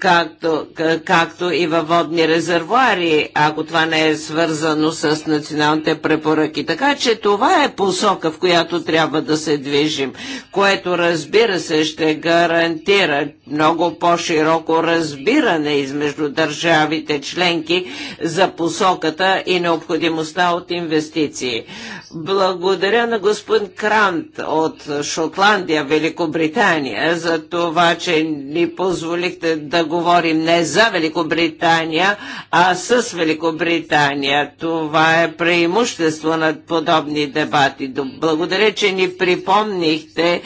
както, както и във водни резервуари, ако това не е свързано с националните препоръки. Така че това е посока, в която трябва да се движим, което разбира се ще гарантира много по-широко разбиране измежду държавите членки за посоката и необходимостта от инвестиции. Благодаря на господин Крант от Шотландия, Великобритания, за това, че ни позволихте да говорим не за Великобритания, а с Великобритания. Това е преимущество на подобни дебати. Благодаря, че ни припомнихте,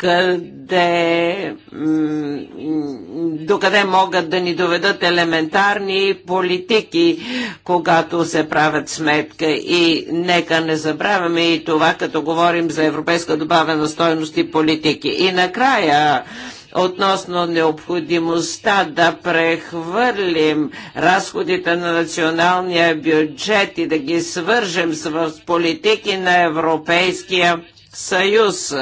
къде, до къде могат да ни доведат елементарни политики, когато се правят сметка. И нека не забравяме и това, като говорим за европейска добавена стойност и политики. И накрая, относно необходимостта да прехвърлим разходите на националния бюджет и да ги свържем с политики на европейския съюз,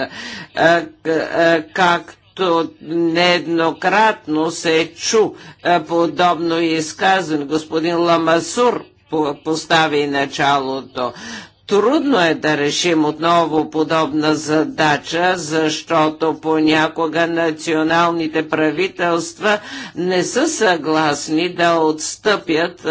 както нееднократно се чу подобно изказване. Господин Ламасур постави началото. Трудно е да решим отново подобна задача, защото понякога националните правителства не са съгласни да отстъпят,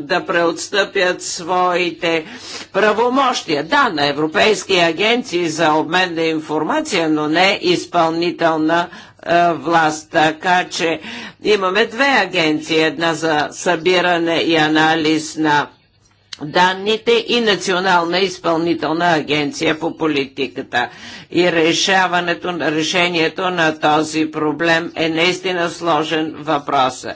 да преотстъпят своите правомощия. Да, на европейски агенции за обмен на информация, но не изпълнителна власт. Така че имаме две агенции. Една за събиране и анализ на данните и Национална изпълнителна агенция по политиката. И решаването, на решението на този проблем е наистина сложен въпрос.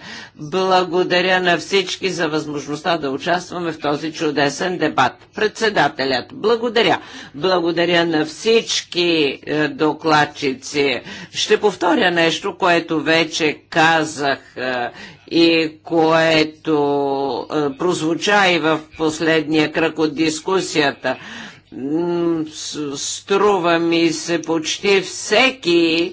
Благодаря на всички за възможността да участваме в този чудесен дебат. Председателят, благодаря. Благодаря на всички е, докладчици. Ще повторя нещо, което вече казах е, и което е, прозвуча и в последния кръг от дискусията. Струва ми се почти всеки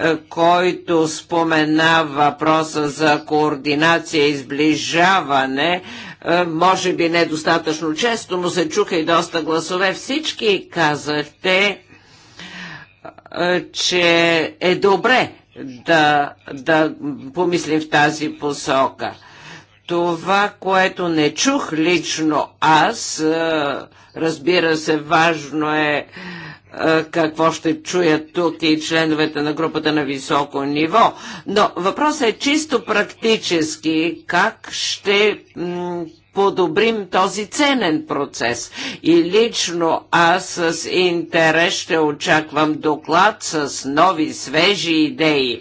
е, който спомена въпроса за координация и сближаване, е, може би недостатъчно често, но се чуха и доста гласове. Всички казахте, е, че е добре да, да помислим в тази посока. Това, което не чух лично аз, разбира се, важно е какво ще чуят тук и членовете на групата на високо ниво. Но въпросът е чисто практически как ще подобрим този ценен процес. И лично аз с интерес ще очаквам доклад с нови, свежи идеи.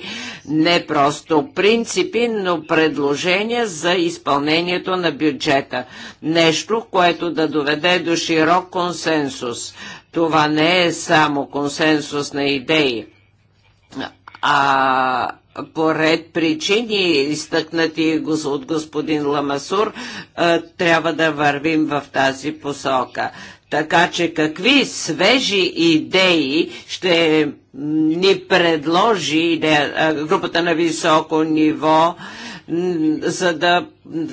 Не просто принципи, но предложения за изпълнението на бюджета. Нещо, което да доведе до широк консенсус. Това не е само консенсус на идеи, а поред причини, изтъкнати от господин Ламасур, трябва да вървим в тази посока. Така че какви свежи идеи ще ни предложи групата на високо ниво за да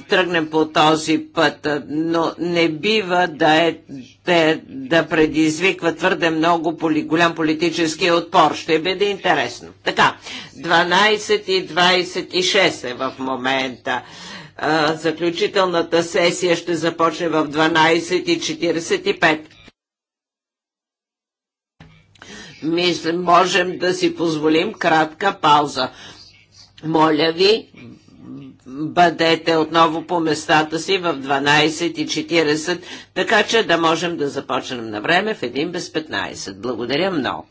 тръгнем по този път. Но не бива да, е, да, да предизвиква твърде много поли, голям политически отпор. Ще бъде интересно. Така, 12 и 26 е в момента. Заключителната сесия ще започне в 12.45 Мисля, можем да си позволим кратка пауза. Моля ви, бъдете отново по местата си в 12.40, така че да можем да започнем на време в 1 без 15. Благодаря много.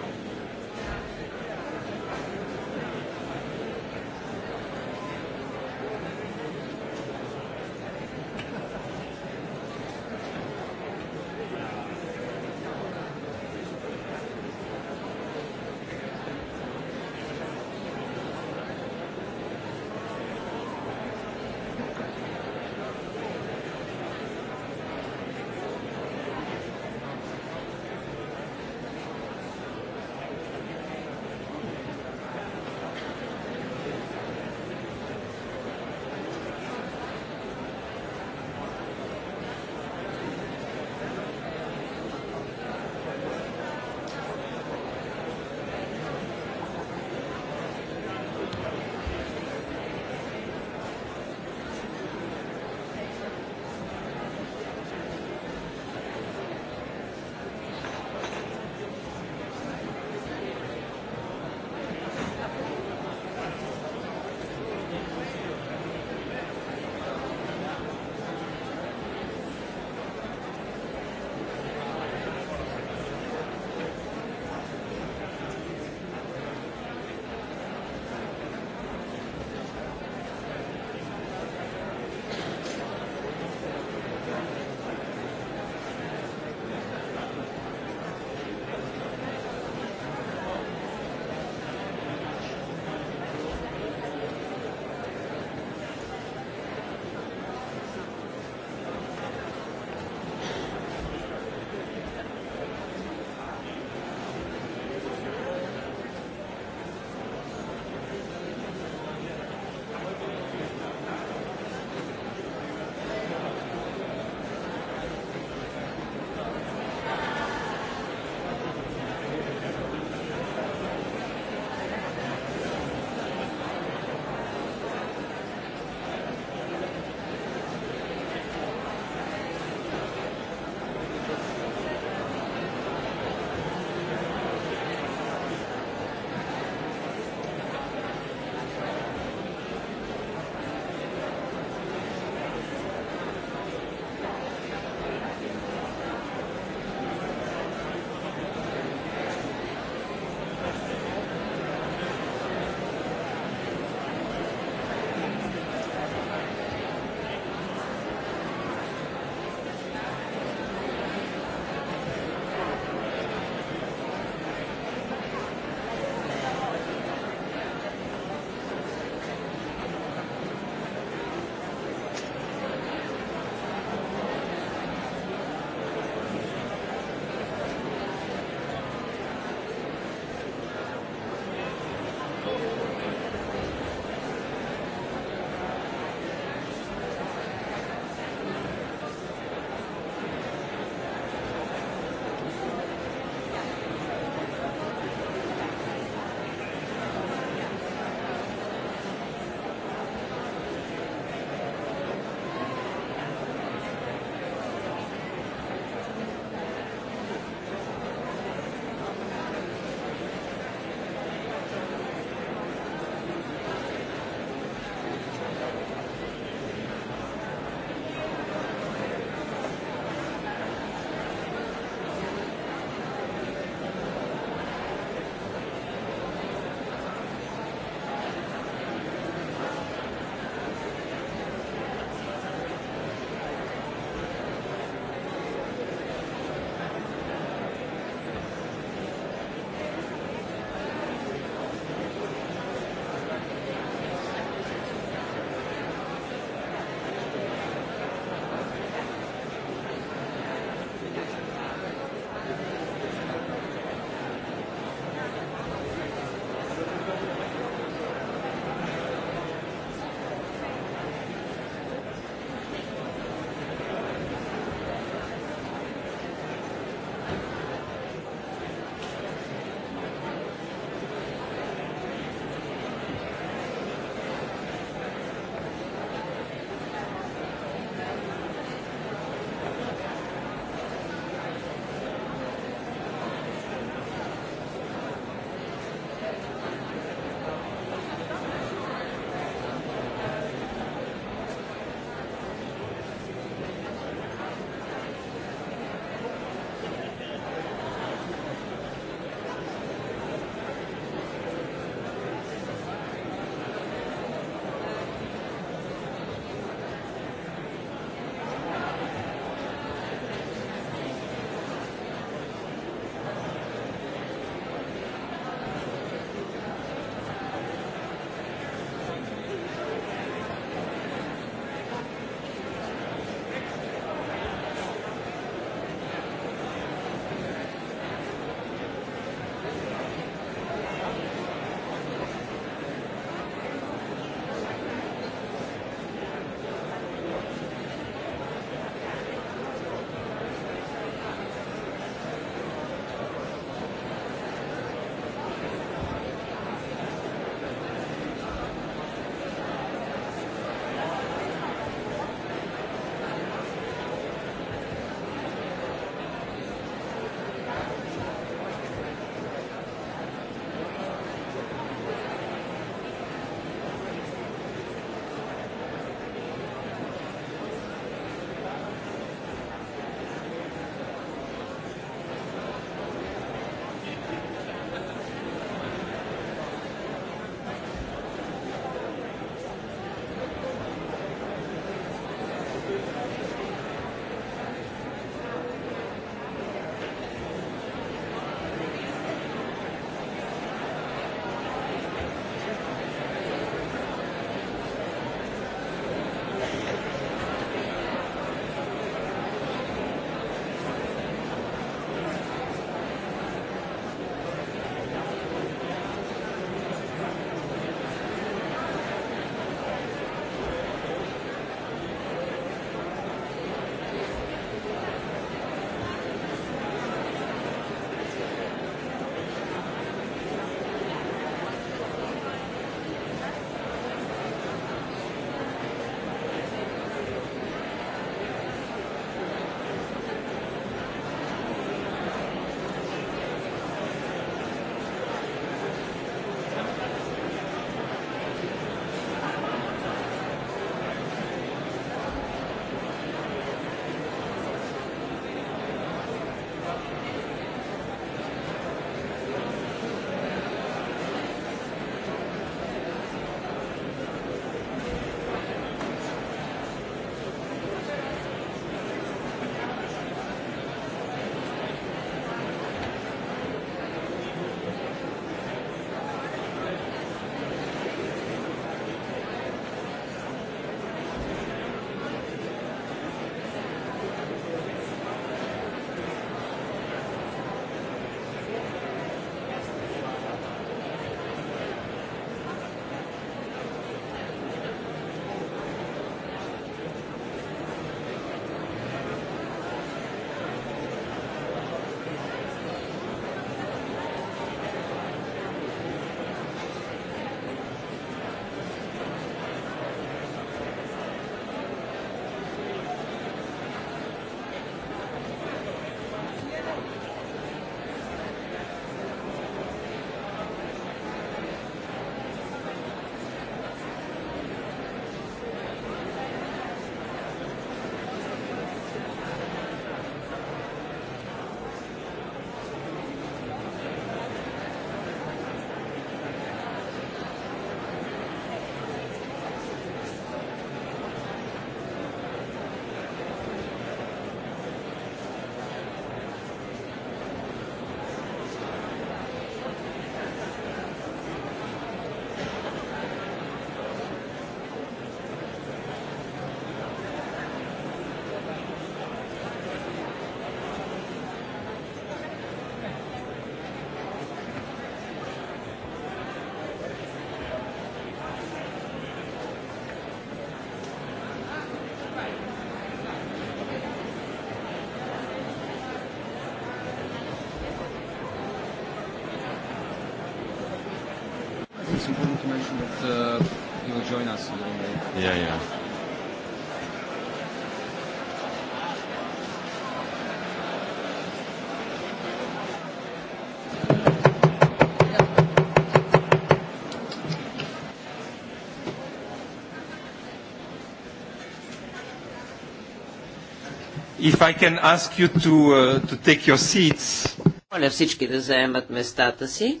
If I can ask you to, uh, to take your seats. Моля всички да заемат местата си.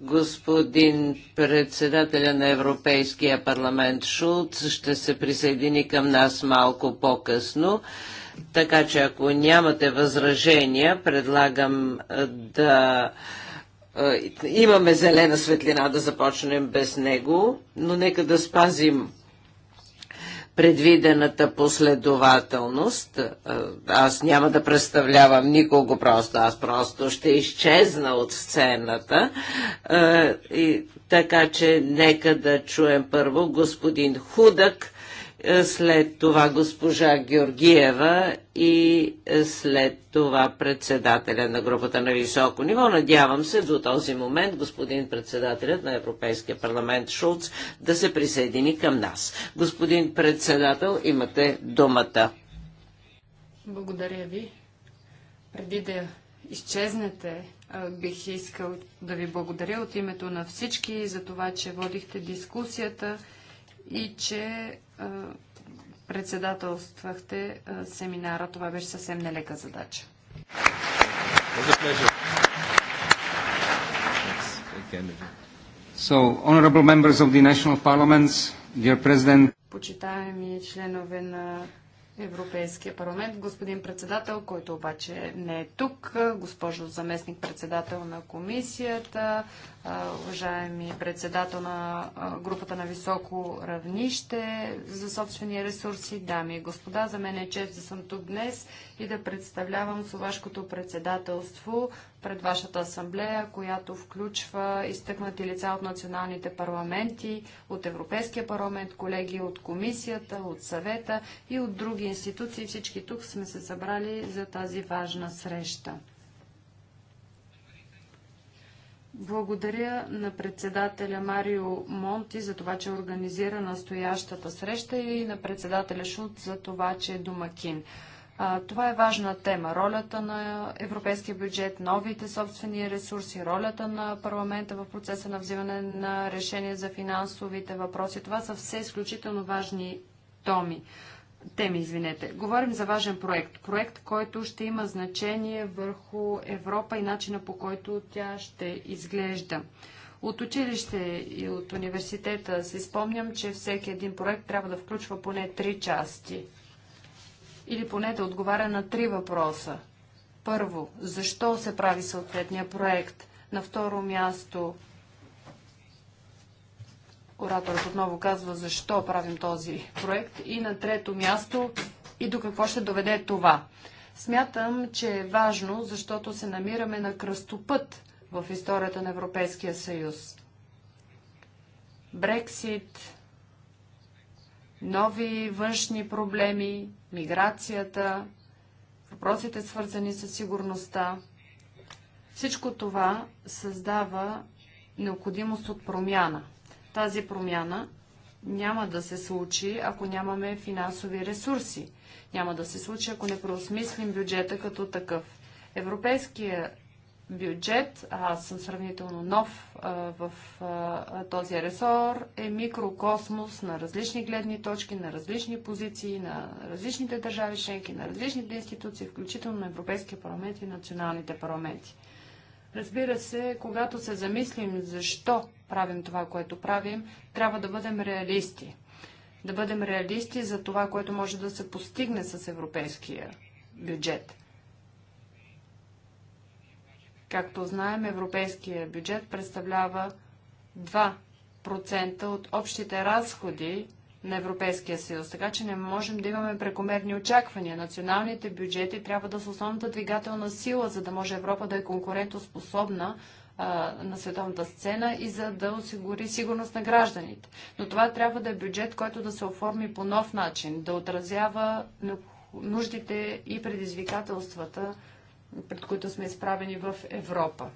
Господин председателя на Европейския парламент Шулц ще се присъедини към нас малко по-късно. Така че ако нямате възражения, предлагам да имаме зелена светлина да започнем без него, но нека да спазим предвидената последователност. Е, аз няма да представлявам никого просто, аз просто ще изчезна от сцената. Е, така че нека да чуем първо господин Худък е, след това госпожа Георгиева и е, след това председателя на групата на високо ниво. Надявам се до този момент господин председателят на Европейския парламент Шулц да се присъедини към нас. Господин председател, имате думата. Благодаря ви. Преди да изчезнете, е, бих искал да ви благодаря от името на всички за това, че водихте дискусията и че председателствахте семинара. Това беше съвсем нелека задача. So, honorable members of the national parliaments, dear president, почитаеми членове на Европейския парламент. Господин председател, който обаче не е тук, госпожо заместник председател на комисията, уважаеми председател на групата на високо равнище за собствени ресурси, дами и господа, за мен е чест да съм тук днес и да представлявам Словашкото председателство пред вашата асамблея, която включва изтъкнати лица от националните парламенти, от Европейския парламент, колеги от комисията, от съвета и от други институции. Всички тук сме се събрали за тази важна среща. Благодаря на председателя Марио Монти за това, че организира настоящата среща и на председателя Шут за това, че е домакин това е важна тема. Ролята на европейския бюджет, новите собствени ресурси, ролята на парламента в процеса на взимане на решение за финансовите въпроси. Това са все изключително важни томи теми, извинете. Говорим за важен проект. Проект, който ще има значение върху Европа и начина по който тя ще изглежда. От училище и от университета си спомням, че всеки един проект трябва да включва поне три части – или поне да отговаря на три въпроса. Първо, защо се прави съответния проект? На второ място, ораторът отново казва защо правим този проект. И на трето място, и до какво ще доведе това. Смятам, че е важно, защото се намираме на кръстопът в историята на Европейския съюз. Брексит, нови външни проблеми, миграцията, въпросите свързани с сигурността. Всичко това създава необходимост от промяна. Тази промяна няма да се случи, ако нямаме финансови ресурси. Няма да се случи, ако не преосмислим бюджета като такъв. Европейския бюджет, а аз съм сравнително нов а, в а, този ресор, е микрокосмос на различни гледни точки, на различни позиции, на различните държави членки, на различните институции, включително на Европейския парламент и националните парламенти. Разбира се, когато се замислим защо правим това, което правим, трябва да бъдем реалисти. Да бъдем реалисти за това, което може да се постигне с европейския бюджет – Както знаем, европейския бюджет представлява 2% от общите разходи на Европейския съюз. Така че не можем да имаме прекомерни очаквания. Националните бюджети трябва да са основната двигателна сила, за да може Европа да е конкурентоспособна на световната сцена и за да осигури сигурност на гражданите. Но това трябва да е бюджет, който да се оформи по нов начин, да отразява нуждите и предизвикателствата пред които сме изправени в Европа.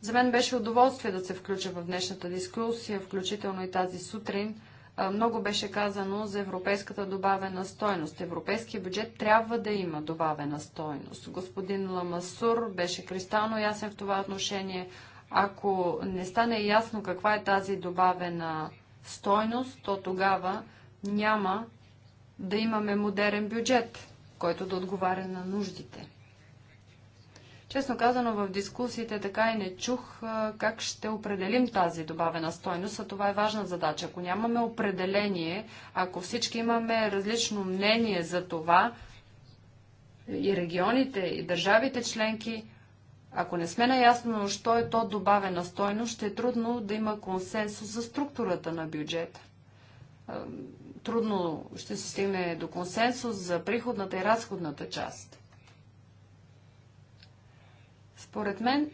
За мен беше удоволствие да се включа в днешната дискусия, включително и тази сутрин. Много беше казано за европейската добавена стойност. Европейския бюджет трябва да има добавена стойност. Господин Ламасур беше кристално ясен в това отношение. Ако не стане ясно каква е тази добавена стойност, то тогава няма да имаме модерен бюджет който да отговаря на нуждите. Честно казано, в дискусиите така и не чух как ще определим тази добавена стойност, а това е важна задача. Ако нямаме определение, ако всички имаме различно мнение за това, и регионите, и държавите членки, ако не сме наясно, що е то добавена стойност, ще е трудно да има консенсус за структурата на бюджета трудно ще се стигне до консенсус за приходната и разходната част. Според мен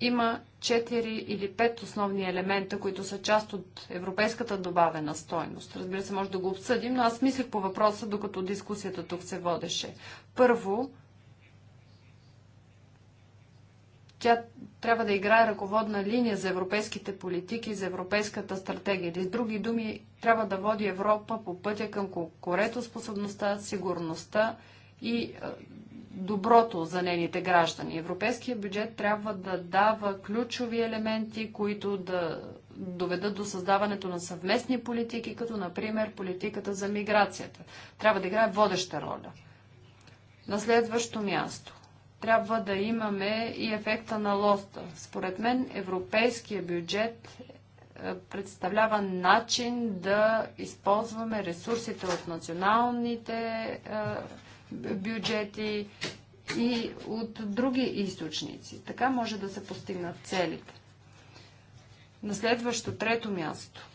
има 4 или 5 основни елемента, които са част от европейската добавена стойност. Разбира се, може да го обсъдим, но аз мислих по въпроса, докато дискусията тук се водеше. Първо, Тя трябва да играе ръководна линия за европейските политики, за европейската стратегия. Или с други думи, трябва да води Европа по пътя към конкурентоспособността, сигурността и е, доброто за нейните граждани. Европейския бюджет трябва да дава ключови елементи, които да доведат до създаването на съвместни политики, като например политиката за миграцията. Трябва да играе водеща роля. На следващо място трябва да имаме и ефекта на лоста. Според мен европейския бюджет е, представлява начин да използваме ресурсите от националните е, бюджети и от други източници. Така може да се постигнат целите. На следващо, трето място.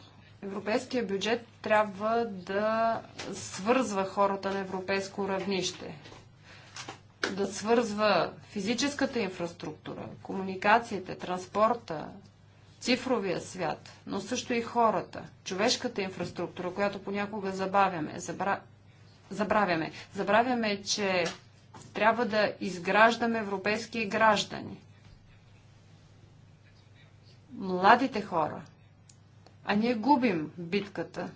Европейския бюджет трябва да свързва хората на европейско равнище да свързва физическата инфраструктура, комуникациите, транспорта, цифровия свят, но също и хората, човешката инфраструктура, която понякога забавяме. Забра... Забравяме. Забравяме, че трябва да изграждаме европейски граждани. Младите хора. А ние губим битката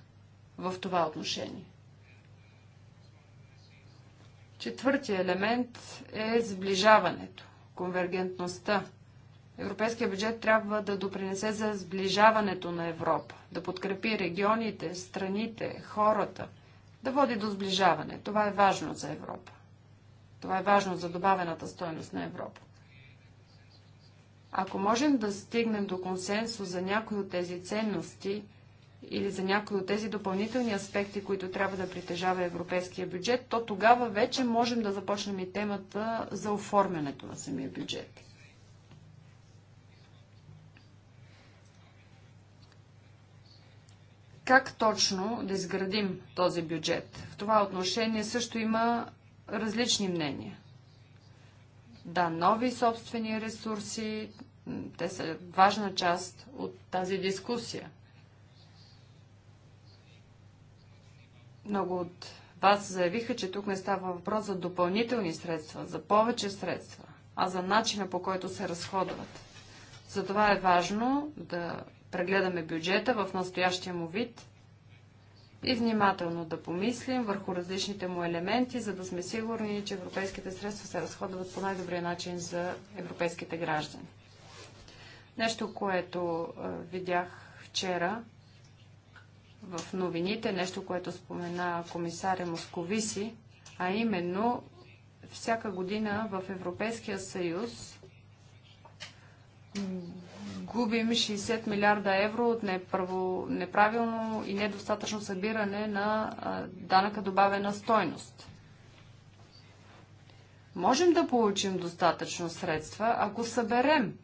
в това отношение. Четвъртия елемент е сближаването, конвергентността. Европейския бюджет трябва да допринесе за сближаването на Европа, да подкрепи регионите, страните, хората, да води до сближаване. Това е важно за Европа. Това е важно за добавената стойност на Европа. Ако можем да стигнем до консенсус за някои от тези ценности, или за някои от тези допълнителни аспекти, които трябва да притежава европейския бюджет, то тогава вече можем да започнем и темата за оформянето на самия бюджет. Как точно да изградим този бюджет? В това отношение също има различни мнения. Да, нови собствени ресурси, те са важна част от тази дискусия. Много от вас заявиха, че тук не става въпрос за допълнителни средства, за повече средства, а за начина по който се разходват. Затова е важно да прегледаме бюджета в настоящия му вид и внимателно да помислим върху различните му елементи, за да сме сигурни, че европейските средства се разходват по най-добрия начин за европейските граждани. Нещо, което видях вчера в новините нещо, което спомена комисаря Московиси, а именно всяка година в Европейския съюз губим 60 милиарда евро от неправо, неправилно и недостатъчно събиране на данъка добавена стойност. Можем да получим достатъчно средства, ако съберем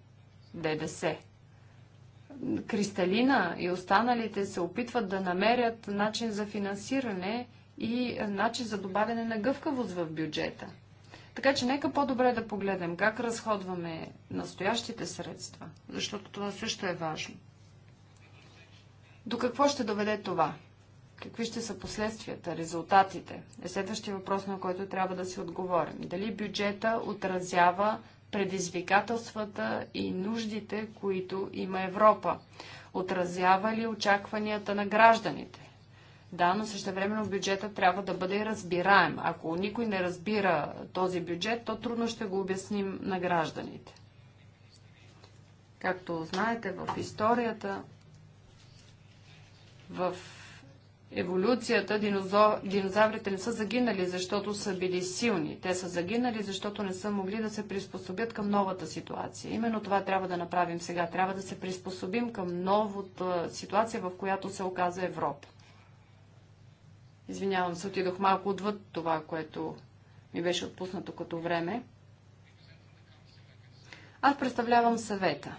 ДДС. Кристалина и останалите се опитват да намерят начин за финансиране и начин за добавяне на гъвкавост в бюджета. Така че нека по-добре да погледнем как разходваме настоящите средства, защото това също е важно. До какво ще доведе това? Какви ще са последствията, резултатите? Е следващия въпрос, на който трябва да си отговорим. Дали бюджета отразява предизвикателствата и нуждите, които има Европа? Отразява ли очакванията на гражданите? Да, но същевременно бюджета трябва да бъде разбираем. Ако никой не разбира този бюджет, то трудно ще го обясним на гражданите. Както знаете, в историята, в еволюцията динозаврите не са загинали, защото са били силни. Те са загинали, защото не са могли да се приспособят към новата ситуация. Именно това трябва да направим сега. Трябва да се приспособим към новата ситуация, в която се оказа Европа. Извинявам се, отидох малко отвъд това, което ми беше отпуснато като време. Аз представлявам съвета.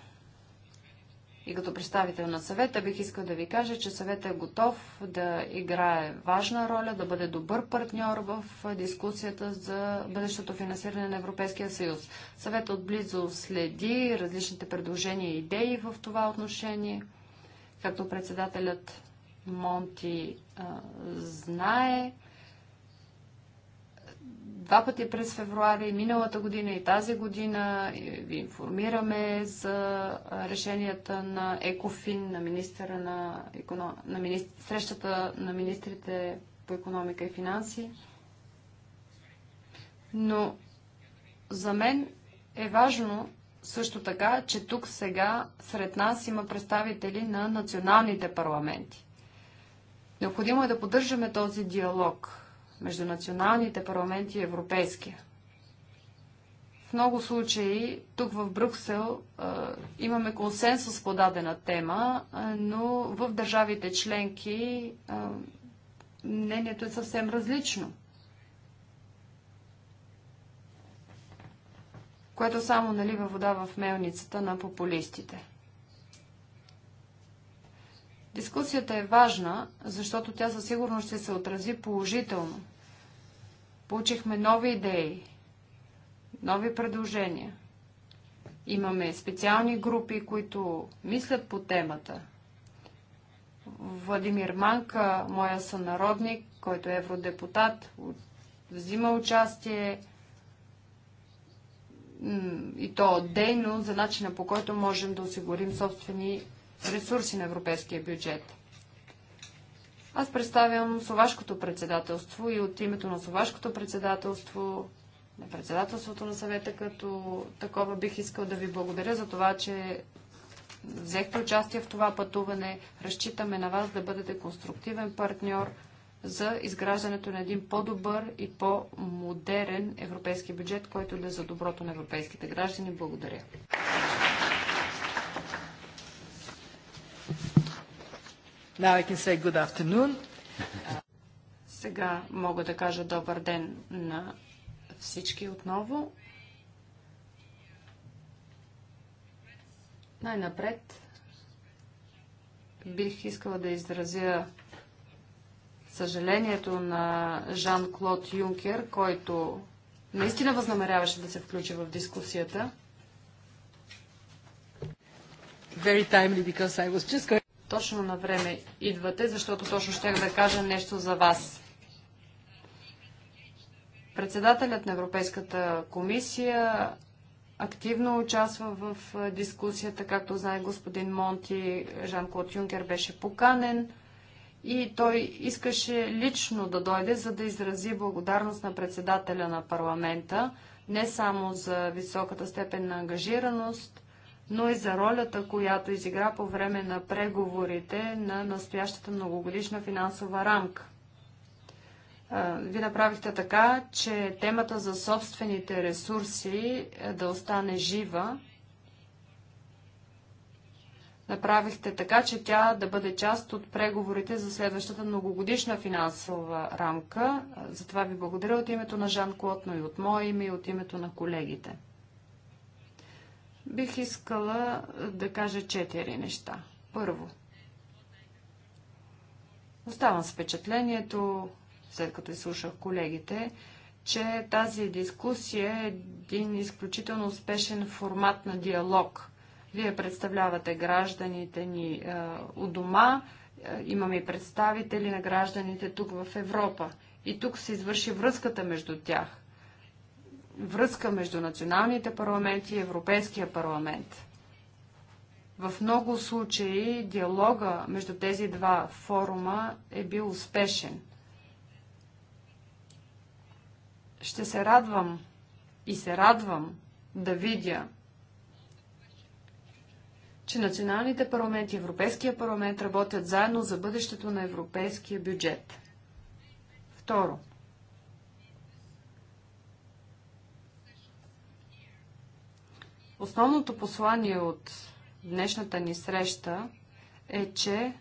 И като представител на съвета бих искал да ви кажа, че съвета е готов да играе важна роля, да бъде добър партньор в дискусията за бъдещото финансиране на Европейския съюз. Съвета отблизо следи различните предложения и идеи в това отношение. Както председателят Монти а, знае, два пъти през февруари, миналата година и тази година ви информираме за решенията на ЕКОФИН, на, министъра на, економ... на министр... срещата на министрите по економика и финанси. Но за мен е важно също така, че тук сега сред нас има представители на националните парламенти. Необходимо е да поддържаме този диалог между националните парламенти и европейския. В много случаи тук в Брюксел имаме консенсус по дадена тема, но в държавите членки мнението е съвсем различно. Което само налива вода в мелницата на популистите. Дискусията е важна, защото тя със сигурност ще се отрази положително Получихме нови идеи, нови предложения. Имаме специални групи, които мислят по темата. Владимир Манка, моя сънародник, който е евродепутат, взима участие и то дейно за начина по който можем да осигурим собствени ресурси на европейския бюджет. Аз представям Словашкото председателство и от името на Словашкото председателство, на председателството на съвета като такова бих искал да ви благодаря за това, че взехте участие в това пътуване. Разчитаме на вас да бъдете конструктивен партньор за изграждането на един по-добър и по-модерен европейски бюджет, който да е за доброто на европейските граждани. Благодаря. Now I can say good afternoon. Сега мога да кажа добър ден на всички отново. Най-напред бих искала да изразя съжалението на Жан-Клод Юнкер, който наистина възнамеряваше да се включи в дискусията. Very timely, because I was just going... Точно на време идвате, защото точно ще да кажа нещо за вас. Председателят на Европейската комисия активно участва в дискусията, както знае господин Монти, Жан-Клод Юнкер беше поканен и той искаше лично да дойде, за да изрази благодарност на председателя на парламента, не само за високата степен на ангажираност, но и за ролята, която изигра по време на преговорите на настоящата многогодишна финансова рамка. Вие направихте така, че темата за собствените ресурси е, да остане жива. Направихте така, че тя да бъде част от преговорите за следващата многогодишна финансова рамка. Затова ви благодаря от името на Жан Клотно и от мое име и от името на колегите. Бих искала да кажа четири неща. Първо, оставам с впечатлението, след като изслушах колегите, че тази дискусия е един изключително успешен формат на диалог. Вие представлявате гражданите ни е, у дома, е, имаме и представители на гражданите тук в Европа. И тук се извърши връзката между тях връзка между националните парламенти и Европейския парламент. В много случаи диалога между тези два форума е бил успешен. Ще се радвам и се радвам да видя, че националните парламенти и Европейския парламент работят заедно за бъдещето на европейския бюджет. Второ – Основното послание от днешната ни среща е, че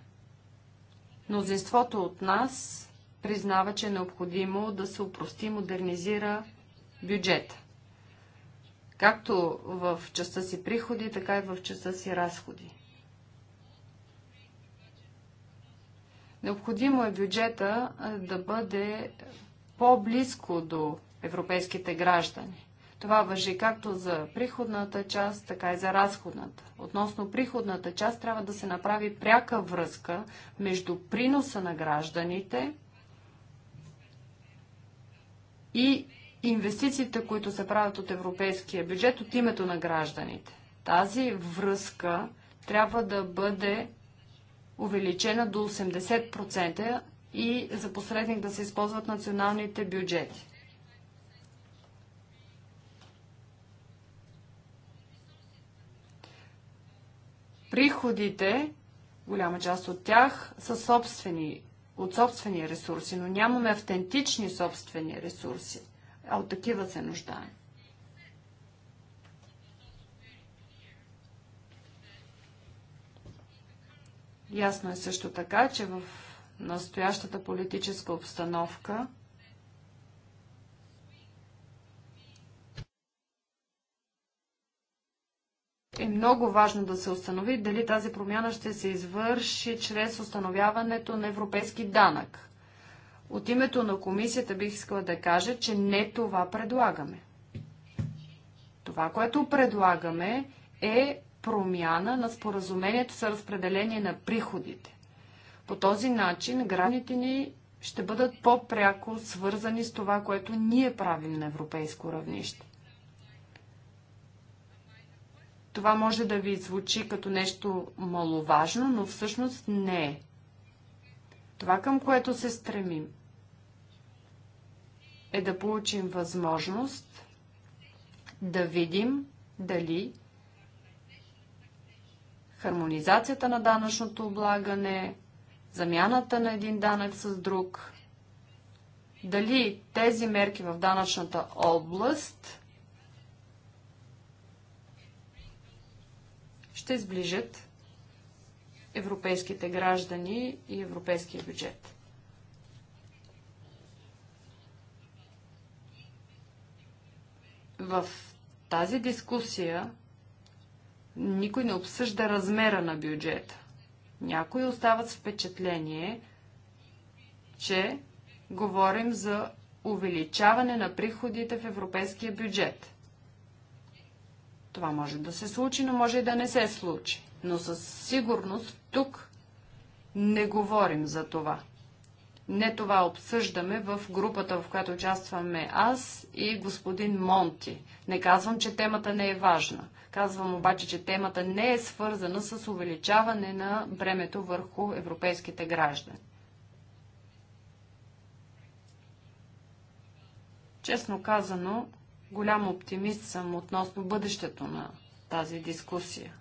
мнозинството от нас признава, че е необходимо да се упрости и модернизира бюджета. Както в частта си приходи, така и в частта си разходи. Необходимо е бюджета да бъде по-близко до европейските граждани. Това въжи както за приходната част, така и за разходната. Относно приходната част трябва да се направи пряка връзка между приноса на гражданите и инвестициите, които се правят от европейския бюджет от името на гражданите. Тази връзка трябва да бъде увеличена до 80% и за посредник да се използват националните бюджети. Приходите, голяма част от тях, са собствени, от собствени ресурси, но нямаме автентични собствени ресурси, а от такива се нуждаем. Ясно е също така, че в настоящата политическа обстановка – е много важно да се установи дали тази промяна ще се извърши чрез установяването на европейски данък. От името на комисията бих искала да кажа, че не това предлагаме. Това, което предлагаме е промяна на споразумението за разпределение на приходите. По този начин граните ни ще бъдат по-пряко свързани с това, което ние правим на европейско равнище. Това може да ви звучи като нещо маловажно, но всъщност не е. Това, към което се стремим, е да получим възможност да видим дали хармонизацията на данъчното облагане, замяната на един данък с друг, дали тези мерки в данъчната област – ще сближат европейските граждани и европейския бюджет. В тази дискусия никой не обсъжда размера на бюджета. Някои остават с впечатление, че говорим за увеличаване на приходите в европейския бюджет. Това може да се случи, но може и да не се случи. Но със сигурност тук не говорим за това. Не това обсъждаме в групата, в която участваме аз и господин Монти. Не казвам, че темата не е важна. Казвам обаче, че темата не е свързана с увеличаване на бремето върху европейските граждани. Честно казано, голям оптимист съм относно бъдещето на тази дискусия.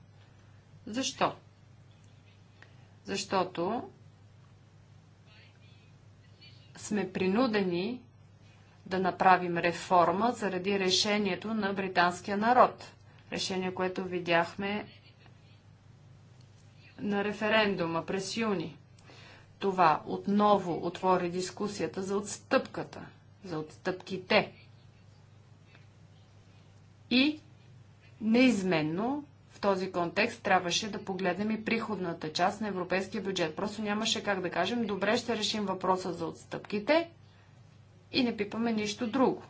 Защо? Защото сме принудени да направим реформа заради решението на британския народ. Решение, което видяхме на референдума през юни. Това отново отвори дискусията за отстъпката, за отстъпките и неизменно в този контекст трябваше да погледнем и приходната част на европейския бюджет. Просто нямаше как да кажем, добре ще решим въпроса за отстъпките и не пипаме нищо друго.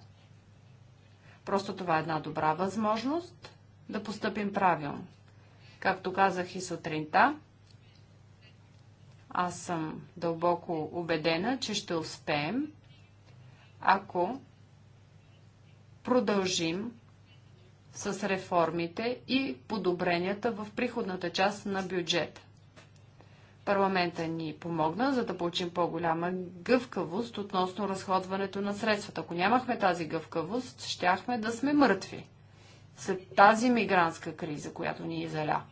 Просто това е една добра възможност да постъпим правилно. Както казах и сутринта, аз съм дълбоко убедена, че ще успеем, ако продължим с реформите и подобренията в приходната част на бюджета. Парламента ни помогна, за да получим по-голяма гъвкавост относно разходването на средствата. Ако нямахме тази гъвкавост, щяхме да сме мъртви след тази мигрантска криза, която ни изеля.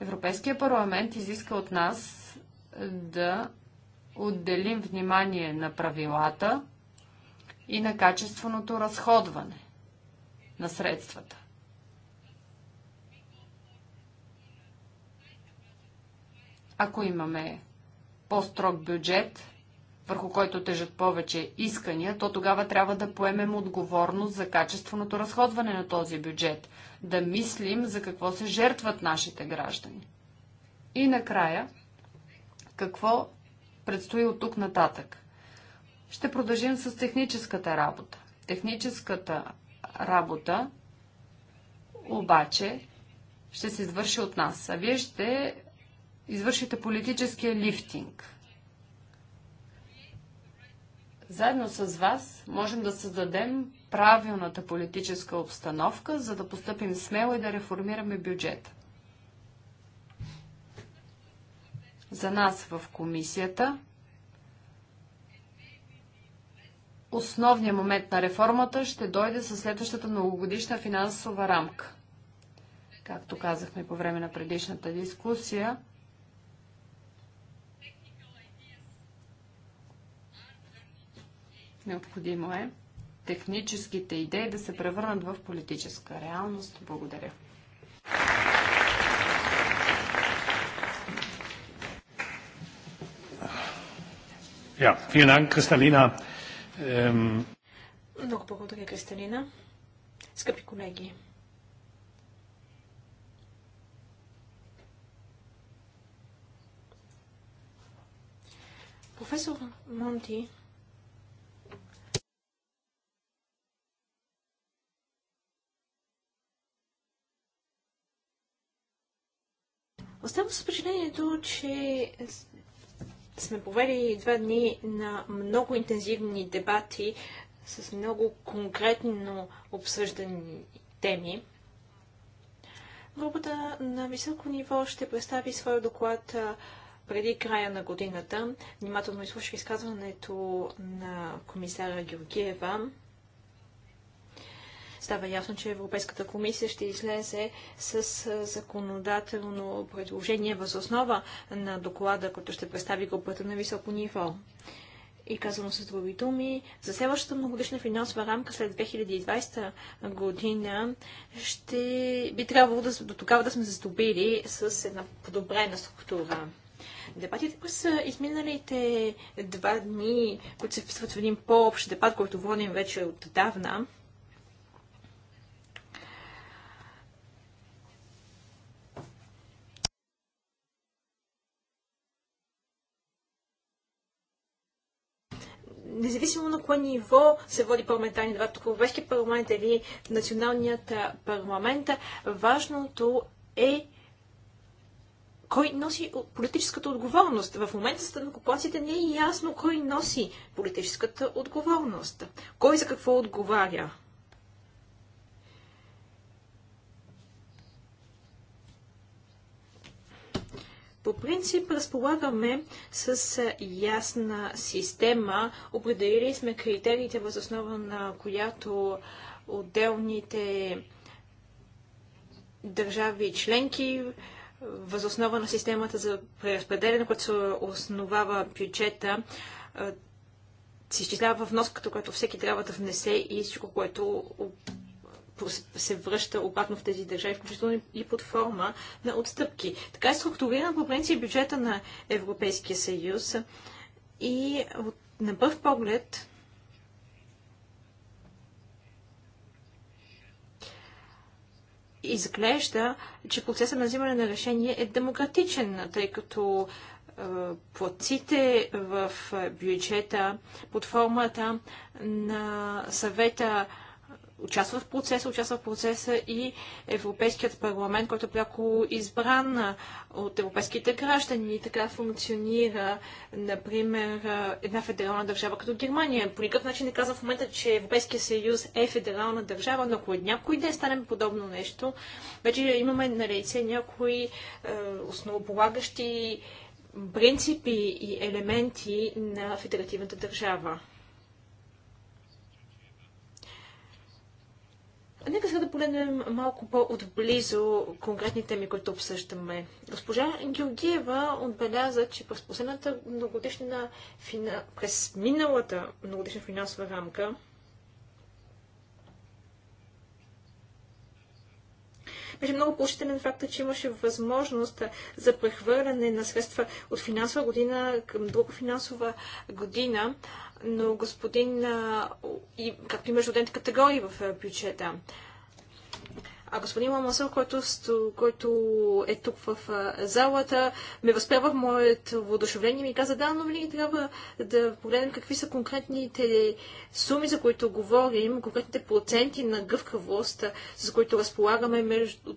Европейския парламент изиска от нас да отделим внимание на правилата, и на качественото разходване на средствата. Ако имаме по-строг бюджет, върху който тежат повече искания, то тогава трябва да поемем отговорност за качественото разходване на този бюджет, да мислим за какво се жертват нашите граждани. И накрая, какво предстои от тук нататък? Ще продължим с техническата работа. Техническата работа обаче ще се извърши от нас, а вие ще извършите политическия лифтинг. Заедно с вас можем да създадем правилната политическа обстановка, за да постъпим смело и да реформираме бюджета. За нас в комисията Основният момент на реформата ще дойде със следващата многогодишна финансова рамка. Както казахме по време на предишната дискусия, необходимо е техническите идеи да се превърнат в политическа реалност. Благодаря. Ja, vielen Dank, Kristalina. Ем... Много благодаря, Кристалина. Скъпи колеги, Професор Монти Оставам с впечатлението, че сме повели два дни на много интензивни дебати с много конкретно обсъждани теми. Групата на високо ниво ще представи своя доклад преди края на годината. Внимателно изслушах изказването на комисара Георгиева става ясно, че Европейската комисия ще излезе с законодателно предложение възоснова на доклада, който ще представи групата на високо ниво. И казвам с други думи, за следващата многодишна финансова рамка след 2020 година ще би трябвало да, до тогава да сме задобили с една подобрена структура. Дебатите през изминалите два дни, които се вписват в един по-общ дебат, който водим вече отдавна, независимо на кое ниво се води парламентарни дебат, в Европейския парламент или националният парламент, важното е кой носи политическата отговорност. В момента с данъкоплаците не е ясно кой носи политическата отговорност. Кой за какво отговаря. По принцип разполагаме с ясна система, определили сме критериите, въз основа на която отделните държави членки въз основа на системата за преразпределение, която се основава бюджета, се изчислява вноската, която всеки трябва да внесе и всичко, което се връща обратно в тези държави, включително и под форма на отстъпки. Така е структуриран по принцип бюджета на Европейския съюз и на пръв поглед изглежда, че процесът на взимане на решение е демократичен, тъй като е, платците в бюджета под формата на съвета участва в процеса, участва в процеса и Европейският парламент, който е пряко избран от европейските граждани. И така функционира, например, една федерална държава като Германия. По никакъв начин не казвам в момента, че Европейския съюз е федерална държава, но ако някой ден стане подобно нещо, вече имаме на лице някои основополагащи принципи и елементи на федеративната държава. Нека сега да погледнем малко по-отблизо конкретни теми, които обсъждаме. Госпожа Георгиева отбеляза, че през последната многодишна, фина... през миналата многодишна финансова рамка Беше много положителен факта, че имаше възможност за прехвърляне на средства от финансова година към друга финансова година, но господин, и, както и между отделните категории в бюджета. А господин Мамасъл, който, който е тук в залата, ме възпява в моето въодушевление и ми каза, да, но винаги трябва да погледнем какви са конкретните суми, за които говорим, конкретните проценти на гъвкавост, за които разполагаме между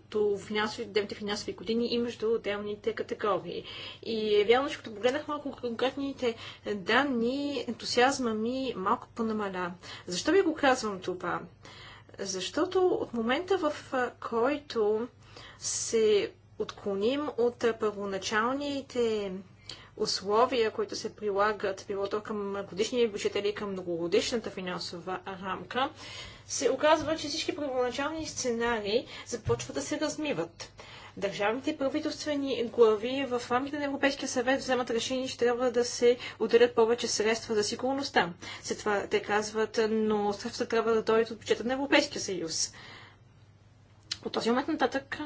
отделните финансови години и между отделните категории. И е вярно, че като погледнах малко конкретните данни, ентусиазма ми малко понамаля. Защо ви го казвам това? Защото от момента, в който се отклоним от първоначалните условия, които се прилагат, било то към годишния бюджет или към многогодишната финансова рамка, се оказва, че всички първоначални сценарии започват да се размиват държавните правителствени глави в рамките на Европейския съвет вземат решение, че трябва да се отделят повече средства за сигурността. След това те казват, но средства трябва да дойдат от бюджета на Европейския съюз. От този момент нататък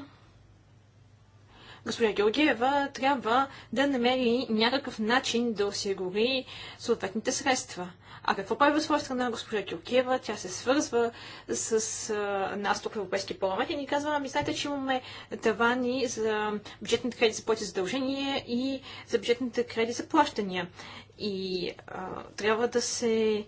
госпожа Георгиева трябва да намери някакъв начин да осигури съответните средства. А какво прави от своя страна госпожа Тюркиева? Тя се свързва с а, нас тук в Европейския парламент и ни казва, ами знаете, че имаме тавани за бюджетните кредити за плати задължения и за бюджетните кредити за плащания. И а, трябва да се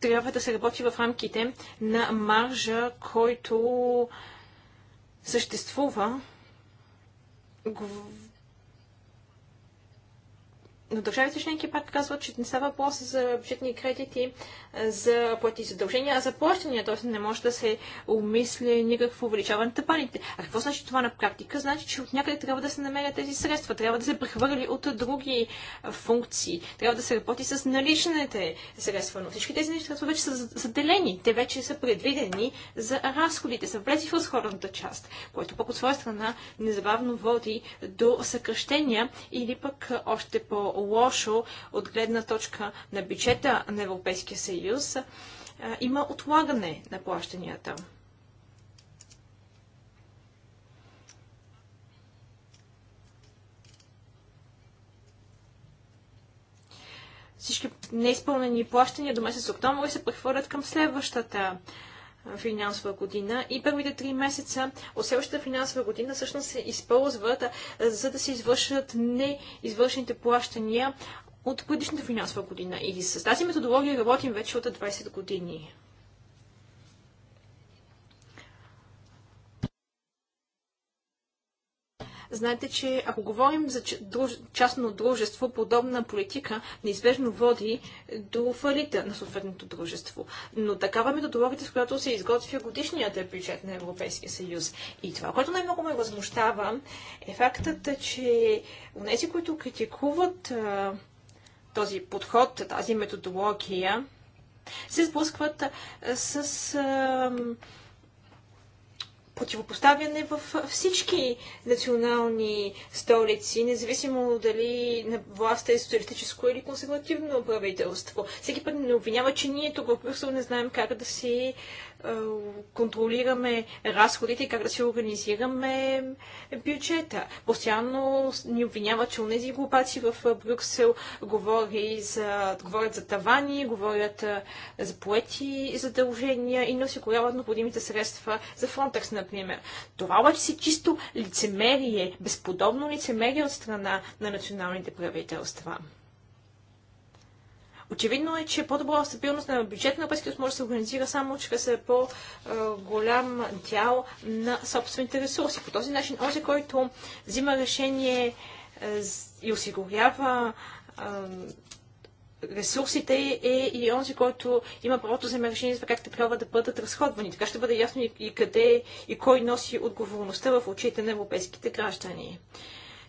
трябва да се работи в рамките на маржа, който съществува но държавите членки пак казват, че не става въпрос за бюджетни кредити, за плати задължения, а за плащания, т.е. не може да се умисли никакво увеличаване на тъпаните. А какво значи това на практика? Значи, че от някъде трябва да се намерят тези средства, трябва да се прехвърли от други функции, трябва да се работи с наличните средства, но всички тези средства вече са заделени, те вече са предвидени за разходите, са влезли в разходната част, което пък от своя страна незабавно води до съкръщения или пък още по-лошо от гледна точка на бюджета на Европейския съюз съюз, има отлагане на плащанията. Всички неизпълнени плащания до месец октомври се прехвърлят към следващата финансова година и първите три месеца от следващата финансова година всъщност се използват за да се извършат неизвършените плащания от предишната финансова година. И с тази методология работим вече от 20 години. Знаете, че ако говорим за частно дружество, подобна политика неизбежно води до фалита на съответното дружество. Но такава методологията, с която се изготвя годишният бюджет на Европейския съюз. И това, което най-много ме възмущава, е фактът, че у които критикуват този подход, тази методология, се сблъскват с а, противопоставяне в всички национални столици, независимо дали на властта е социалистическо или консервативно правителство. Всеки път не обвинява, че ние тук в Брюксел не знаем как да си е, контролираме разходите, и как да си организираме бюджета. Постоянно ни обвиняват, че тези глупаци в Брюксел говори за, говорят за тавани, говорят е, за поети задължения и не осигуряват необходимите средства за Фронтекс, например. Това обаче си чисто лицемерие, безподобно лицемерие от страна на националните правителства. Очевидно е, че по-добра стабилност на бюджета на Европейския съюз може да се организира само чрез по-голям дял на собствените ресурси. По този начин, този, който взима решение е, и осигурява ресурсите е и онзи, който има правото за решение за как те трябва да бъдат разходвани. Така ще бъде ясно и къде и кой носи отговорността в очите на европейските граждани.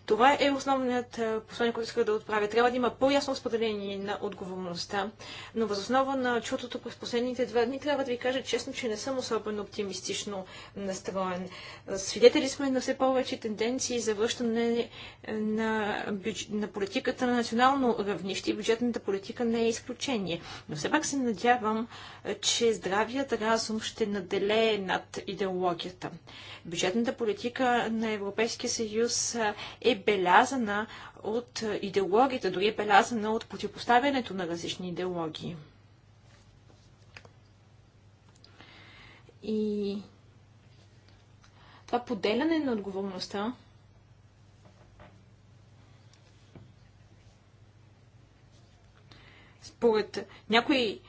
Това е основният е, послание, което иска да отправя. Трябва да има по-ясно споделение на отговорността, но възоснова на чутото през последните два дни трябва да ви кажа честно, че не съм особено оптимистично настроен. Свидетели сме на все повече тенденции за връщане е, на, бюдж... на политиката на национално равнище и бюджетната политика не е изключение. Но все пак се надявам, е, че здравият разум ще наделее над идеологията. Бюджетната политика на Европейския съюз е белязана от идеологията, дори е белязана от противопоставянето на различни идеологии. И това поделяне на отговорността според някои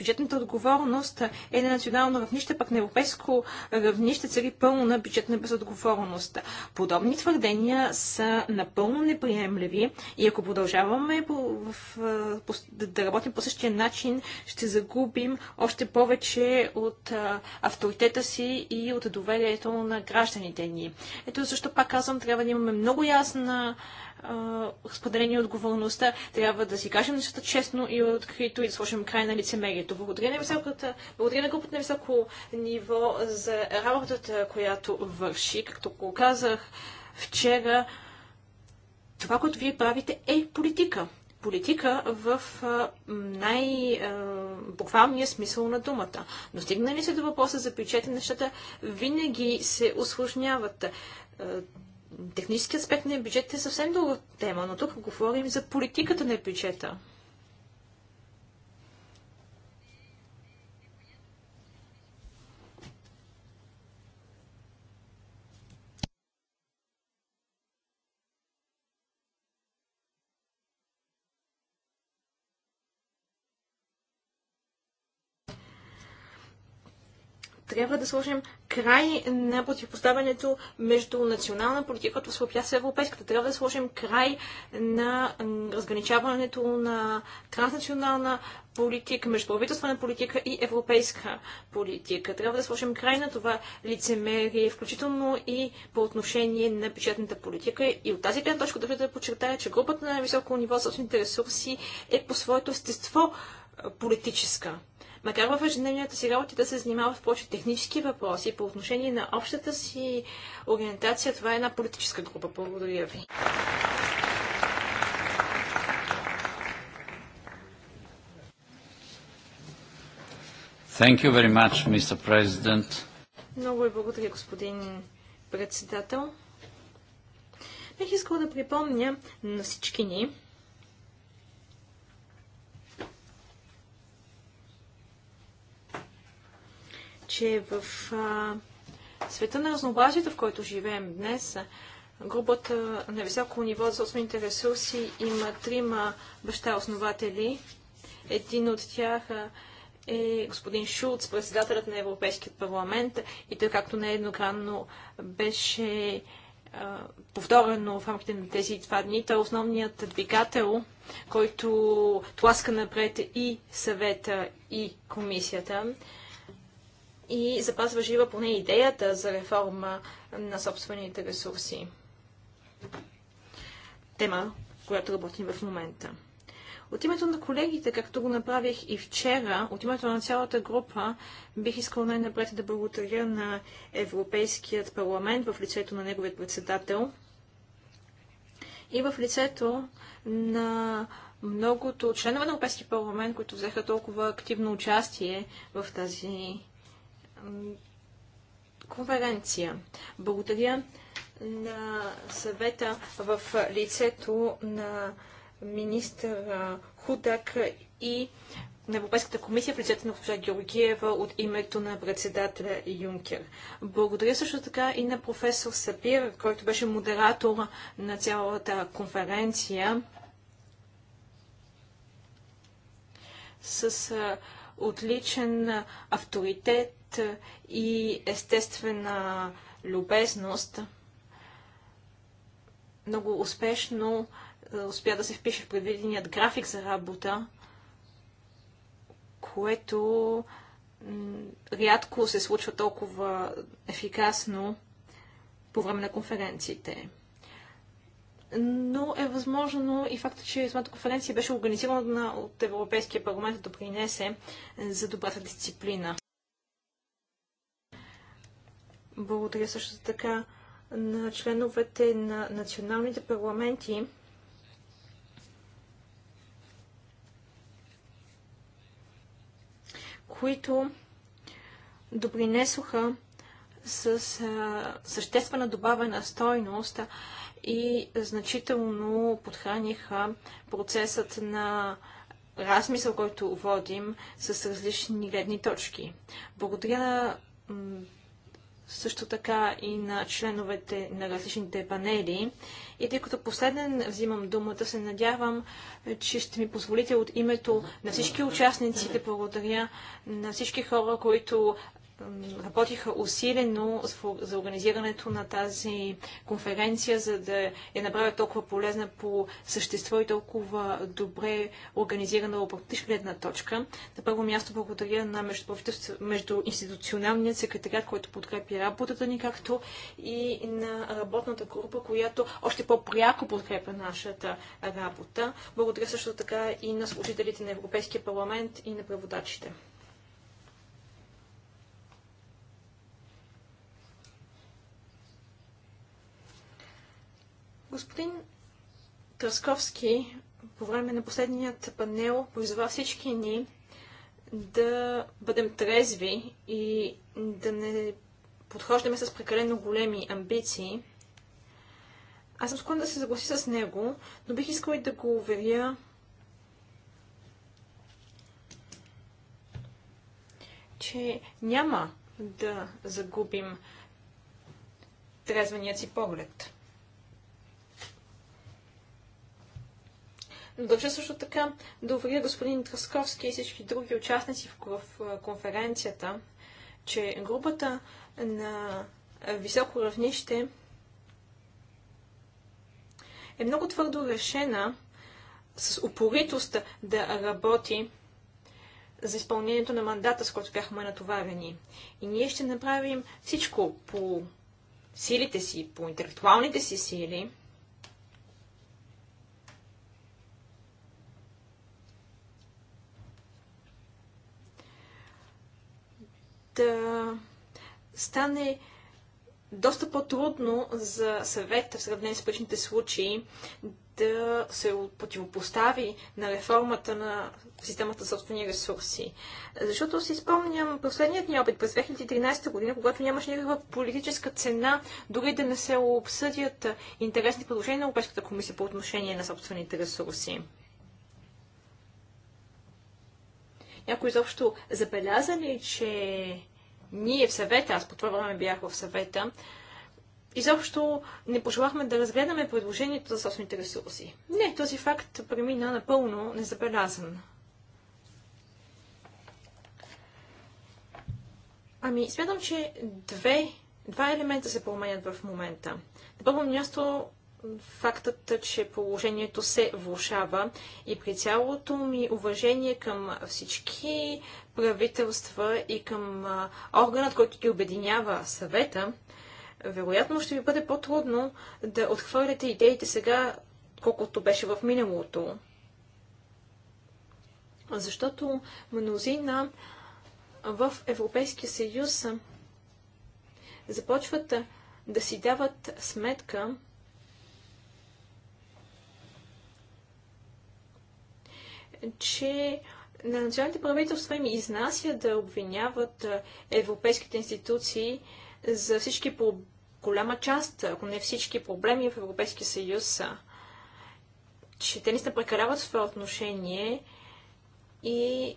Бюджетната отговорност е на национално равнище, пък на европейско равнище цели на бюджетна безотговорност. Подобни твърдения са напълно неприемливи и ако продължаваме да работим по същия начин, ще загубим още повече от авторитета си и от доверието на гражданите ни. Ето защо пак казвам, трябва да имаме много ясна споделени отговорността. Трябва да си кажем нещата честно и открито и да сложим край на лицемерието. Благодаря на, високата, благодаря на групата на високо ниво за работата, която върши. Както го казах вчера, това, което вие правите е политика. Политика в най-буквалния смисъл на думата. Но стигнали се до въпроса за причета, нещата винаги се усложняват. Технически аспект на бюджет е съвсем друга тема, но тук говорим за политиката на бюджета. трябва да сложим край на противопоставянето между национална политика, която се с европейската. Трябва да сложим край на разграничаването на транснационална политика, междуправителствена политика и европейска политика. Трябва да сложим край на това лицемерие, включително и по отношение на бюджетната политика. И от тази гледна точка държа да подчертая, че групата на високо ниво собствените ресурси е по своето естество политическа макар в ежедневната си работа да се занимава в повече технически въпроси, по отношение на общата си ориентация, това е една политическа група. Благодаря ви. Thank you very much, Mr. President. Много ви благодаря, господин председател. Бих искал да припомня на всички ни, че в а, света на разнообразието, в който живеем днес, групата на високо ниво за собствените ресурси има трима баща-основатели. Един от тях е господин Шулц, председателят на Европейския парламент и той както нееднократно беше а, повторено в рамките на тези два дни. Той е основният двигател, който тласка напред и съвета, и комисията и запазва жива поне идеята за реформа на собствените ресурси. Тема, която работим в момента. От името на колегите, както го направих и вчера, от името на цялата група, бих искал най-напред да благодаря на Европейският парламент в лицето на неговият председател и в лицето на многото членове на Европейския парламент, които взеха толкова активно участие в тази конференция. Благодаря на съвета в лицето на министър Худак и на Европейската комисия в лицето на госпожа Георгиева от името на председателя Юнкер. Благодаря също така и на професор Сапир, който беше модератор на цялата конференция. С отличен авторитет и естествена любезност много успешно е, успя да се впише в предвиденият график за работа, което рядко се случва толкова ефикасно по време на конференциите. Но е възможно и факта, че самата конференция беше организирана от Европейския парламент да допринесе за добрата дисциплина. Благодаря също така на членовете на националните парламенти, които допринесоха с а, съществена добавена стойност и значително подхраниха процесът на размисъл, който водим с различни гледни точки. Благодаря също така и на членовете на различните панели. И тъй като последен взимам думата, се надявам, че ще ми позволите от името на всички участници да благодаря на всички хора, които работиха усилено за организирането на тази конференция, за да я направят толкова полезна по същество и толкова добре организирана от практична гледна точка. На първо място благодаря на междуинституционалният секретарят, който подкрепи работата ни, както и на работната група, която още по-пряко подкрепя нашата работа. Благодаря също така и на служителите на Европейския парламент и на преводачите. Господин Трасковски по време на последният панел призова всички ни да бъдем трезви и да не подхождаме с прекалено големи амбиции. Аз съм склонна да се съгласи с него, но бих искала и да го уверя, че няма да загубим трезвеният си поглед. Но държа също така да уверя господин Трасковски и всички други участници в конференцията, че групата на високо равнище е много твърдо решена с упоритост да работи за изпълнението на мандата, с който бяхме натоварени. И ние ще направим всичко по силите си, по интелектуалните си сили, да стане доста по-трудно за съвета в сравнение с предишните случаи да се противопостави на реформата на системата собствени ресурси. Защото си спомням последният ни опит през 2013 година, когато нямаше никаква политическа цена, дори да не се обсъдят интересни предложения на Европейската комисия по отношение на собствените ресурси. Някой изобщо забеляза ли, че ние в съвета, аз по това време бях в съвета, изобщо не пожелахме да разгледаме предложението за собствените ресурси. Не, този факт премина напълно незабелязан. Ами, смятам, че две, два елемента се променят в момента. На първо място фактът, че положението се влушава и при цялото ми уважение към всички правителства и към органът, който ги обединява съвета, вероятно ще ви бъде по-трудно да отхвърляте идеите сега, колкото беше в миналото. Защото мнозина в Европейския съюз започват да си дават сметка, че на националните правителства им изнася да обвиняват европейските институции за всички по голяма част, ако не всички проблеми в Европейския съюз, че те не се прекаляват в това отношение и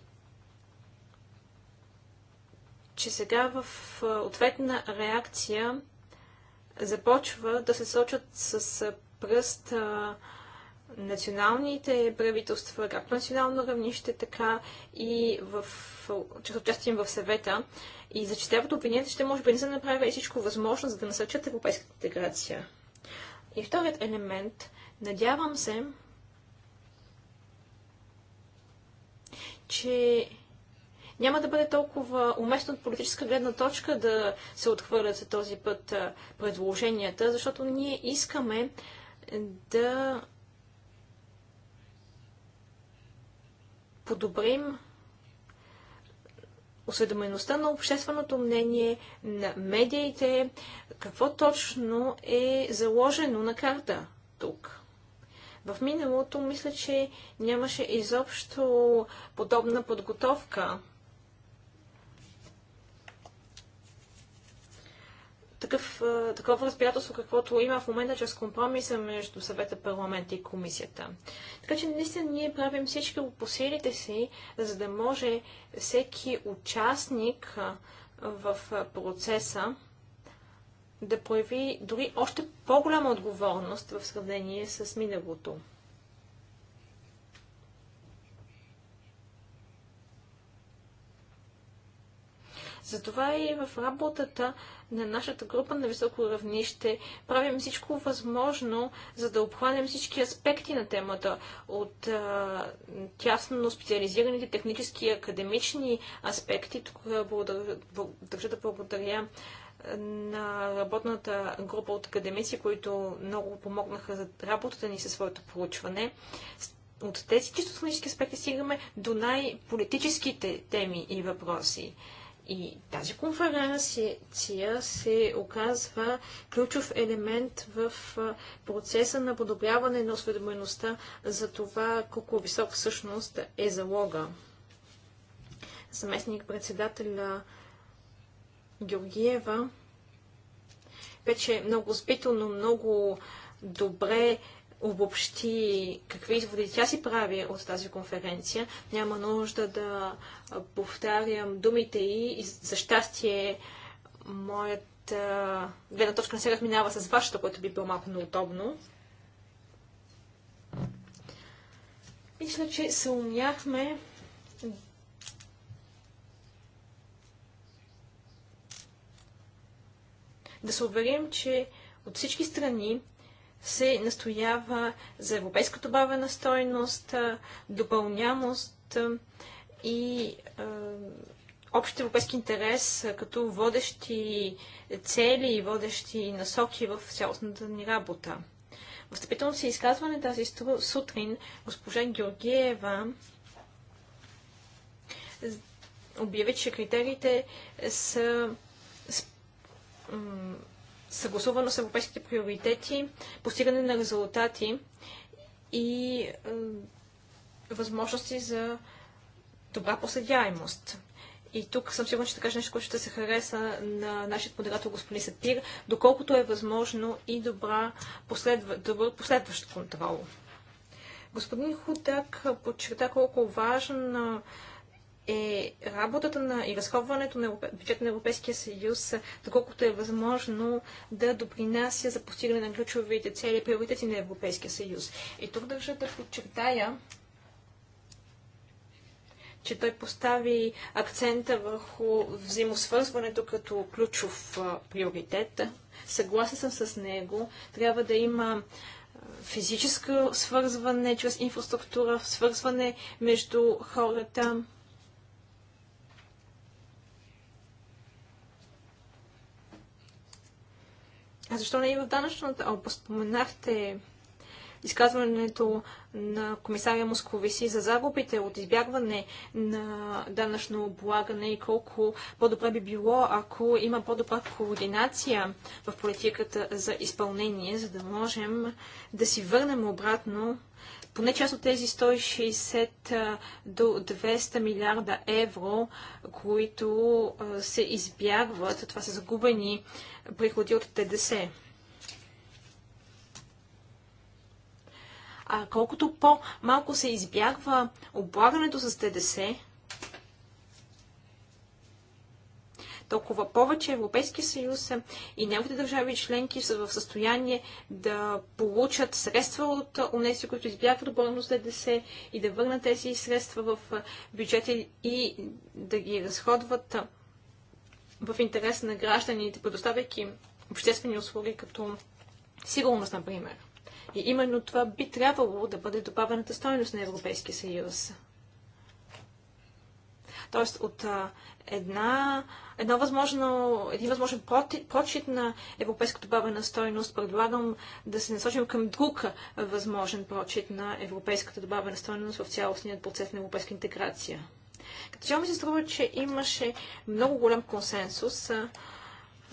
че сега в ответна реакция започва да се сочат с пръст националните правителства, както национално равнище, така и в, чрез участие в съвета. И зачитават обвиненията, ще може би не са направили всичко възможно, за да насърчат европейската интеграция. И вторият елемент, надявам се, че няма да бъде толкова уместно от политическа гледна точка да се отхвърлят за този път предложенията, защото ние искаме да подобрим осведомеността на общественото мнение, на медиите, какво точно е заложено на карта тук. В миналото мисля, че нямаше изобщо подобна подготовка такъв, такова разбирателство, каквото има в момента чрез компромиса между съвета, парламента и комисията. Така че наистина ние правим всички посилите си, за да може всеки участник в процеса да прояви дори още по-голяма отговорност в сравнение с миналото. Затова и в работата на нашата група на високо равнище правим всичко възможно, за да обхванем всички аспекти на темата, от а, тясно специализираните технически и академични аспекти. Тук благодаря, държа да благодаря на работната група от академици, които много помогнаха за работата ни със своето проучване от тези чисто технически аспекти стигаме до най-политическите теми и въпроси. И тази конференция се оказва ключов елемент в процеса на подобряване на осведомеността за това колко висок всъщност е залога. Заместник председателя Георгиева вече много спитано, много добре обобщи какви изводи тя си прави от тази конференция. Няма нужда да повтарям думите и за щастие моят гледна точка не се разминава с вашата, което би било малко неудобно. Мисля, че се умяхме да се уверим, че от всички страни се настоява за европейска добавена стойност, допълнямост и общ европейски интерес като водещи цели и водещи насоки в цялостната ни работа. В стъпителното си изказване тази сутрин госпожа Георгиева обяви, че критериите са съгласувано с европейските приоритети, постигане на резултати и е, възможности за добра последяемост. И тук съм сигурна, че ще кажа е нещо, което ще се хареса на нашия модератор господин Сатир, доколкото е възможно и добра последва, добър последващ контрол. Господин Худак подчерта колко важна е работата на и разходването на бюджет бюджета на Европейския съюз, доколкото е възможно да допринася за постигане на ключовите цели и приоритети на Европейския съюз. И тук държа да подчертая, че той постави акцента върху взаимосвързването като ключов приоритет. Съгласен съм с него. Трябва да има физическо свързване чрез инфраструктура, свързване между хората. А защо не и в данъчната област? Споменахте изказването на комисаря Московиси за загубите от избягване на данъчно облагане и колко по-добре би било, ако има по-добра координация в политиката за изпълнение, за да можем да си върнем обратно поне част от тези 160 до 200 милиарда евро, които се избягват. Това са загубени приходи от ТДС. А колкото по-малко се избягва облагането с ТДС, толкова повече Европейския съюз и неговите държави членки са в състояние да получат средства от унеси, които избягват отговорно за ДДС и да върнат тези средства в бюджета и да ги разходват в интерес на гражданите, предоставяйки обществени услуги като сигурност, например. И именно това би трябвало да бъде добавената стойност на Европейския съюз. Тоест от една, едно възможно, един възможен прочит на европейската добавена стойност предлагам да се насочим към друг възможен прочит на европейската добавена стойност в цялостният процес на европейска интеграция. Като цяло ми се струва, че имаше много голям консенсус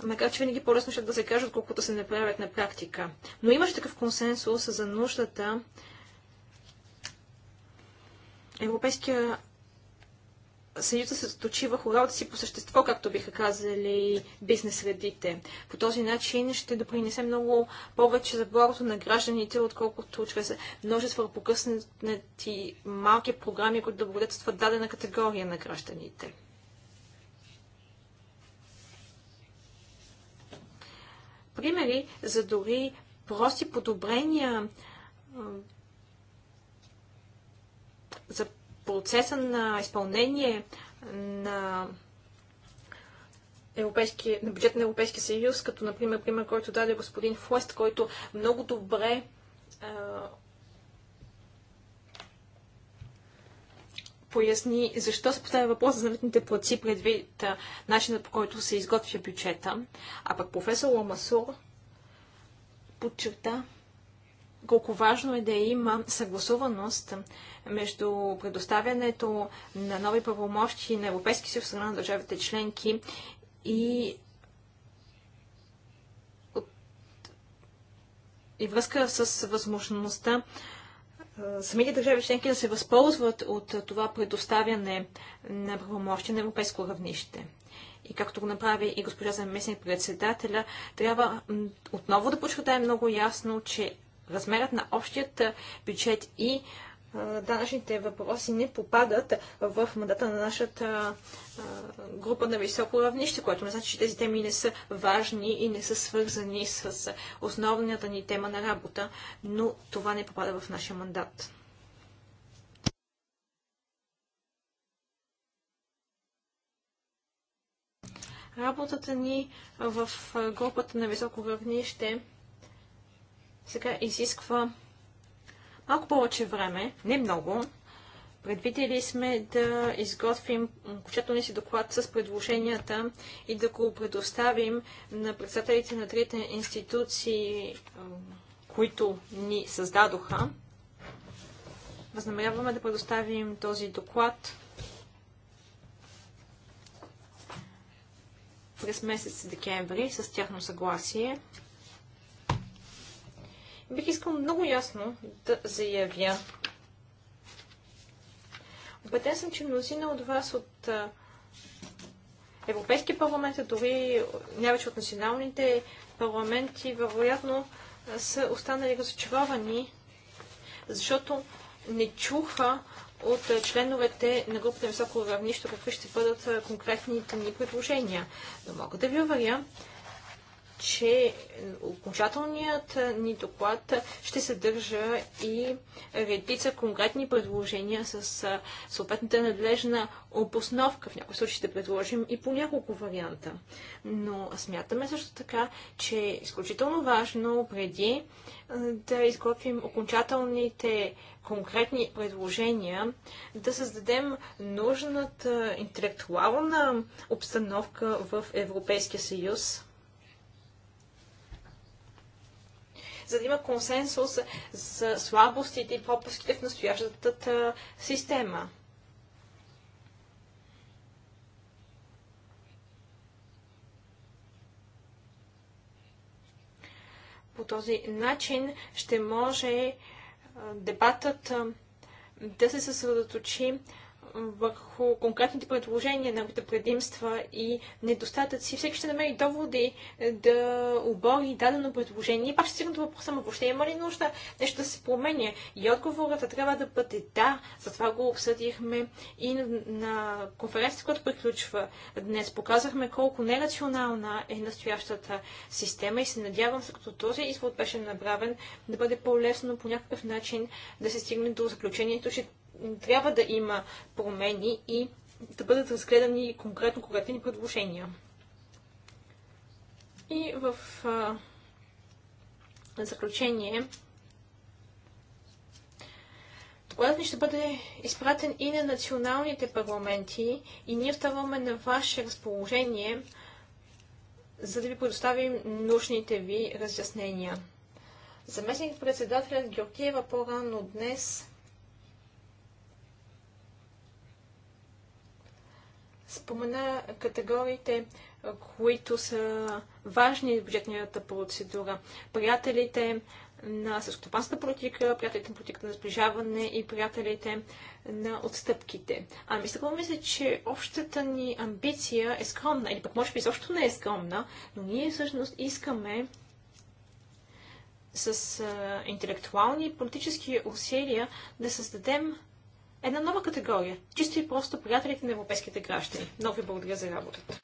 макар че винаги по-лесно ще да се кажат, колкото се направят на практика. Но имаше такъв консенсус за нуждата Европейския Съюзът се заточи върху работа си по същество, както биха казали бизнес средите. По този начин ще допринесе много повече за благото на гражданите, отколкото чрез множество покъснати малки програми, които добродетелстват дадена категория на гражданите. Примери за дори прости подобрения за процеса на изпълнение на на бюджет на Европейския съюз, като например пример, който даде господин Флест, който много добре а, поясни защо се поставя въпрос за заветните плаци предвид а, начина по който се изготвя бюджета. А пък професор Ламасур подчерта, колко важно е да има съгласуваност между предоставянето на нови правомощи на Европейски съюз страна на държавите членки и и връзка с възможността самите държави членки да се възползват от това предоставяне на правомощи на европейско равнище. И както го направи и госпожа заместник председателя, трябва отново да подчертаем много ясно, че размерът на общият бюджет и данъчните въпроси не попадат в мандата на нашата група на високо равнище, което не значи, че тези теми не са важни и не са свързани с основната ни тема на работа, но това не попада в нашия мандат. Работата ни в групата на високо равнище сега изисква малко повече време, не много. Предвидели сме да изготвим окончателния си доклад с предложенията и да го предоставим на председателите на трите институции, които ни създадоха. Възнамеряваме да предоставим този доклад през месец декември с тяхно съгласие бих искал много ясно да заявя. Обеден съм, че мнозина от вас от Европейския парламент, а дори най-вече от националните парламенти, вероятно са останали разочаровани, защото не чуха от членовете на групата на високо равнище какви ще бъдат конкретните ни предложения. Но мога да ви уверя, че окончателният ни доклад ще съдържа и редица конкретни предложения с съответната надлежна обосновка. В някои случаи ще предложим и по няколко варианта. Но смятаме също така, че е изключително важно преди да изготвим окончателните конкретни предложения, да създадем нужната интелектуална обстановка в Европейския съюз, за да има консенсус за слабостите и пропуските в настоящата система. По този начин ще може дебатът да се съсредоточи върху конкретните предложения, неговите предимства и недостатъци. Всеки ще намери доводи е, да обори дадено предложение. И пак ще стигна до въпроса, ама въобще има ли нужда нещо да се променя? И отговорът трябва да бъде да. Затова го обсъдихме и на конференцията, която приключва днес. Показахме колко нерационална е настоящата система и се надявам, след като този извод беше направен, да бъде по-лесно по някакъв начин да се стигне до заключението, че трябва да има промени и да бъдат разгледани конкретно конкретни предложения. И в а, заключение, докладът ни ще бъде изпратен и на националните парламенти и ние оставаме на ваше разположение, за да ви предоставим нужните ви разяснения. Заместник председателят Георгиева по-рано днес спомена категориите, които са важни в бюджетната процедура. Приятелите на съскопанската политика, приятелите на политиката на сближаване и приятелите на отстъпките. Ами сега мисля, че общата ни амбиция е скромна, или пък може би изобщо не е скромна, но ние всъщност искаме с а, интелектуални и политически усилия да създадем една нова категория. Чисто и просто приятелите на европейските граждани. Много ви благодаря за работата.